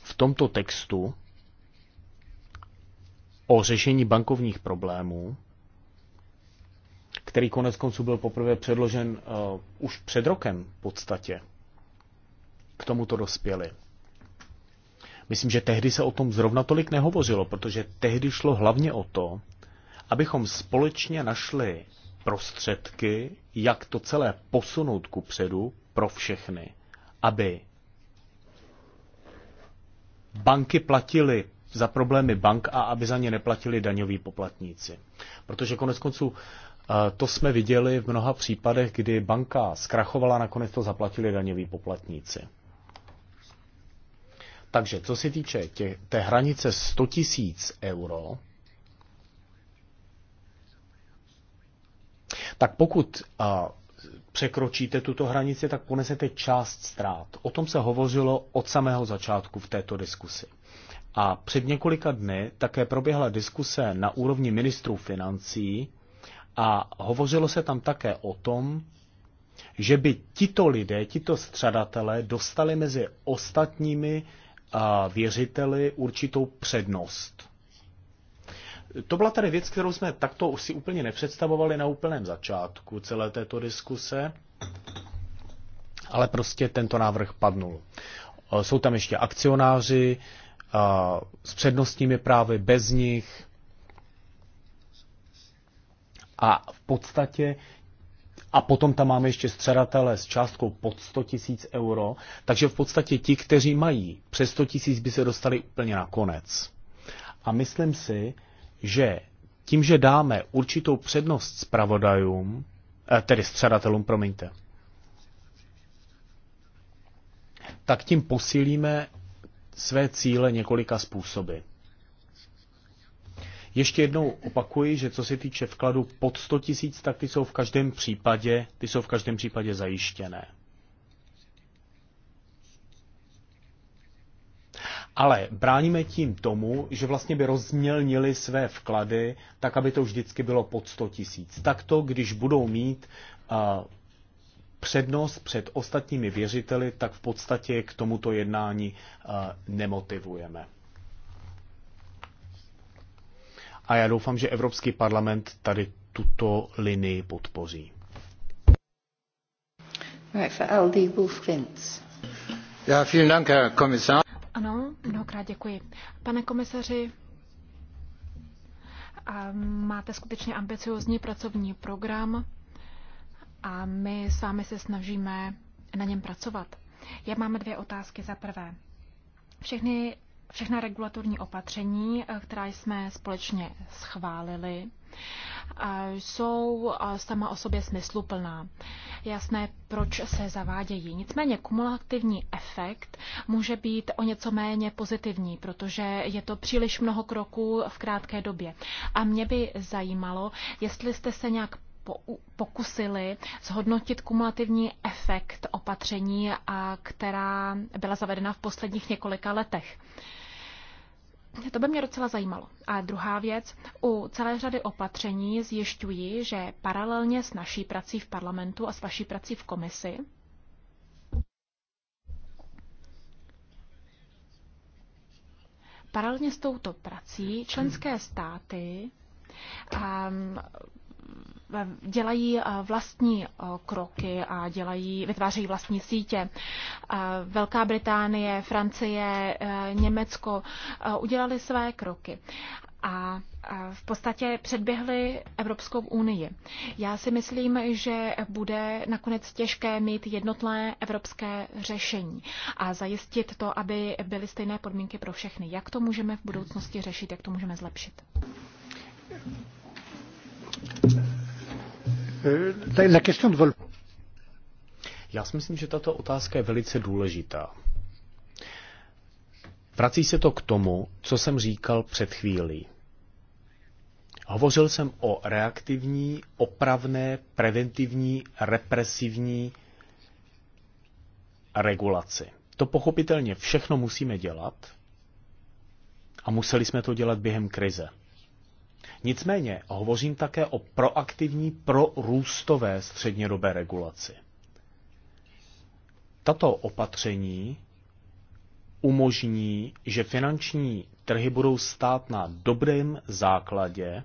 v tomto textu o řešení bankovních problémů, který konec konců byl poprvé předložen uh, už před rokem v podstatě. K tomuto dospěli. Myslím, že tehdy se o tom zrovna tolik nehovořilo, protože tehdy šlo hlavně o to, abychom společně našli prostředky, jak to celé posunout ku předu pro všechny aby banky platily za problémy bank a aby za ně neplatili daňoví poplatníci. Protože konec konců eh, to jsme viděli v mnoha případech, kdy banka zkrachovala, nakonec to zaplatili daňoví poplatníci. Takže co se týče tě, té hranice 100 tisíc euro, tak pokud a, překročíte tuto hranici, tak ponesete část ztrát. O tom se hovořilo od samého začátku v této diskusi. A před několika dny také proběhla diskuse na úrovni ministrů financí a hovořilo se tam také o tom, že by tito lidé, tito střadatelé dostali mezi ostatními věřiteli určitou přednost. To byla tady věc, kterou jsme takto už si úplně nepředstavovali na úplném začátku celé této diskuse, ale prostě tento návrh padnul. Eh, jsou tam ještě akcionáři eh, s přednostními právy, bez nich a v podstatě a potom tam máme ještě středatele s částkou pod 100 tisíc euro, takže v podstatě ti, kteří mají přes 100 tisíc, by se dostali úplně na konec. A myslím si, že tím, že dáme určitou přednost zpravodajům, eh, tedy střadatelům, promiňte, tak tím posílíme své cíle několika způsoby. Ještě jednou opakuji, že co se týče vkladu pod 100 tisíc, tak ty jsou v každém případě, ty jsou v každém případě zajištěné. Ale bráníme tím tomu, že vlastně by rozmělnili své vklady tak, aby to vždycky bylo pod 100 tisíc. Takto, když budou mít uh, přednost před ostatními věřiteli, tak v podstatě k tomuto jednání uh, nemotivujeme. A já doufám, že Evropský parlament tady tuto linii podpoří. Right, for LD Wolf Klintz. Ja, vielen Dank, Herr Kommissar. Ano, mnohokrát děkuji. Pane komisaři, máte skutečně ambiciozní pracovní program a my sami se snažíme na něm pracovat. Já mám dvě otázky. Za prvé, všechny, všechna regulatorní opatření, eh, která jsme společně schválili, jsou sama o sobě smysluplná. Jasné, proč se zavádějí. Nicméně kumulativní efekt může být o něco méně pozitivní, protože je to příliš mnoho kroků v krátké době. A mě by zajímalo, jestli jste se nějak pokusili zhodnotit kumulativní efekt opatření, která byla zavedena v posledních několika letech. To by mě docela zajímalo. A druhá věc, u celé řady opatření zjišťuji, že paralelně s naší prací v parlamentu a s vaší prací v komisi, paralelně s touto prací členské státy dělají eh, vlastní eh, kroky a dělají, vytvářejí vlastní sítě. Eh, Velká Británie, Francie, Německo udělali své kroky. A v podstatě předběhli Evropskou unii. Já si myslím, že bude nakonec těžké mít jednotné evropské řešení a zajistit to, aby byly stejné podmínky pro všechny. Jak to můžeme v budoucnosti řešit, jak to můžeme zlepšit? Eh, Já si myslím, že tato otázka je velice důležitá. Vrací se to k tomu, co jsem říkal před chvílí. Hovořil jsem o reaktivní, opravné, preventivní, represivní regulaci. To pochopitelně všechno musíme dělat a museli jsme to dělat během krize. Nicméně hovořím také o proaktivní prorůstové střednědobé regulaci. Tato opatření umožní, že finanční trhy budou stát na dobrém základě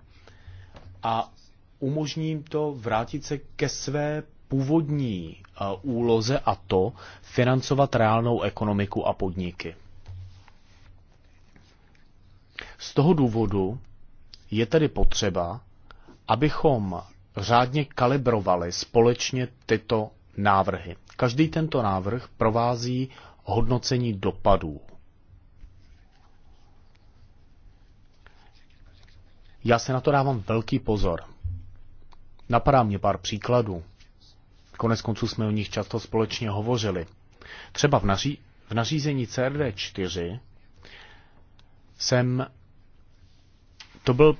a umožní jim to vrátit se ke své původní eh, úloze a to financovat reálnou ekonomiku a podniky. Z toho důvodu je tedy potřeba, abychom řádně kalibrovali společně tyto návrhy. Každý tento návrh provází hodnocení dopadů. Já se na to dávám velký pozor. Napadá mě pár příkladů. Konec konců jsme o nich často společně hovořili. Třeba v, naří, v nařízení CRD4 jsem to byl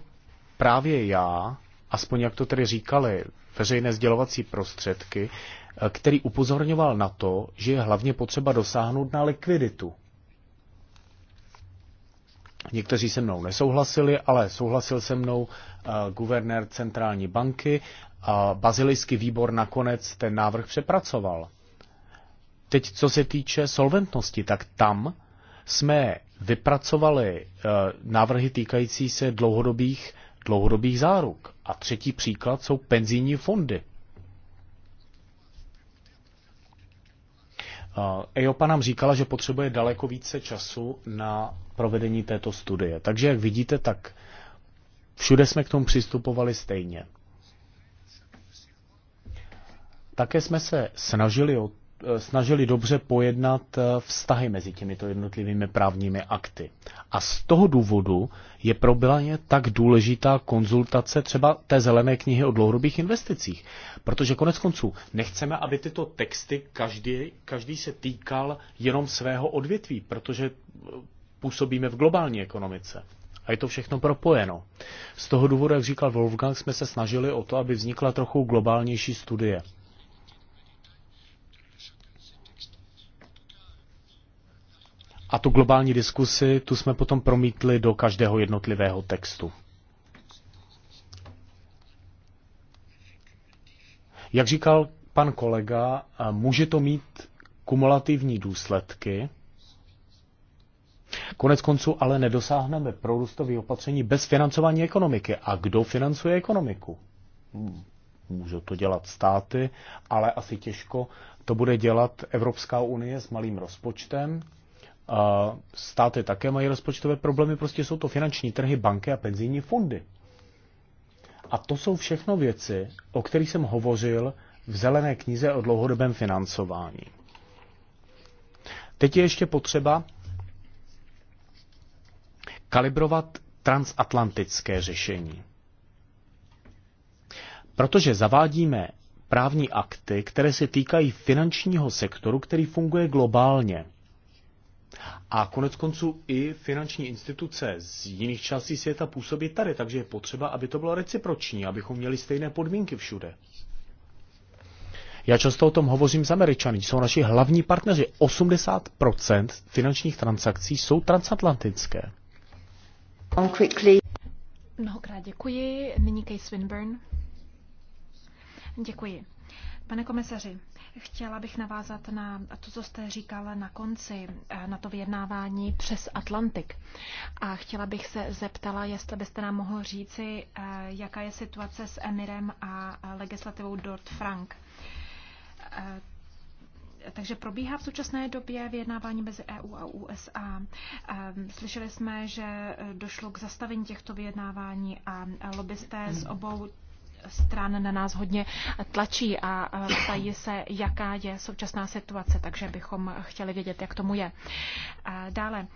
právě já, aspoň jak to tedy říkali veřejné sdělovací prostředky, eh, který upozorňoval na to, že je hlavně potřeba dosáhnout na likviditu. Někteří se mnou nesouhlasili, ale souhlasil se mnou uh, guvernér centrální banky a bazilijský výbor nakonec ten návrh přepracoval. Teď, co se týče solventnosti, tak tam jsme vypracovali eh, návrhy týkající se dlouhodobých, dlouhodobých záruk. A třetí příklad jsou penzijní fondy. EOPA eh, nám říkala, že potřebuje daleko více času na provedení této studie. Takže jak vidíte, tak všude jsme k tomu přistupovali stejně. Také jsme se snažili o Eh, snažili dobře pojednat eh, vztahy mezi těmito jednotlivými právními akty. A z toho důvodu je pro Bilaně tak důležitá konzultace třeba té zelené knihy o dlouhodobých investicích. Protože konec konců nechceme, aby tyto texty každý, každý se týkal jenom svého odvětví, protože eh, působíme v globální ekonomice. A je to všechno propojeno. Z toho důvodu, jak říkal Wolfgang, jsme se snažili o to, aby vznikla trochu globálnější studie. A tu globální diskusi, tu jsme potom promítli do každého jednotlivého textu. Jak říkal pan kolega, může to mít kumulativní důsledky. Konec konců ale nedosáhneme prorůstový opatření bez financování ekonomiky. A kdo financuje ekonomiku? Můžou to dělat státy, ale asi těžko to bude dělat Evropská unie s malým rozpočtem státy také mají rozpočtové problémy, prostě jsou to finanční trhy, banky a penzijní fondy. A to jsou všechno věci, o kterých jsem hovořil v zelené knize o dlouhodobém financování. Teď je ještě potřeba kalibrovat transatlantické řešení. Protože zavádíme právní akty, které se týkají finančního sektoru, který funguje globálně – a konec konců i finanční instituce z jiných částí světa působí tady, takže je potřeba, aby to bylo reciproční, abychom měli stejné podmínky všude. Já často o tom hovořím s Američany, jsou naši hlavní partneři. 80% finančních transakcí jsou transatlantické. Mnohokrát děkuji. Nyní Kay Swinburne. Děkuji. Pane komisaři, Chtěla bych navázat na to, co jste říkala na konci, eh, na to vyjednávání přes Atlantik. A chtěla bych se zeptala, jestli byste nám mohl říci, eh, jaká je situace s Emirem a legislativou Dodd-Frank. Eh, takže probíhá v současné době vyjednávání mezi EU a USA. Slyšeli jsme, že došlo k zastavení těchto vyjednávání a lobbysté z obou stran na nás hodně tlačí a ptají se, jaká je současná situace, takže bychom chtěli vědět, jak tomu je. Dále.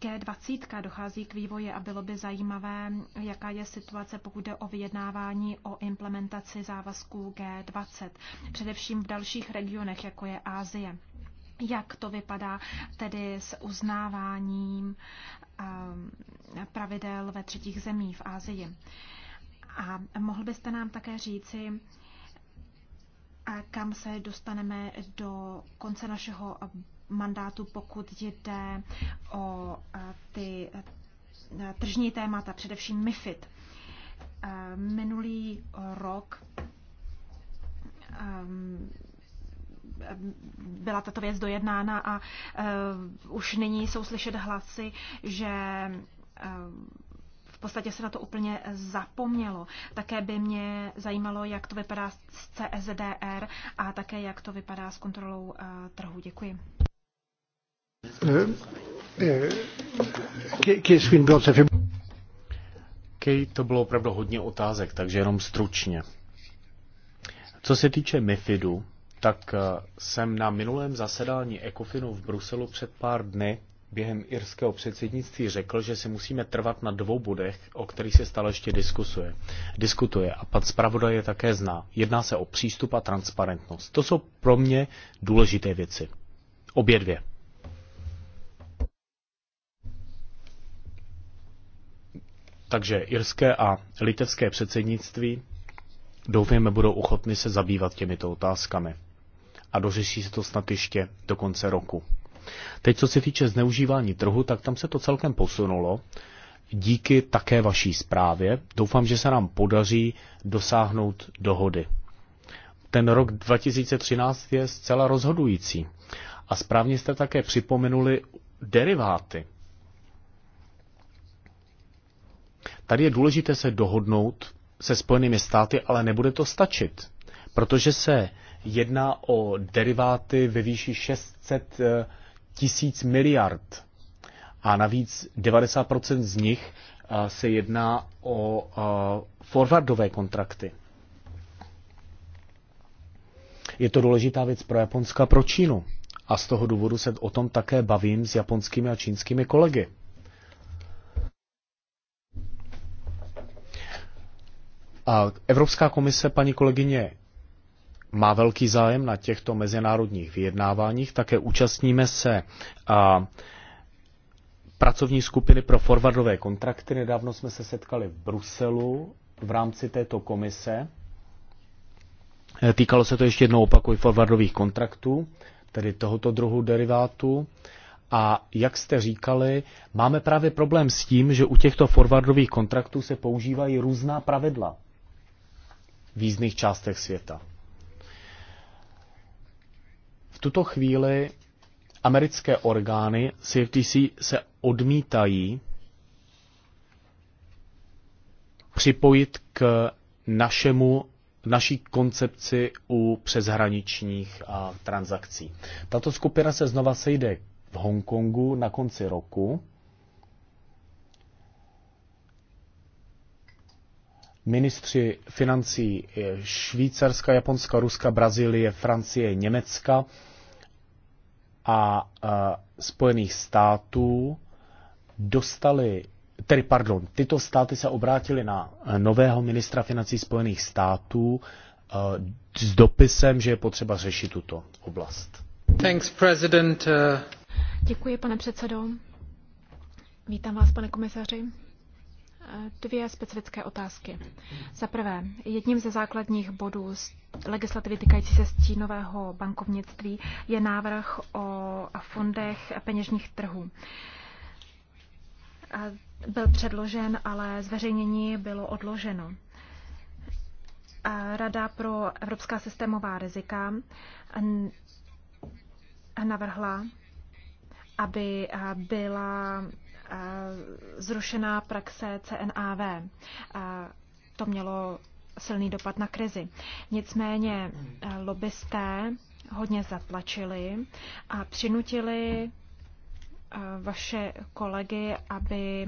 G20 dochází k vývoji a bylo by zajímavé, jaká je situace, pokud jde o vyjednávání o implementaci závazků G20, především v dalších regionech, jako je Ázie. Jak to vypadá tedy s uznáváním ehm, pravidel ve třetích zemích v Ázii? A mohl byste nám také říci, a kam se dostaneme do konce našeho mandátu, pokud jde o ty tržní témata, především MIFID. Minulý rok byla tato věc dojednána a už nyní jsou slyšet hlasy, že v podstatě se na to úplně zapomnělo. Také by mě zajímalo, jak to vypadá s CSDR a také jak to vypadá s kontrolou eh, trhu. Děkuji. Eh, eh, Kej, to bylo opravdu hodně otázek, takže jenom stručně. Co se týče MIFIDu, tak jsem na minulém zasedání Ecofinu v Bruselu před pár dny během irského předsednictví řekl, že si musíme trvat na dvou bodech, o kterých se stále ještě diskusuje. diskutuje. A pan zpravodaj je také zná. Jedná se o přístup a transparentnost. To jsou pro mě důležité věci. Obě dvě. Takže irské a litevské předsednictví doufujeme budou ochotny se zabývat těmito otázkami. A dořeší se to snad ještě do konce roku. Teď, co se týče zneužívání trhu, tak tam se to celkem posunulo. Díky také vaší zprávě doufám, že se nám podaří dosáhnout dohody. Ten rok 2013 je zcela rozhodující. A správně jste také připomenuli deriváty. Tady je důležité se dohodnout se Spojenými státy, ale nebude to stačit, protože se jedná o deriváty ve výši 600 tisíc miliard. A navíc 90% z nich eh, se jedná o eh, forwardové kontrakty. Je to důležitá věc pro Japonska, pro Čínu. A z toho důvodu se o tom také bavím s japonskými a čínskými kolegy. A Evropská komise, paní kolegyně má velký zájem na těchto mezinárodních vyjednáváních. Také účastníme se a, pracovní skupiny pro forwardové kontrakty. Nedávno jsme se setkali v Bruselu v rámci této komise. E, týkalo se to ještě jednou opakuj forwardových kontraktů, tedy tohoto druhu derivátu. A jak jste říkali, máme právě problém s tím, že u těchto forwardových kontraktů se používají různá pravidla v různých částech světa tuto chvíli americké orgány CFTC se odmítají připojit k našemu naší koncepci u přeshraničních a, transakcí. Tato skupina se znova sejde v Hongkongu na konci roku. Ministři financí Švýcarska, Japonska, Ruska, Brazílie, Francie, Německa a e, Spojených států dostali, tedy pardon, tyto státy se obrátili na e, nového ministra financí Spojených států e, s dopisem, že je potřeba řešit tuto oblast. Thanks, President. Uh, Děkuji, pane předsedo. Vítám vás, pane komisaři dvě specifické otázky. Za prvé, jedním ze základních bodů legislativy týkající se stínového bankovnictví je návrh o fondech peněžních trhů. Byl předložen, ale zveřejnění bylo odloženo. Rada pro evropská systémová rizika navrhla, aby byla zrušená praxe CNAV. To mělo silný dopad na krizi. Nicméně lobbysté hodně zatlačili a přinutili vaše kolegy, aby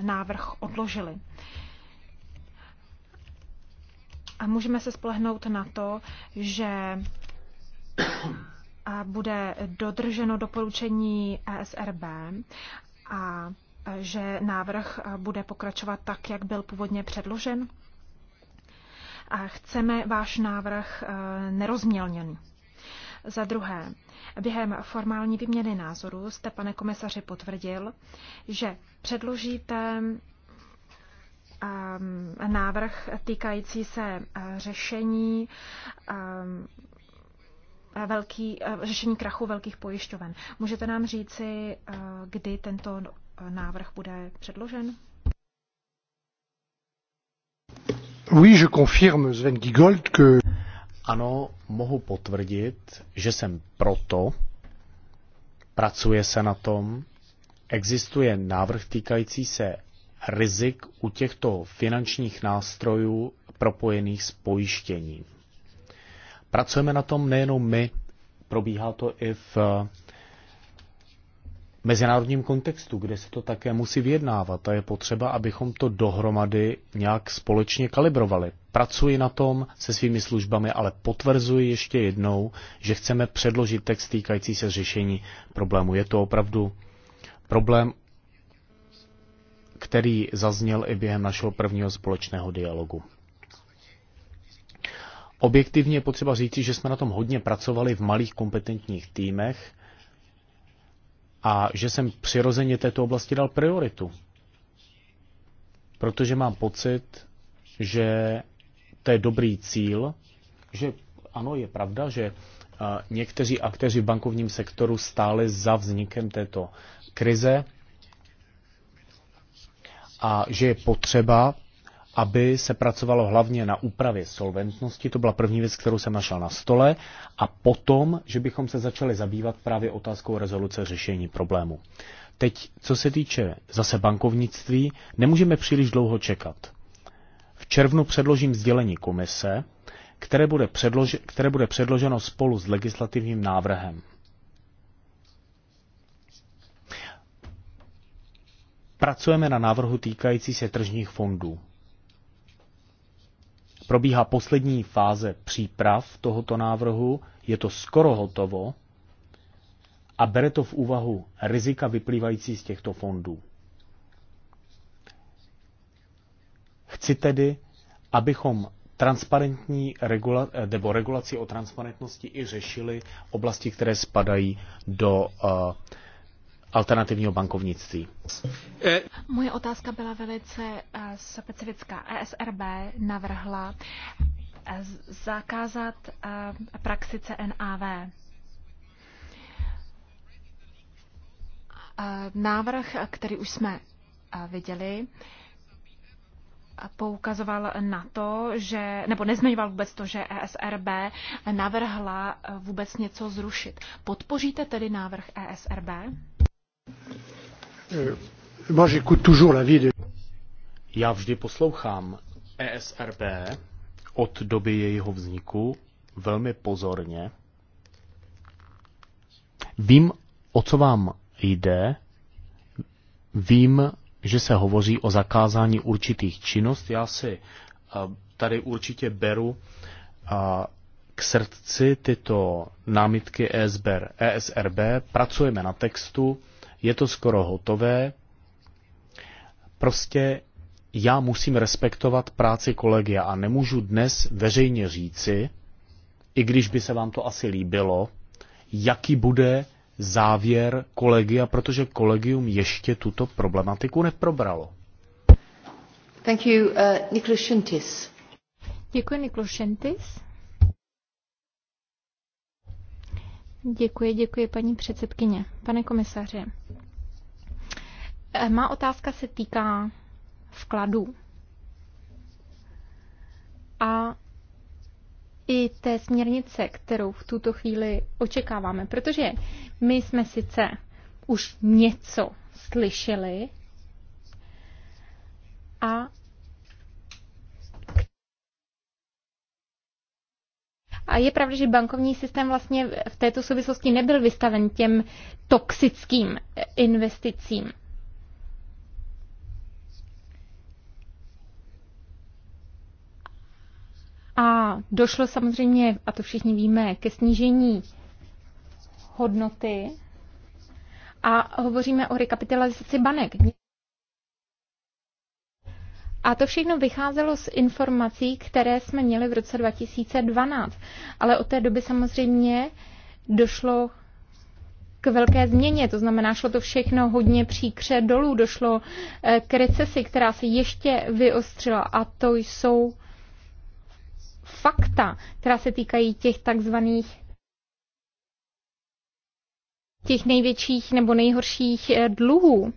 návrh odložili. A můžeme se spolehnout na to, že bude dodrženo doporučení ESRB a že návrh bude pokračovat tak, jak byl původně předložen? A chceme váš návrh eh, nerozmělněný. Za druhé, během formální výměny názorů jste, pane komisaři, potvrdil, že předložíte ehm, návrh týkající se eh, řešení ehm, Eh, velký, eh, řešení krachu velkých pojišťoven. Můžete nám říci, eh, kdy tento návrh bude předložen? Oui, je confirme, Sven Giegold, que... Ano, mohu potvrdit, že jsem proto, pracuje se na tom, existuje návrh týkající se rizik u těchto finančních nástrojů propojených s pojištěním. Pracujeme na tom nejenom my, probíhá to i v eh, mezinárodním kontextu, kde se to také musí vyjednávat a je potřeba, abychom to dohromady nějak společně kalibrovali. Pracuji na tom se svými službami, ale potvrzuji ještě jednou, že chceme předložit text týkající se řešení problému. Je to opravdu problém, který zazněl i během našeho prvního společného dialogu. Objektivně je potřeba říci, že jsme na tom hodně pracovali v malých kompetentních týmech a že jsem přirozeně této oblasti dal prioritu. Protože mám pocit, že to je dobrý cíl, že ano, je pravda, že někteří akteři v bankovním sektoru stáli za vznikem této krize a že je potřeba aby se pracovalo hlavně na úpravě solventnosti, to byla první věc, kterou jsem našel na stole, a potom, že bychom se začali zabývat právě otázkou rezoluce řešení problému. Teď, co se týče zase bankovnictví, nemůžeme příliš dlouho čekat. V červnu předložím sdělení komise, které bude, předloži- které bude předloženo spolu s legislativním návrhem. Pracujeme na návrhu týkající se tržních fondů probíhá poslední fáze příprav tohoto návrhu, je to skoro hotovo a bere to v úvahu rizika vyplývající z těchto fondů. Chci tedy, abychom transparentní regula- nebo regulaci o transparentnosti i řešili oblasti, které spadají do uh, alternativního bankovnictví. Moje otázka byla velice eh, specifická. ESRB navrhla eh, zakázat eh, praxi CNAV. Návrh, který už jsme viděli, poukazoval na to, že, nebo nezmiňoval vůbec to, že ESRB navrhla vůbec něco zrušit. Podpoříte tedy návrh ESRB? Euh, Já vždy poslouchám ESRB od doby jejího vzniku velmi pozorně. Vím, o co vám jde. Vím, že se hovoří o zakázání určitých činností. Já si eh, tady určitě beru eh, k srdci tyto námitky ESBR, ESRB. Pracujeme na textu je to skoro hotové. Prostě já musím respektovat práci kolegia a nemůžu dnes veřejně říci, i když by se vám to asi líbilo, jaký bude závěr kolegia, protože kolegium ještě tuto problematiku neprobralo. Thank you, uh, Niklas Šentis. Děkuji, Niklas Šentis. Děkuji, děkuji paní předsedkyně. Pane komisaři, eh, má otázka se týká vkladů a i té směrnice, kterou v tuto chvíli očekáváme, protože my jsme sice už něco slyšeli a A je pravda, že bankovní systém vlastně v této souvislosti nebyl vystaven těm toxickým eh, investicím. A došlo samozřejmě, a to všichni víme, ke snížení hodnoty. A hovoříme o rekapitalizaci banek. A to všechno vycházelo z informací, které jsme měli v roce 2012. Ale od té doby samozřejmě došlo k velké změně, to znamená, šlo to všechno hodně příkře dolů, došlo eh, k recesi, která se ještě vyostřila a to jsou fakta, která se týkají těch takzvaných těch největších nebo nejhorších eh, dluhů.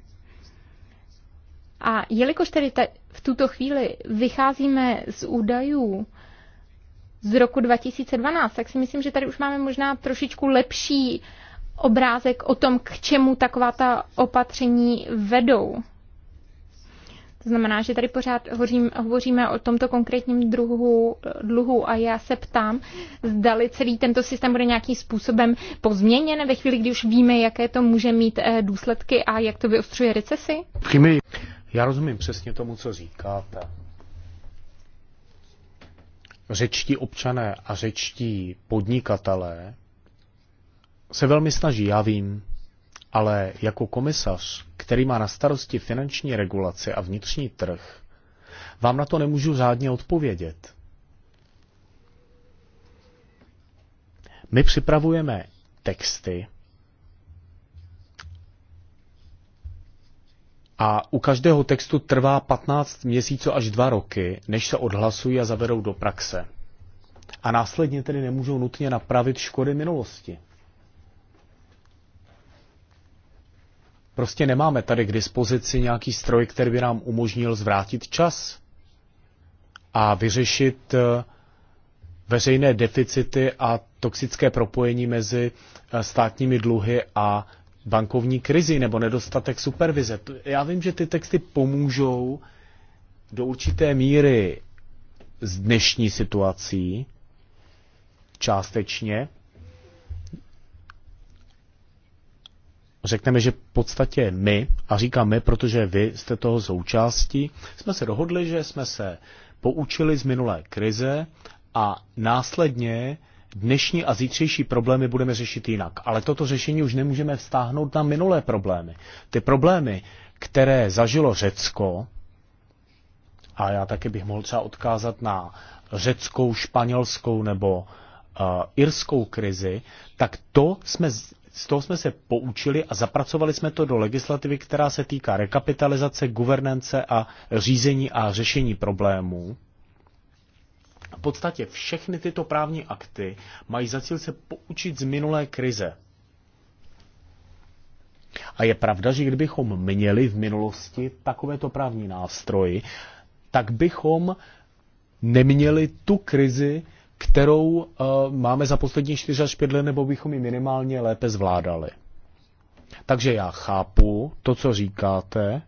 A jelikož tedy v tuto chvíli vycházíme z údajů z roku 2012, tak si myslím, že tady už máme možná trošičku lepší obrázek o tom, k čemu taková ta opatření vedou. To znamená, že tady pořád hovořím, hovoříme o tomto konkrétním druhu dluhu a já se ptám, zdali celý tento systém bude nějakým způsobem pozměněn ve chvíli, kdy už víme, jaké to může mít eh, důsledky a jak to vyostřuje recesi? Přímý. Já rozumím přesně tomu, co říkáte. Řečtí občané a řečtí podnikatelé se velmi snaží, já vím, ale jako komisař, který má na starosti finanční regulaci a vnitřní trh, vám na to nemůžu řádně odpovědět. My připravujeme texty, A u každého textu trvá 15 měsíců až 2 roky, než se odhlasují a zavedou do praxe. A následně tedy nemůžou nutně napravit škody minulosti. Prostě nemáme tady k dispozici nějaký stroj, který by nám umožnil zvrátit čas a vyřešit eh, veřejné deficity a toxické propojení mezi eh, státními dluhy a bankovní krizi nebo nedostatek supervize. Já vím, že ty texty pomůžou do určité míry s dnešní situací částečně. Řekneme, že v podstatě my, a říkám my, protože vy jste toho součástí, jsme se dohodli, že jsme se poučili z minulé krize a následně dnešní a zítřejší problémy budeme řešit jinak. Ale toto řešení už nemůžeme vztáhnout na minulé problémy. Ty problémy, které zažilo Řecko, a já taky bych mohl třeba odkázat na řeckou, španělskou nebo uh, irskou krizi, tak to jsme z toho jsme se poučili a zapracovali jsme to do legislativy, která se týká rekapitalizace, guvernance a řízení a řešení problémů. V podstatě všechny tyto právní akty mají za cíl se poučit z minulé krize. A je pravda, že kdybychom měli v minulosti takovéto právní nástroji, tak bychom neměli tu krizi, kterou uh, máme za poslední 4 až 5 let, nebo bychom ji minimálně lépe zvládali. Takže já chápu to, co říkáte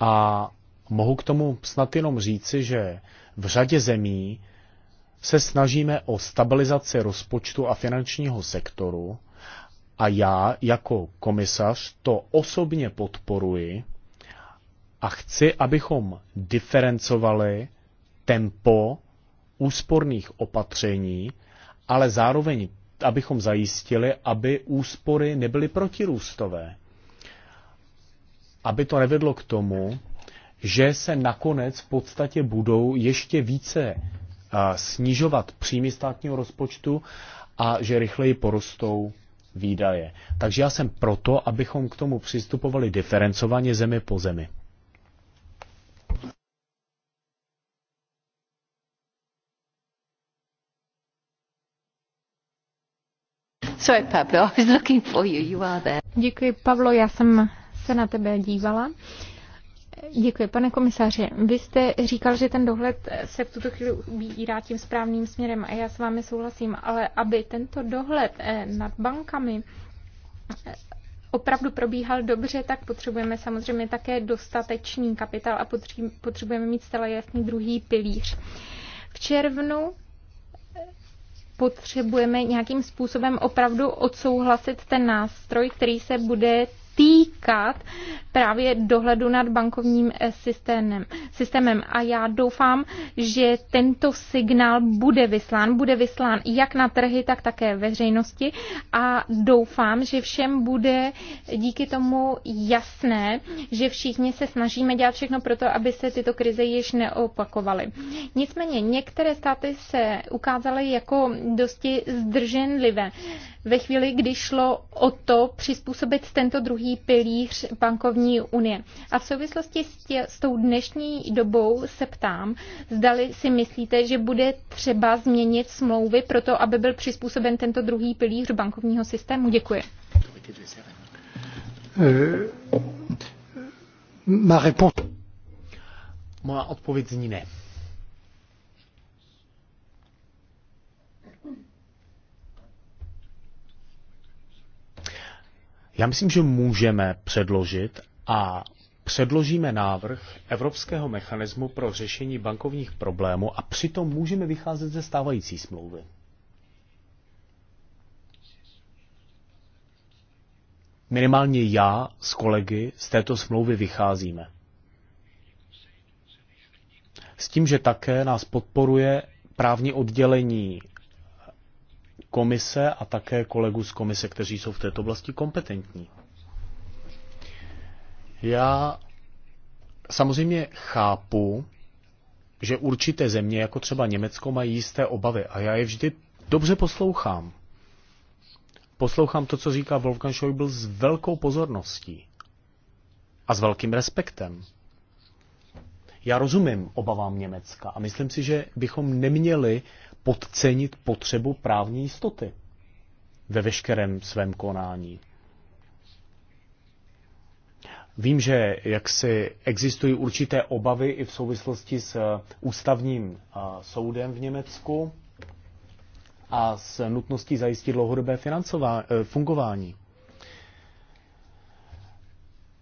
a mohu k tomu snad jenom říci, že v řadě zemí se snažíme o stabilizaci rozpočtu a finančního sektoru a já jako komisař to osobně podporuji a chci, abychom diferencovali tempo úsporných opatření, ale zároveň abychom zajistili, aby úspory nebyly protirůstové. Aby to nevedlo k tomu, že se nakonec v podstatě budou ještě více snižovat příjmy státního rozpočtu a že rychleji porostou výdaje. Takže já jsem proto, abychom k tomu přistupovali diferencovaně zemi po zemi. Sorry, Pablo, I was looking for you. You are there. Děkuji, Pavlo, já jsem se na tebe dívala. Uh, Děkuji, pane komisaře. Vy jste říkal, že ten dohled se v tuto chvíli ubírá tím správným směrem a já s vámi souhlasím, ale aby tento dohled eh, nad bankami eh, opravdu probíhal dobře, tak potřebujeme samozřejmě také dostatečný kapitál a potřebujeme mít stále jasný druhý pilíř. V červnu eh, potřebujeme nějakým způsobem opravdu odsouhlasit ten nástroj, který se bude týkat právě dohledu nad bankovním eh, systémem. systémem. A já doufám, že tento signál bude vyslán. Bude vyslán jak na trhy, tak také veřejnosti. A doufám, že všem bude díky tomu jasné, že všichni se snažíme dělat všechno pro to, aby se tyto krize již neopakovaly. Nicméně některé státy se ukázaly jako dosti zdrženlivé ve chvíli, kdy šlo o to přizpůsobit tento druhý pilíř bankovní unie. A v souvislosti s, tě, s tou dnešní dobou se ptám, zdali si myslíte, že bude třeba změnit smlouvy pro to, aby byl přizpůsoben tento druhý pilíř bankovního systému. Děkuji. Uh, Moja odpověď zní ne. Já myslím, že můžeme předložit a předložíme návrh Evropského mechanismu pro řešení bankovních problémů a přitom můžeme vycházet ze stávající smlouvy. Minimálně já s kolegy z této smlouvy vycházíme. S tím, že také nás podporuje právní oddělení komise a také kolegů z komise, kteří jsou v této oblasti kompetentní. Já samozřejmě chápu, že určité země, jako třeba Německo, mají jisté obavy a já je vždy dobře poslouchám. Poslouchám to, co říká Wolfgang Schäuble s velkou pozorností a s velkým respektem. Já rozumím obavám Německa a myslím si, že bychom neměli podcenit potřebu právní jistoty ve veškerém svém konání. Vím, že jak si existují určité obavy i v souvislosti s eh, ústavním eh, soudem v Německu a s nutností zajistit dlouhodobé eh, fungování.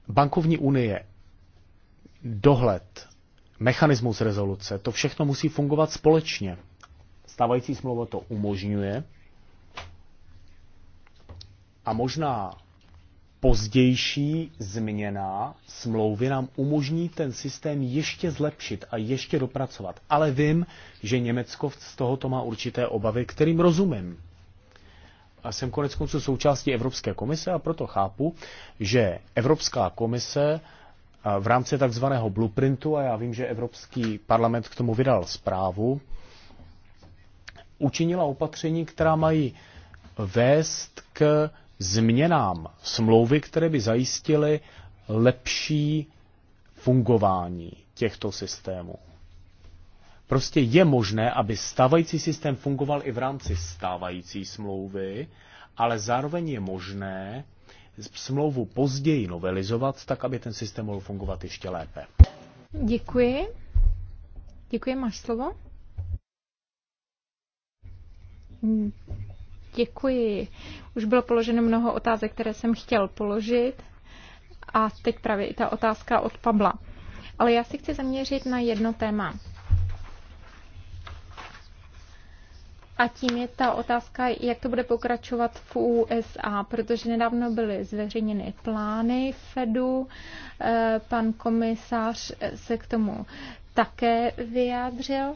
Bankovní unie, dohled, mechanismus rezoluce, to všechno musí fungovat společně. Stávající smlouva to umožňuje. A možná pozdější změna smlouvy nám umožní ten systém ještě zlepšit a ještě dopracovat. Ale vím, že Německo z tohoto má určité obavy, kterým rozumím. A jsem konec konců součástí Evropské komise a proto chápu, že Evropská komise v rámci takzvaného blueprintu, a já vím, že Evropský parlament k tomu vydal zprávu, učinila opatření, která mají vést k změnám smlouvy, které by zajistily lepší fungování těchto systémů. Prostě je možné, aby stávající systém fungoval i v rámci stávající smlouvy, ale zároveň je možné smlouvu později novelizovat, tak aby ten systém mohl fungovat ještě lépe. Děkuji. Děkuji, máš slovo. Děkuji. Už bylo položeno mnoho otázek, které jsem chtěl položit. A teď právě i ta otázka od Pabla. Ale já si chci zaměřit na jedno téma. A tím je ta otázka, jak to bude pokračovat v USA, protože nedávno byly zveřejněny plány Fedu, eh, pan komisář se k tomu také vyjádřil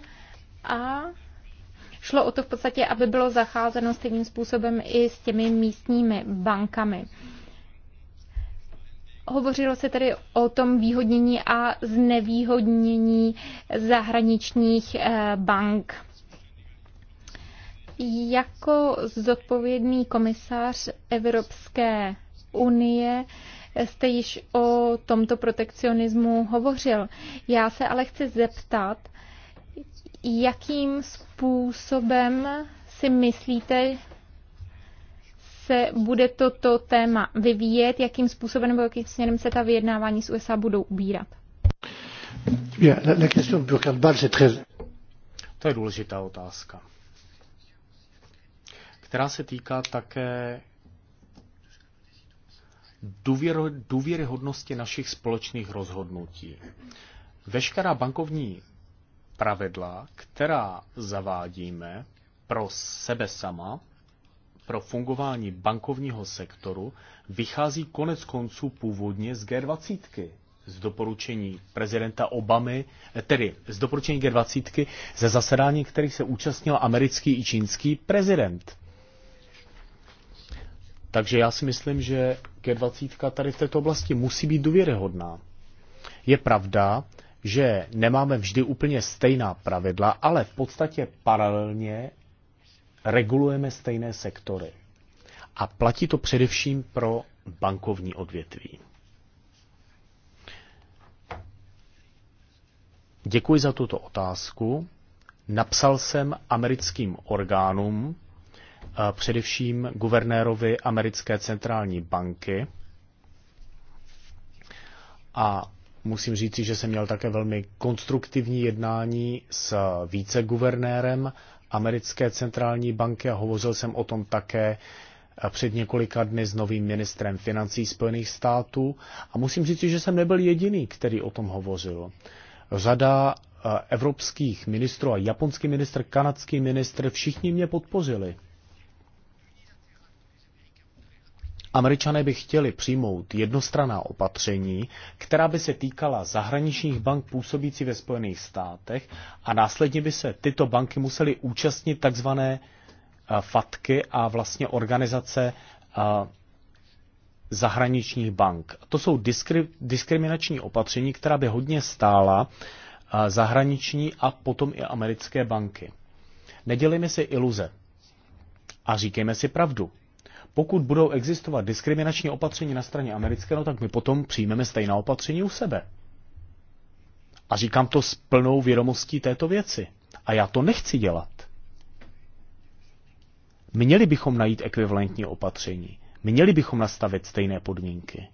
a Šlo o to v podstatě, aby bylo zacházeno stejným způsobem i s těmi místními bankami. Hovořilo se tedy o tom výhodnění a znevýhodnění zahraničních eh, bank. Jako zodpovědný komisař Evropské unie jste již o tomto protekcionismu hovořil. Já se ale chci zeptat, jakým způsobem si myslíte, se bude toto téma vyvíjet, jakým způsobem nebo jakým směrem se ta vyjednávání s USA budou ubírat? To je důležitá otázka, která se týká také důvěr, důvěryhodnosti našich společných rozhodnutí. Veškerá bankovní pravidla, která zavádíme pro sebe sama, pro fungování bankovního sektoru, vychází konec konců původně z G20, z doporučení prezidenta Obamy, eh, tedy z doporučení G20 ze zasedání, kterých se účastnil americký i čínský prezident. Takže já si myslím, že G20 tady v této oblasti musí být důvěryhodná. Je pravda, že nemáme vždy úplně stejná pravidla, ale v podstatě paralelně regulujeme stejné sektory. A platí to především pro bankovní odvětví. Děkuji za tuto otázku. Napsal jsem americkým orgánům, eh, především guvernérovi americké centrální banky, a Musím říci, že jsem měl také velmi konstruktivní jednání s viceguvernérem americké centrální banky a hovořil jsem o tom také eh, před několika dny s novým ministrem financí Spojených států. A musím říci, že jsem nebyl jediný, který o tom hovořil. Řada eh, evropských ministrů a japonský ministr, kanadský ministr, všichni mě podpořili. Američané by chtěli přijmout jednostraná opatření, která by se týkala zahraničních bank působící ve Spojených státech a následně by se tyto banky musely účastnit takzvané eh, fatky a vlastně organizace eh, zahraničních bank. To jsou diskri- diskriminační opatření, která by hodně stála eh, zahraniční a potom i americké banky. Nedělejme si iluze a říkejme si pravdu pokud budou existovat diskriminační opatření na straně americké, no tak my potom přijmeme stejná opatření u sebe. A říkám to s plnou vědomostí této věci. A já to nechci dělat. Měli bychom najít ekvivalentní opatření. Měli bychom nastavit stejné podmínky.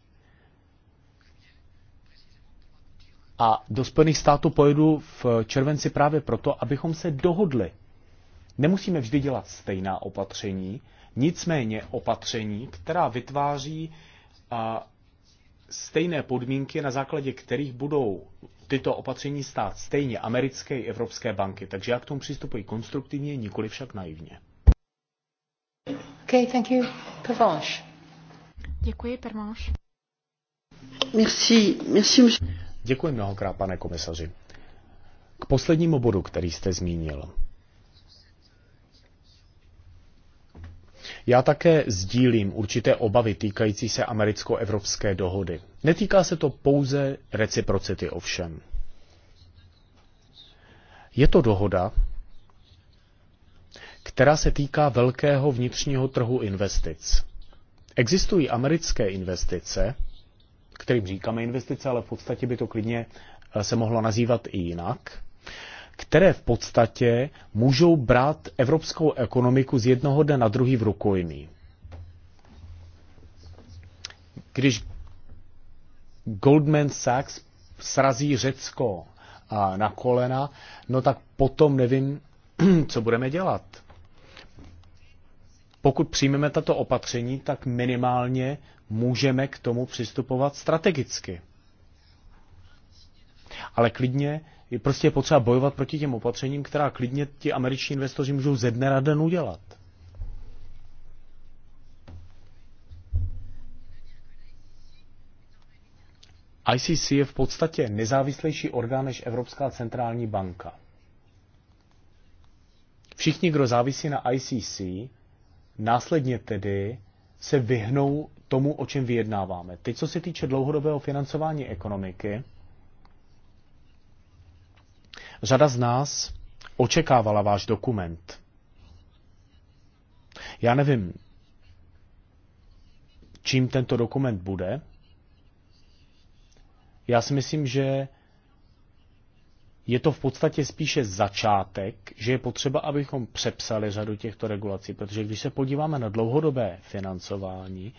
A do Spojených států pojedu v červenci právě proto, abychom se dohodli. Nemusíme vždy dělat stejná opatření, Nicméně opatření, která vytváří a, stejné podmínky, na základě kterých budou tyto opatření stát stejně americké i evropské banky. Takže já k tomu přistupuji konstruktivně, nikoli však naivně. Okay, thank you. Pervanche. Děkuji, Permanš. Merci, merci. Děkuji mnohokrát, pane komisaři. K poslednímu bodu, který jste zmínil. Já také sdílím určité obavy týkající se americko-evropské dohody. Netýká se to pouze reciprocity ovšem. Je to dohoda, která se týká velkého vnitřního trhu investic. Existují americké investice, kterým říkáme investice, ale v podstatě by to klidně eh, se mohlo nazývat i jinak, které v podstatě můžou brát evropskou ekonomiku z jednoho dne na druhý v rukojmí. Když Goldman Sachs srazí Řecko na kolena, no tak potom nevím, co budeme dělat. Pokud přijmeme tato opatření, tak minimálně můžeme k tomu přistupovat strategicky. Ale klidně je prostě potřeba bojovat proti těm opatřením, která klidně ti američní investoři můžou ze dne na den udělat. ICC je v podstatě nezávislejší orgán než Evropská centrální banka. Všichni, kdo závisí na ICC, následně tedy se vyhnou tomu, o čem vyjednáváme. Teď, co se týče dlouhodobého financování ekonomiky, Řada z nás očekávala váš dokument. Já nevím, čím tento dokument bude. Já si myslím, že je to v podstatě spíše začátek, že je potřeba, abychom přepsali řadu těchto regulací, protože když se podíváme na dlouhodobé financování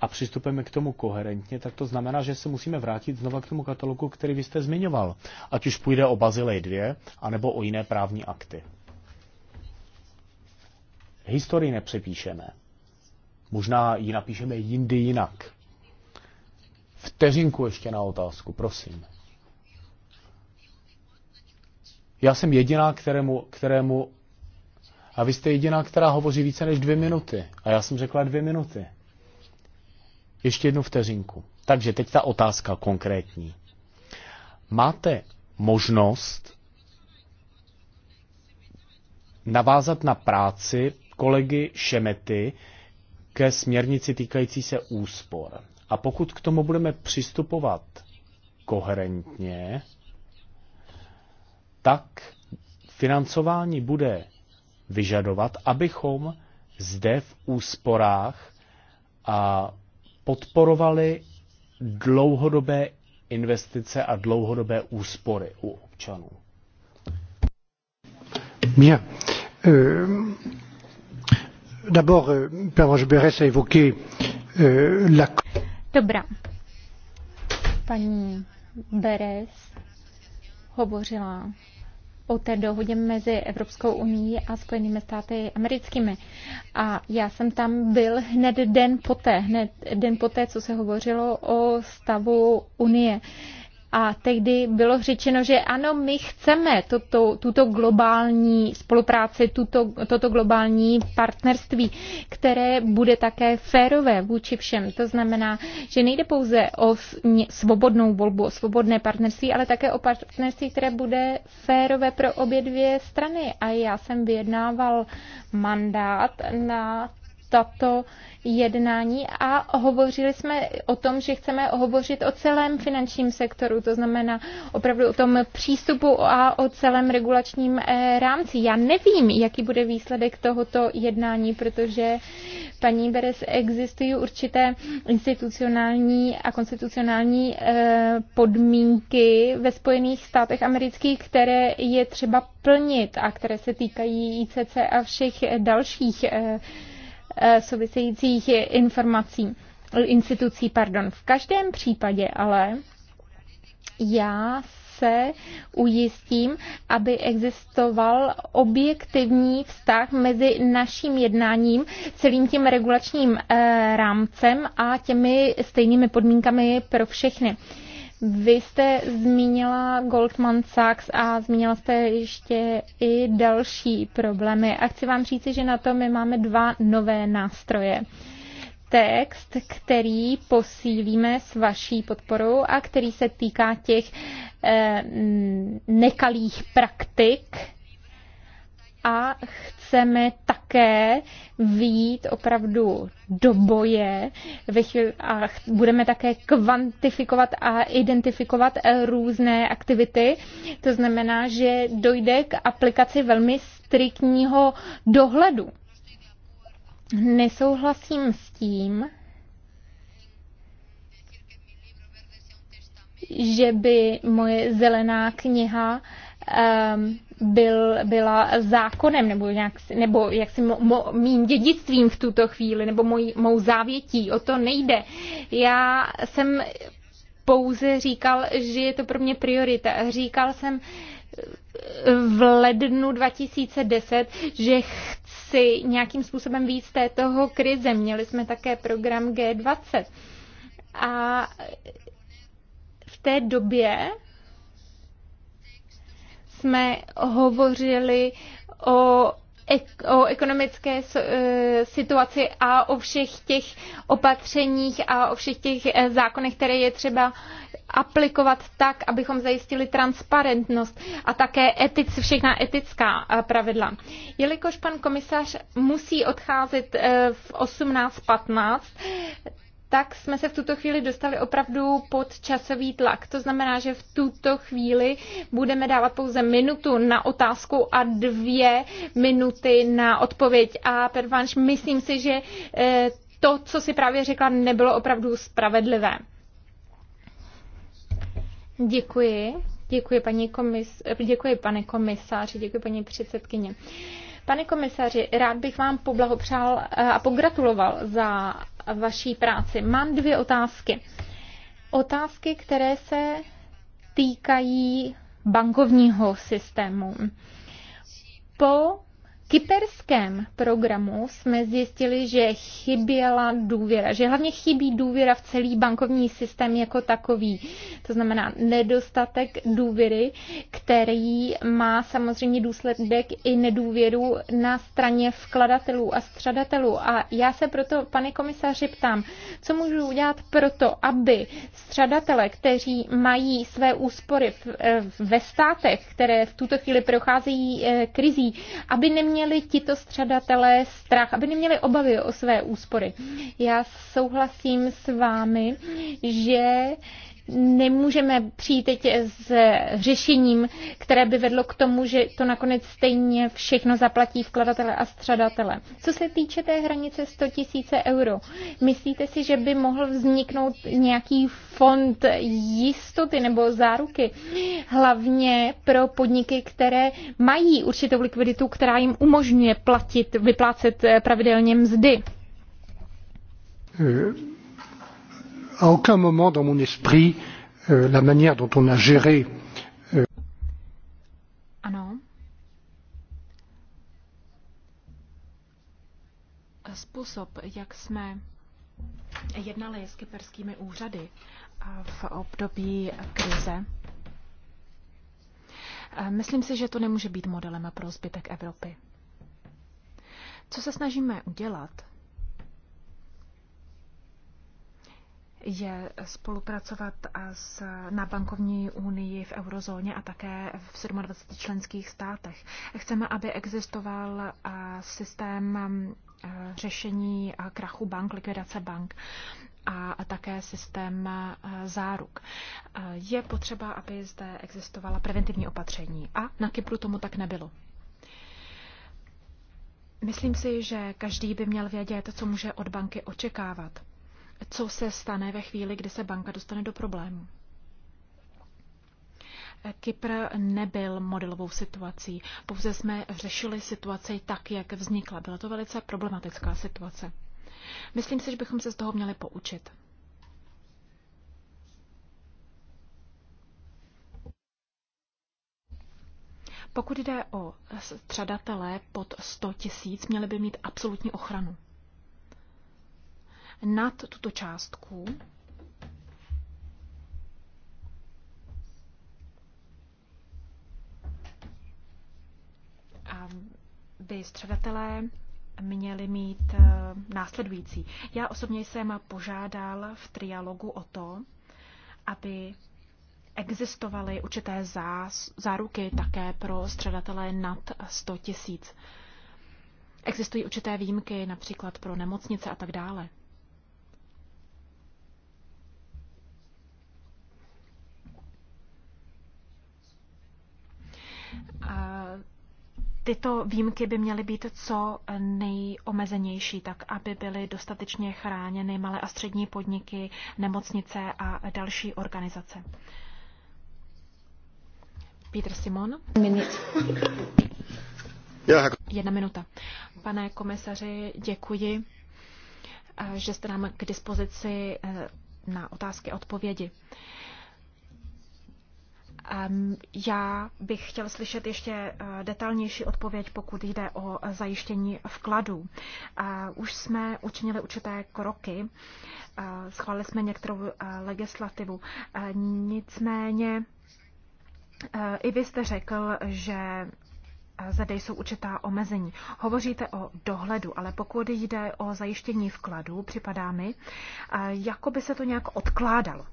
a přistupujeme k tomu koherentně, tak to znamená, že se musíme vrátit znova k tomu katalogu, který vy jste zmiňoval. Ať už půjde o Bazilej 2, anebo o jiné právní akty. Historii nepřepíšeme. Možná ji napíšeme jindy jinak. Vteřinku ještě na otázku, prosím. Já jsem jediná, kterému, kterému a vy jste jediná, která hovoří více než dvě minuty. A já jsem řekla dvě minuty. Ještě jednu vteřinku. Takže teď ta otázka konkrétní. Máte možnost navázat na práci kolegy Šemety ke směrnici týkající se úspor. A pokud k tomu budeme přistupovat koherentně, tak financování bude vyžadovat, abychom zde v úsporách a podporovali dlouhodobé investice a dlouhodobé úspory u občanů. Bien. Euh, D'abord, euh, Pervenche Berès a évoqué euh, la... Dobrá. Paní Beres hovořila o té dohodě mezi Evropskou unii a Spojenými státy americkými. A já jsem tam byl hned den poté, hned den poté, co se hovořilo o stavu Unie. A tehdy bylo řečeno, že ano, my chceme toto, tuto globální spolupráci, tuto, toto globální partnerství, které bude také férové vůči všem. To znamená, že nejde pouze o svobodnou volbu, o svobodné partnerství, ale také o partnerství, které bude férové pro obě dvě strany. A já jsem vyjednával mandát na tato jednání a hovořili jsme o tom, že chceme hovořit o celém finančním sektoru, to znamená opravdu o tom přístupu a o celém regulačním eh, rámci. Já nevím, jaký bude výsledek tohoto jednání, protože paní Beres existují určité institucionální a konstitucionální eh, podmínky ve Spojených státech amerických, které je třeba plnit a které se týkají ICC a všech dalších eh, Eh, souvisejících informací, institucí. Pardon. V každém případě ale já se ujistím, aby existoval objektivní vztah mezi naším jednáním, celým tím regulačním eh, rámcem a těmi stejnými podmínkami pro všechny. Vy jste zmínila Goldman Sachs a zmínila jste ještě i další problémy. A chci vám říci, že na to my máme dva nové nástroje text, který posílíme s vaší podporou a který se týká těch eh, nekalých praktik, a chceme také výjít opravdu do boje a budeme také kvantifikovat a identifikovat různé aktivity. To znamená, že dojde k aplikaci velmi striktního dohledu. Nesouhlasím s tím, že by moje zelená kniha Ehm, byl, byla zákonem nebo, nějak, nebo jaksi mo, mo, mým dědictvím v tuto chvíli nebo moj, mou závětí. O to nejde. Já jsem pouze říkal, že je to pro mě priorita. Říkal jsem eh, v lednu 2010, že chci nějakým způsobem víc z této krize. Měli jsme také program G20. A v té době jsme hovořili o o ekonomické e, situaci a o všech těch opatřeních a o všech těch e, zákonech, které je třeba aplikovat tak, abychom zajistili transparentnost a také etic, všechna etická e, pravidla. Jelikož pan komisař musí odcházet v 18.15, tak jsme se v tuto chvíli dostali opravdu pod časový tlak. To znamená, že v tuto chvíli budeme dávat pouze minutu na otázku a dvě minuty na odpověď. A Pervanš, myslím si, že eh, to, co si právě řekla, nebylo opravdu spravedlivé. Děkuji. Děkuji, paní komis, děkuji pane komisáři, děkuji paní předsedkyně. Pane komisaři, rád bych vám poblahopřál eh, a pogratuloval za vaší práci. Mám dvě otázky. Otázky, které se týkají bankovního systému. Po kyperském programu jsme zjistili, že chyběla důvěra, že hlavně chybí důvěra v celý bankovní systém jako takový. To znamená nedostatek důvěry, který má samozřejmě důsledek i nedůvěru na straně vkladatelů a střadatelů. A já se proto, pane komisaři, ptám, co můžu udělat proto, aby střadatele, kteří mají své úspory eh, ve státech, které v tuto chvíli procházejí eh, krizí, aby neměli neměli tito střadatelé strach, aby neměli obavy o své úspory. Já souhlasím s vámi, že nemůžeme přijít teď s řešením, které by vedlo k tomu, že to nakonec stejně všechno zaplatí vkladatele a střadatele. Co se týče té hranice 100 000 euro, myslíte si, že by mohl vzniknout nějaký fond jistoty nebo záruky, hlavně pro podniky, které mají určitou likviditu, která jim umožňuje platit, vyplácet eh, pravidelně mzdy? Hmm à aucun moment dans mon esprit euh, la manière dont on a géré euh... ano. Způsob, jak jsme jednali s kyperskými úřady v období krize, eh, myslím si, že to nemůže být modelem pro zbytek Evropy. Co se snažíme udělat, je spolupracovat s, na bankovní unii v eurozóně a také v 27 členských státech. Chceme, aby existoval systém řešení krachu bank, likvidace bank a také systém záruk. Je potřeba, aby zde existovala preventivní opatření a na Kypru tomu tak nebylo. Myslím si, že každý by měl vědět, co může od banky očekávat co se stane ve chvíli, kdy se banka dostane do problému. Kypr nebyl modelovou situací, pouze jsme řešili situaci tak, jak vznikla. Byla to velice problematická situace. Myslím si, že bychom se z toho měli poučit. Pokud jde o střadatele pod 100 tisíc, měli by mít absolutní ochranu nad tuto částku. A by středatelé měli mít eh, následující. Já osobně jsem požádal v trialogu o to, aby existovaly určité zás, záruky také pro středatelé nad 100 tisíc. Existují určité výjimky, například pro nemocnice a tak dále. tyto výjimky by měly být co nejomezenější, tak aby byly dostatečně chráněny malé a střední podniky, nemocnice a další organizace. Petr Simon. Minut. Jedna minuta. Pane komisaři, děkuji, eh, že jste nám k dispozici eh, na otázky a odpovědi. Já bych chtěl slyšet ještě eh, detailnější odpověď, pokud jde o eh, zajištění vkladů. Eh, už jsme učinili určité kroky, schválili jsme některou legislativu. Nicméně i vy jste řekl, že zde jsou určitá omezení. Hovoříte o dohledu, ale pokud jde o zajištění vkladů, připadá mi, jako by se to nějak odkládalo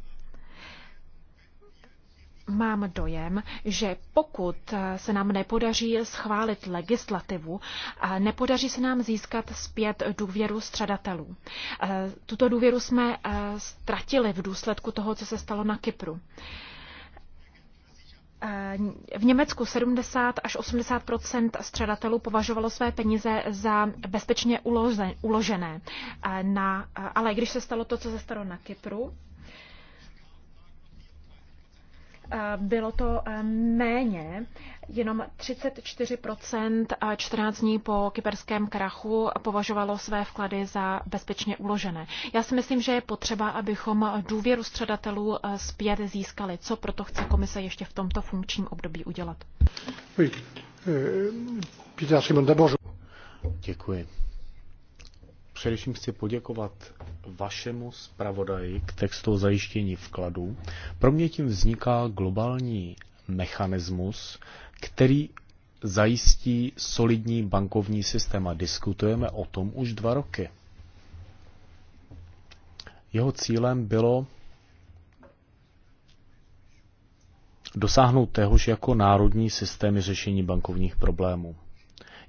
mám dojem, že pokud se nám nepodaří schválit legislativu, nepodaří se nám získat zpět důvěru středatelů. Tuto důvěru jsme ztratili v důsledku toho, co se stalo na Kypru. V Německu 70 až 80 středatelů považovalo své peníze za bezpečně uložené. ale když se stalo to, co se stalo na Kypru, bylo to méně, jenom 34% 14 dní po kyperském krachu považovalo své vklady za bezpečně uložené. Já si myslím, že je potřeba, abychom důvěru středatelů zpět získali. Co proto chce komise ještě v tomto funkčním období udělat? Euh, Děkuji. Především chci poděkovat vašemu zpravodaji k textu o zajištění vkladů. Pro mě tím vzniká globální mechanismus, který zajistí solidní bankovní systém a diskutujeme o tom už dva roky. Jeho cílem bylo dosáhnout téhož jako národní systémy řešení bankovních problémů.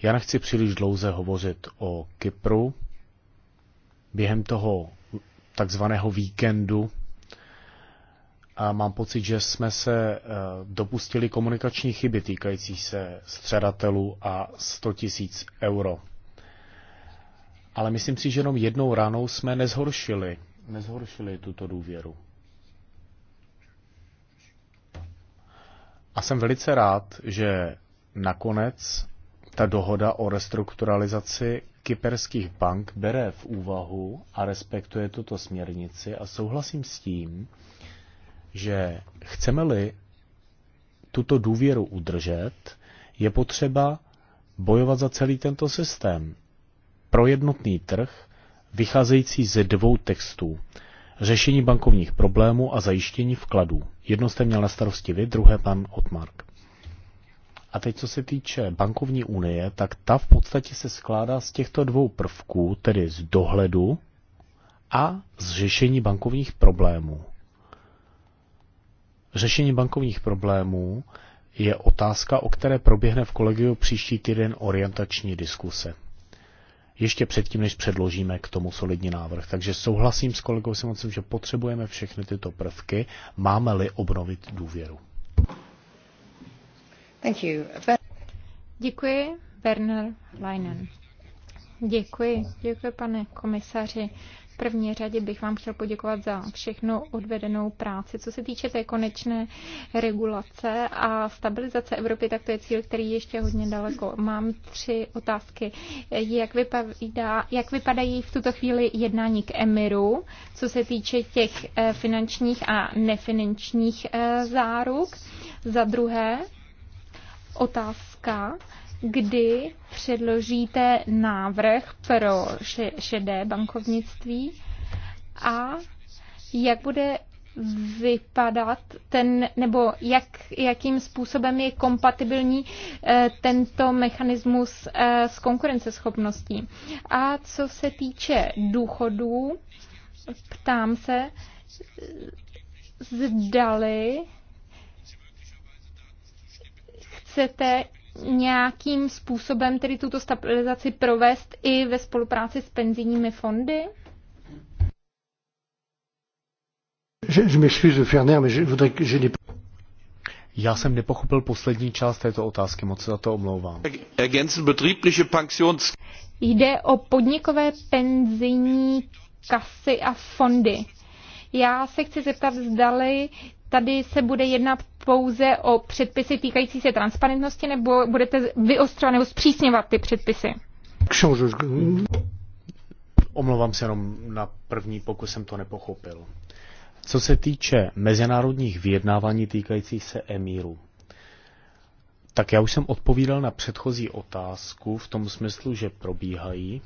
Já nechci příliš dlouze hovořit o Kypru, během toho takzvaného víkendu. A mám pocit, že jsme se eh, dopustili komunikační chyby týkající se středatelů a 100 tisíc euro. Ale myslím si, že jenom jednou ranou jsme nezhoršili, nezhoršili tuto důvěru. A jsem velice rád, že nakonec ta dohoda o restrukturalizaci kyperských bank bere v úvahu a respektuje tuto směrnici a souhlasím s tím, že chceme-li tuto důvěru udržet, je potřeba bojovat za celý tento systém. Pro jednotný trh, vycházející ze dvou textů. Řešení bankovních problémů a zajištění vkladů. Jedno jste měl na starosti vy, druhé pan Otmark. A teď, co se týče bankovní unie, tak ta v podstatě se skládá z těchto dvou prvků, tedy z dohledu a z řešení bankovních problémů. Řešení bankovních problémů je otázka, o které proběhne v kolegiu příští týden orientační diskuse. Ještě předtím, než předložíme k tomu solidní návrh. Takže souhlasím s kolegou Simoncem, že potřebujeme všechny tyto prvky, máme-li obnovit důvěru. Děkuji, Werner Leinen. Děkuji, děkuji pane komisaři. V první řadě bych vám chtěl poděkovat za všechno odvedenou práci. Co se týče té konečné regulace a stabilizace Evropy, tak to je cíl, který je ještě hodně daleko. Mám tři otázky. Jak, vypadá, jak vypadají v tuto chvíli jednání k Emiru, co se týče těch eh, finančních a nefinančních eh, záruk? Za druhé, otázka, kdy předložíte návrh pro šedé bankovnictví a jak bude vypadat ten, nebo jak, jakým způsobem je kompatibilní eh, tento mechanismus eh, s konkurenceschopností. A co se týče důchodů, ptám se, zdali chcete nějakým způsobem tedy tuto stabilizaci provést i ve spolupráci s penzijními fondy? Já jsem nepochopil poslední část této otázky, moc se za to omlouvám. Jde o podnikové penzijní kasy a fondy. Já se chci zeptat, zdali tady se bude jednat pouze o předpisy týkající se transparentnosti, nebo budete vyostřovat nebo zpřísňovat ty předpisy? Omlouvám se jenom na první pokus jsem to nepochopil. Co se týče mezinárodních vyjednávání týkajících se emíru, tak já už jsem odpovídal na předchozí otázku v tom smyslu, že probíhají,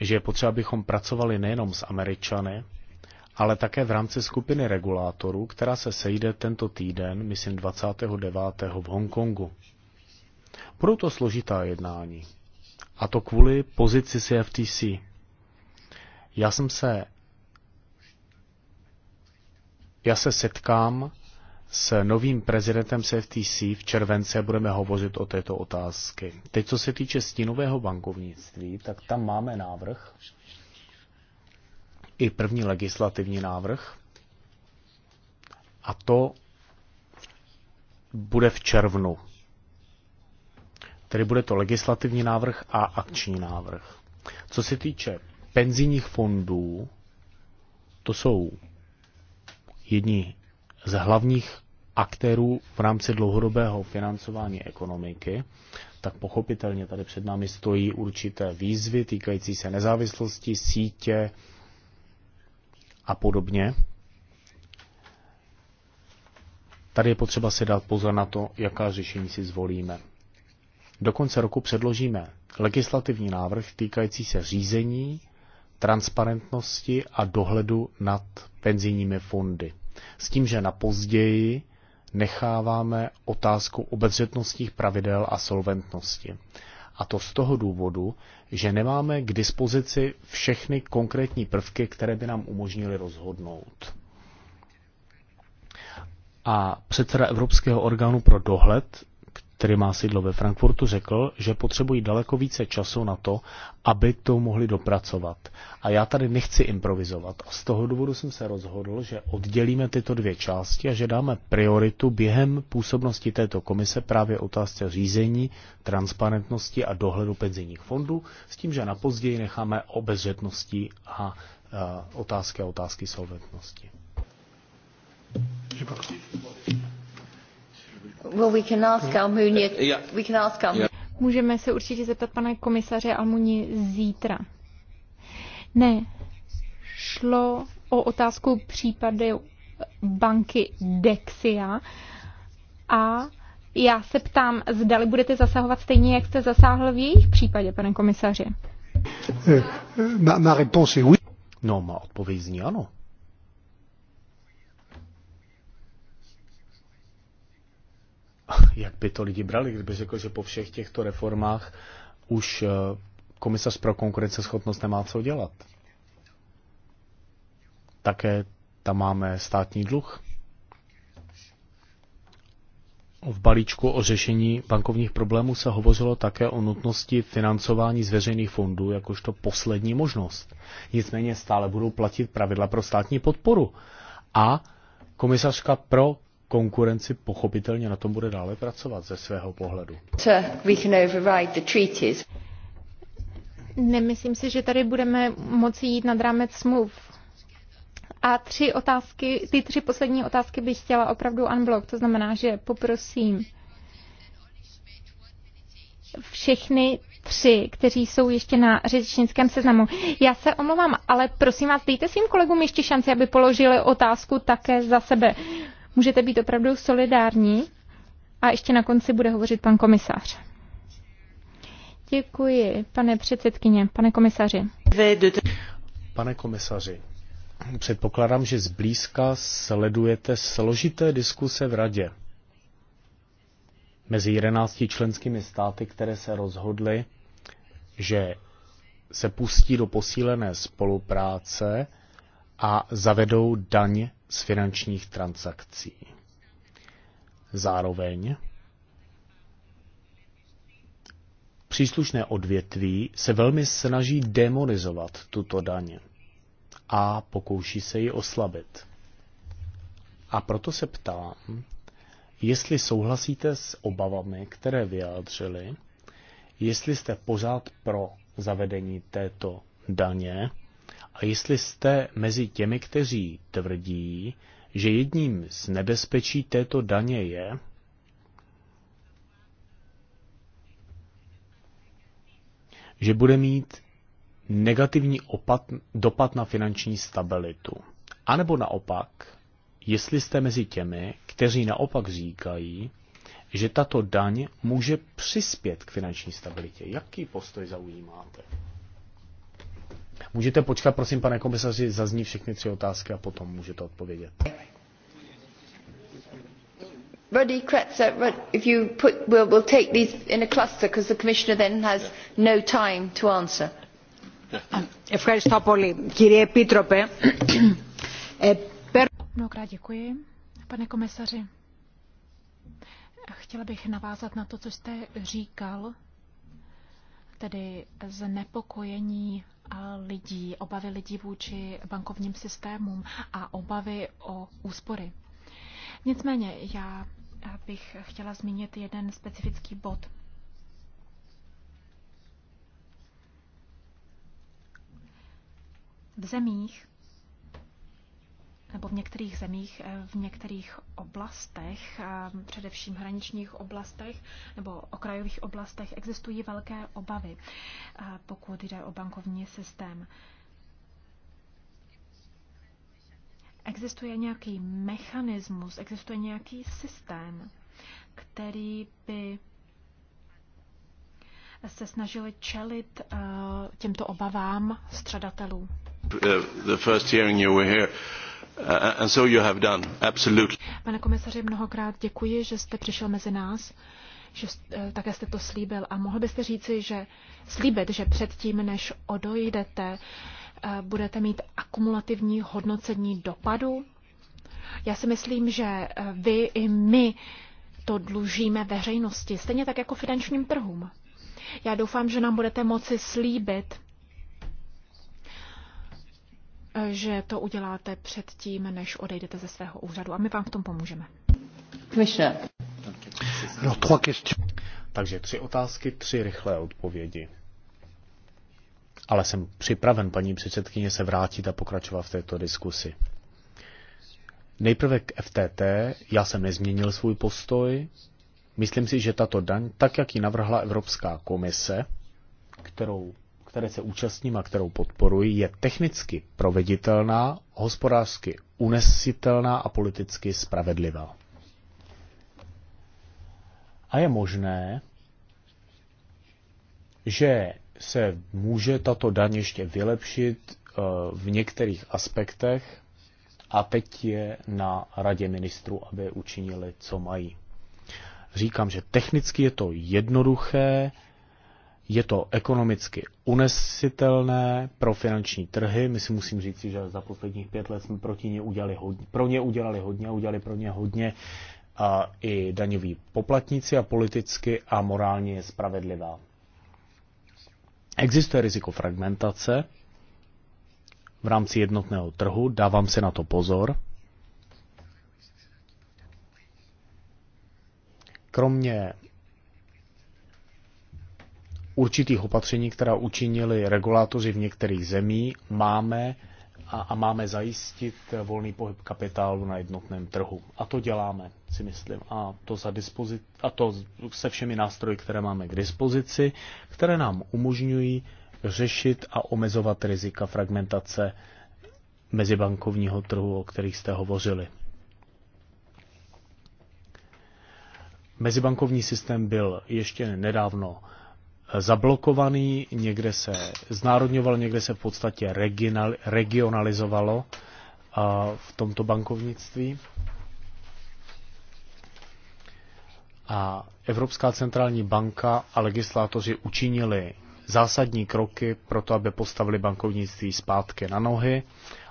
že je potřeba, abychom pracovali nejenom s Američany, ale také v rámci skupiny regulátorů, která se sejde tento týden, myslím 29. v Hongkongu. Budou to složitá jednání. A to kvůli pozici CFTC. Já jsem se já se setkám s novým prezidentem CFTC v července a budeme hovořit o této otázky. Teď, co se týče stínového bankovnictví, tak tam máme návrh, i první legislativní návrh. A to bude v červnu. Tedy bude to legislativní návrh a akční návrh. Co se týče penzijních fondů, to jsou jedni z hlavních aktérů v rámci dlouhodobého financování ekonomiky, tak pochopitelně tady před námi stojí určité výzvy týkající se nezávislosti, sítě, a podobně. Tady je potřeba si dát pozor na to, jaká řešení si zvolíme. Do konce roku předložíme legislativní návrh týkající se řízení, transparentnosti a dohledu nad penzijními fondy. S tím, že na později necháváme otázku obezřetnostních pravidel a solventnosti. A to z toho důvodu, že nemáme k dispozici všechny konkrétní prvky, které by nám umožnily rozhodnout. A předseda Evropského orgánu pro dohled který má sídlo ve Frankfurtu, řekl, že potřebují daleko více času na to, aby to mohli dopracovat. A já tady nechci improvizovat. A z toho důvodu jsem se rozhodl, že oddělíme tyto dvě části a že dáme prioritu během působnosti této komise právě otázce řízení, transparentnosti a dohledu penzijních fondů, s tím, že na později necháme obezřetnosti a otázky a otázky solventnosti. Děkuji. Můžeme se určitě zeptat pana komisaře Almuni zítra. Ne, šlo o otázku případy banky Dexia a já se ptám, zdali budete zasahovat stejně, jak jste zasáhl v jejich případě, pane komisaři. Eh, eh, no, má odpověď zní ano. jak by to lidi brali, kdyby řekl, že po všech těchto reformách už eh, komisař pro konkurenceschopnost nemá co dělat. Také tam máme státní dluh. V balíčku o řešení bankovních problémů se hovořilo také o nutnosti financování z veřejných fondů jakožto poslední možnost. Nicméně stále budou platit pravidla pro státní podporu. A komisařka pro konkurenci pochopitelně na tom bude dále pracovat ze svého pohledu. Nemyslím si, že tady budeme moci jít nad rámec smluv. A tři otázky, ty tři poslední otázky bych chtěla opravdu unblock, to znamená, že poprosím všechny tři, kteří jsou ještě na řečnickém seznamu. Já se omlouvám, ale prosím vás, dejte svým kolegům ještě šanci, aby položili otázku také za sebe. Můžete být opravdu solidární. A ještě na konci bude hovořit pan komisář. Děkuji, pane předsedkyně, pane komisaři. Pane komisaři, předpokládám, že zblízka sledujete složité diskuse v radě mezi 11 členskými státy, které se rozhodly, že se pustí do posílené spolupráce a zavedou daň z finančních transakcí. Zároveň příslušné odvětví se velmi snaží demonizovat tuto daň a pokouší se ji oslabit. A proto se ptám, jestli souhlasíte s obavami, které vyjádřili, jestli jste pořád pro zavedení této daně, a jestli jste mezi těmi, kteří tvrdí, že jedním z nebezpečí této daně je, že bude mít negativní opat, dopad na finanční stabilitu. A nebo naopak, jestli jste mezi těmi, kteří naopak říkají, že tato daň může přispět k finanční stabilitě. Jaký postoj zaujímáte? Můžete počkat, prosím, pane komisaři, zazní všechny tři otázky a potom můžete odpovědět. Ruddy Kretzer, if you put, we'll, we'll take these in a cluster because the commissioner then has no time to answer. Ευχαριστώ πολύ. Κύριε Επίτροπε, Mnohokrát děkuji, pane komisaři. Chtěla bych navázat na to, co jste říkal, tedy znepokojení lidí, obavy lidí vůči bankovním systémům a obavy o úspory. Nicméně já bych chtěla zmínit jeden specifický bod. V zemích, nebo v některých zemích, eh, v některých oblastech, eh, především hraničních oblastech nebo okrajových oblastech, existují velké obavy, eh, pokud jde o bankovní systém. Existuje nějaký mechanismus, existuje nějaký systém, který by se snažili čelit uh, těmto obavám střadatelů. Uh, the first hearing you were here. And so you have done. Absolutely. Pane komisaři, mnohokrát děkuji, že jste přišel mezi nás, že eh, také jste to slíbil. A mohl byste říci, že slíbit, že předtím, než odojdete, eh, budete mít akumulativní hodnocení dopadu? Já si myslím, že eh, vy i my to dlužíme veřejnosti, stejně tak jako finančním trhům. Já doufám, že nám budete moci slíbit, že to uděláte předtím, než odejdete ze svého úřadu a my vám v tom pomůžeme. No, Takže tři otázky, tři rychlé odpovědi. Ale jsem připraven, paní předsedkyně, se vrátit a pokračovat v této diskusi. Nejprve k FTT. Já jsem nezměnil svůj postoj. Myslím si, že tato daň, tak jak ji navrhla Evropská komise, kterou které se účastním a kterou podporuji, je technicky proveditelná, hospodářsky unesitelná a politicky spravedlivá. A je možné, že se může tato daň ještě vylepšit eh, v některých aspektech a teď je na radě ministrů, aby učinili, co mají. Říkám, že technicky je to jednoduché, je to ekonomicky unesitelné pro finanční trhy. My si musím říct, že za posledních pět let jsme proti ně udělali hodně, pro ně udělali hodně, udělali pro ně hodně a i daňoví poplatníci a politicky a morálně je spravedlivá. Existuje riziko fragmentace v rámci jednotného trhu, dávám si na to pozor. Kromě určitých opatření, která učinili regulátoři v některých zemí, máme a, a máme zajistit volný pohyb kapitálu na jednotném trhu. A to děláme, si myslím. A to, za dispozi- a to se všemi nástroji, které máme k dispozici, které nám umožňují řešit a omezovat rizika fragmentace mezibankovního trhu, o kterých jste hovořili. Mezibankovní systém byl ještě nedávno zablokovaný, někde se znárodňoval, někde se v podstatě regionalizovalo v tomto bankovnictví. A Evropská centrální banka a legislátoři učinili zásadní kroky pro to, aby postavili bankovnictví zpátky na nohy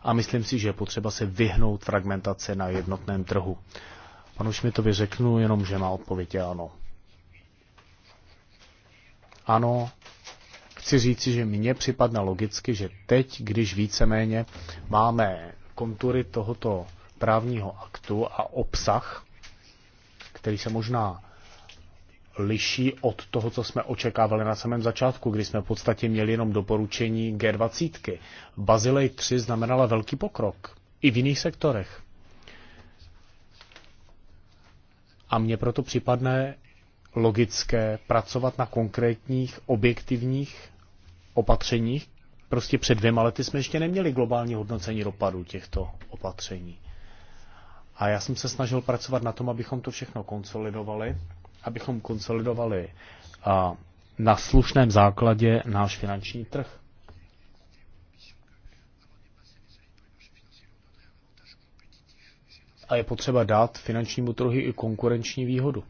a myslím si, že je potřeba se vyhnout fragmentaci na jednotném trhu. mi to vyřeknu, jenom, že má odpověď ano. Ano, chci říci, že mně připadne logicky, že teď, když víceméně máme kontury tohoto právního aktu a obsah, který se možná liší od toho, co jsme očekávali na samém začátku, kdy jsme v podstatě měli jenom doporučení G20. Bazilej 3 znamenala velký pokrok. I v jiných sektorech. A mně proto připadne, logické pracovat na konkrétních objektivních opatřeních. Prostě před dvěma lety jsme ještě neměli globální hodnocení dopadu těchto opatření. A já jsem se snažil pracovat na tom, abychom to všechno konsolidovali, abychom konsolidovali a, na slušném základě náš finanční trh. A je potřeba dát finančnímu trhu i konkurenční výhodu.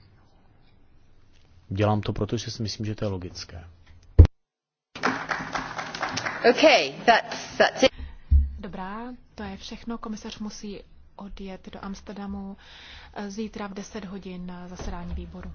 Dělám to, protože si myslím, že to je logické. Okay, that's, that's it. Dobrá, to je všechno. Komisař musí odjet do Amsterdamu eh, zítra v 10 hodin na zasedání výboru.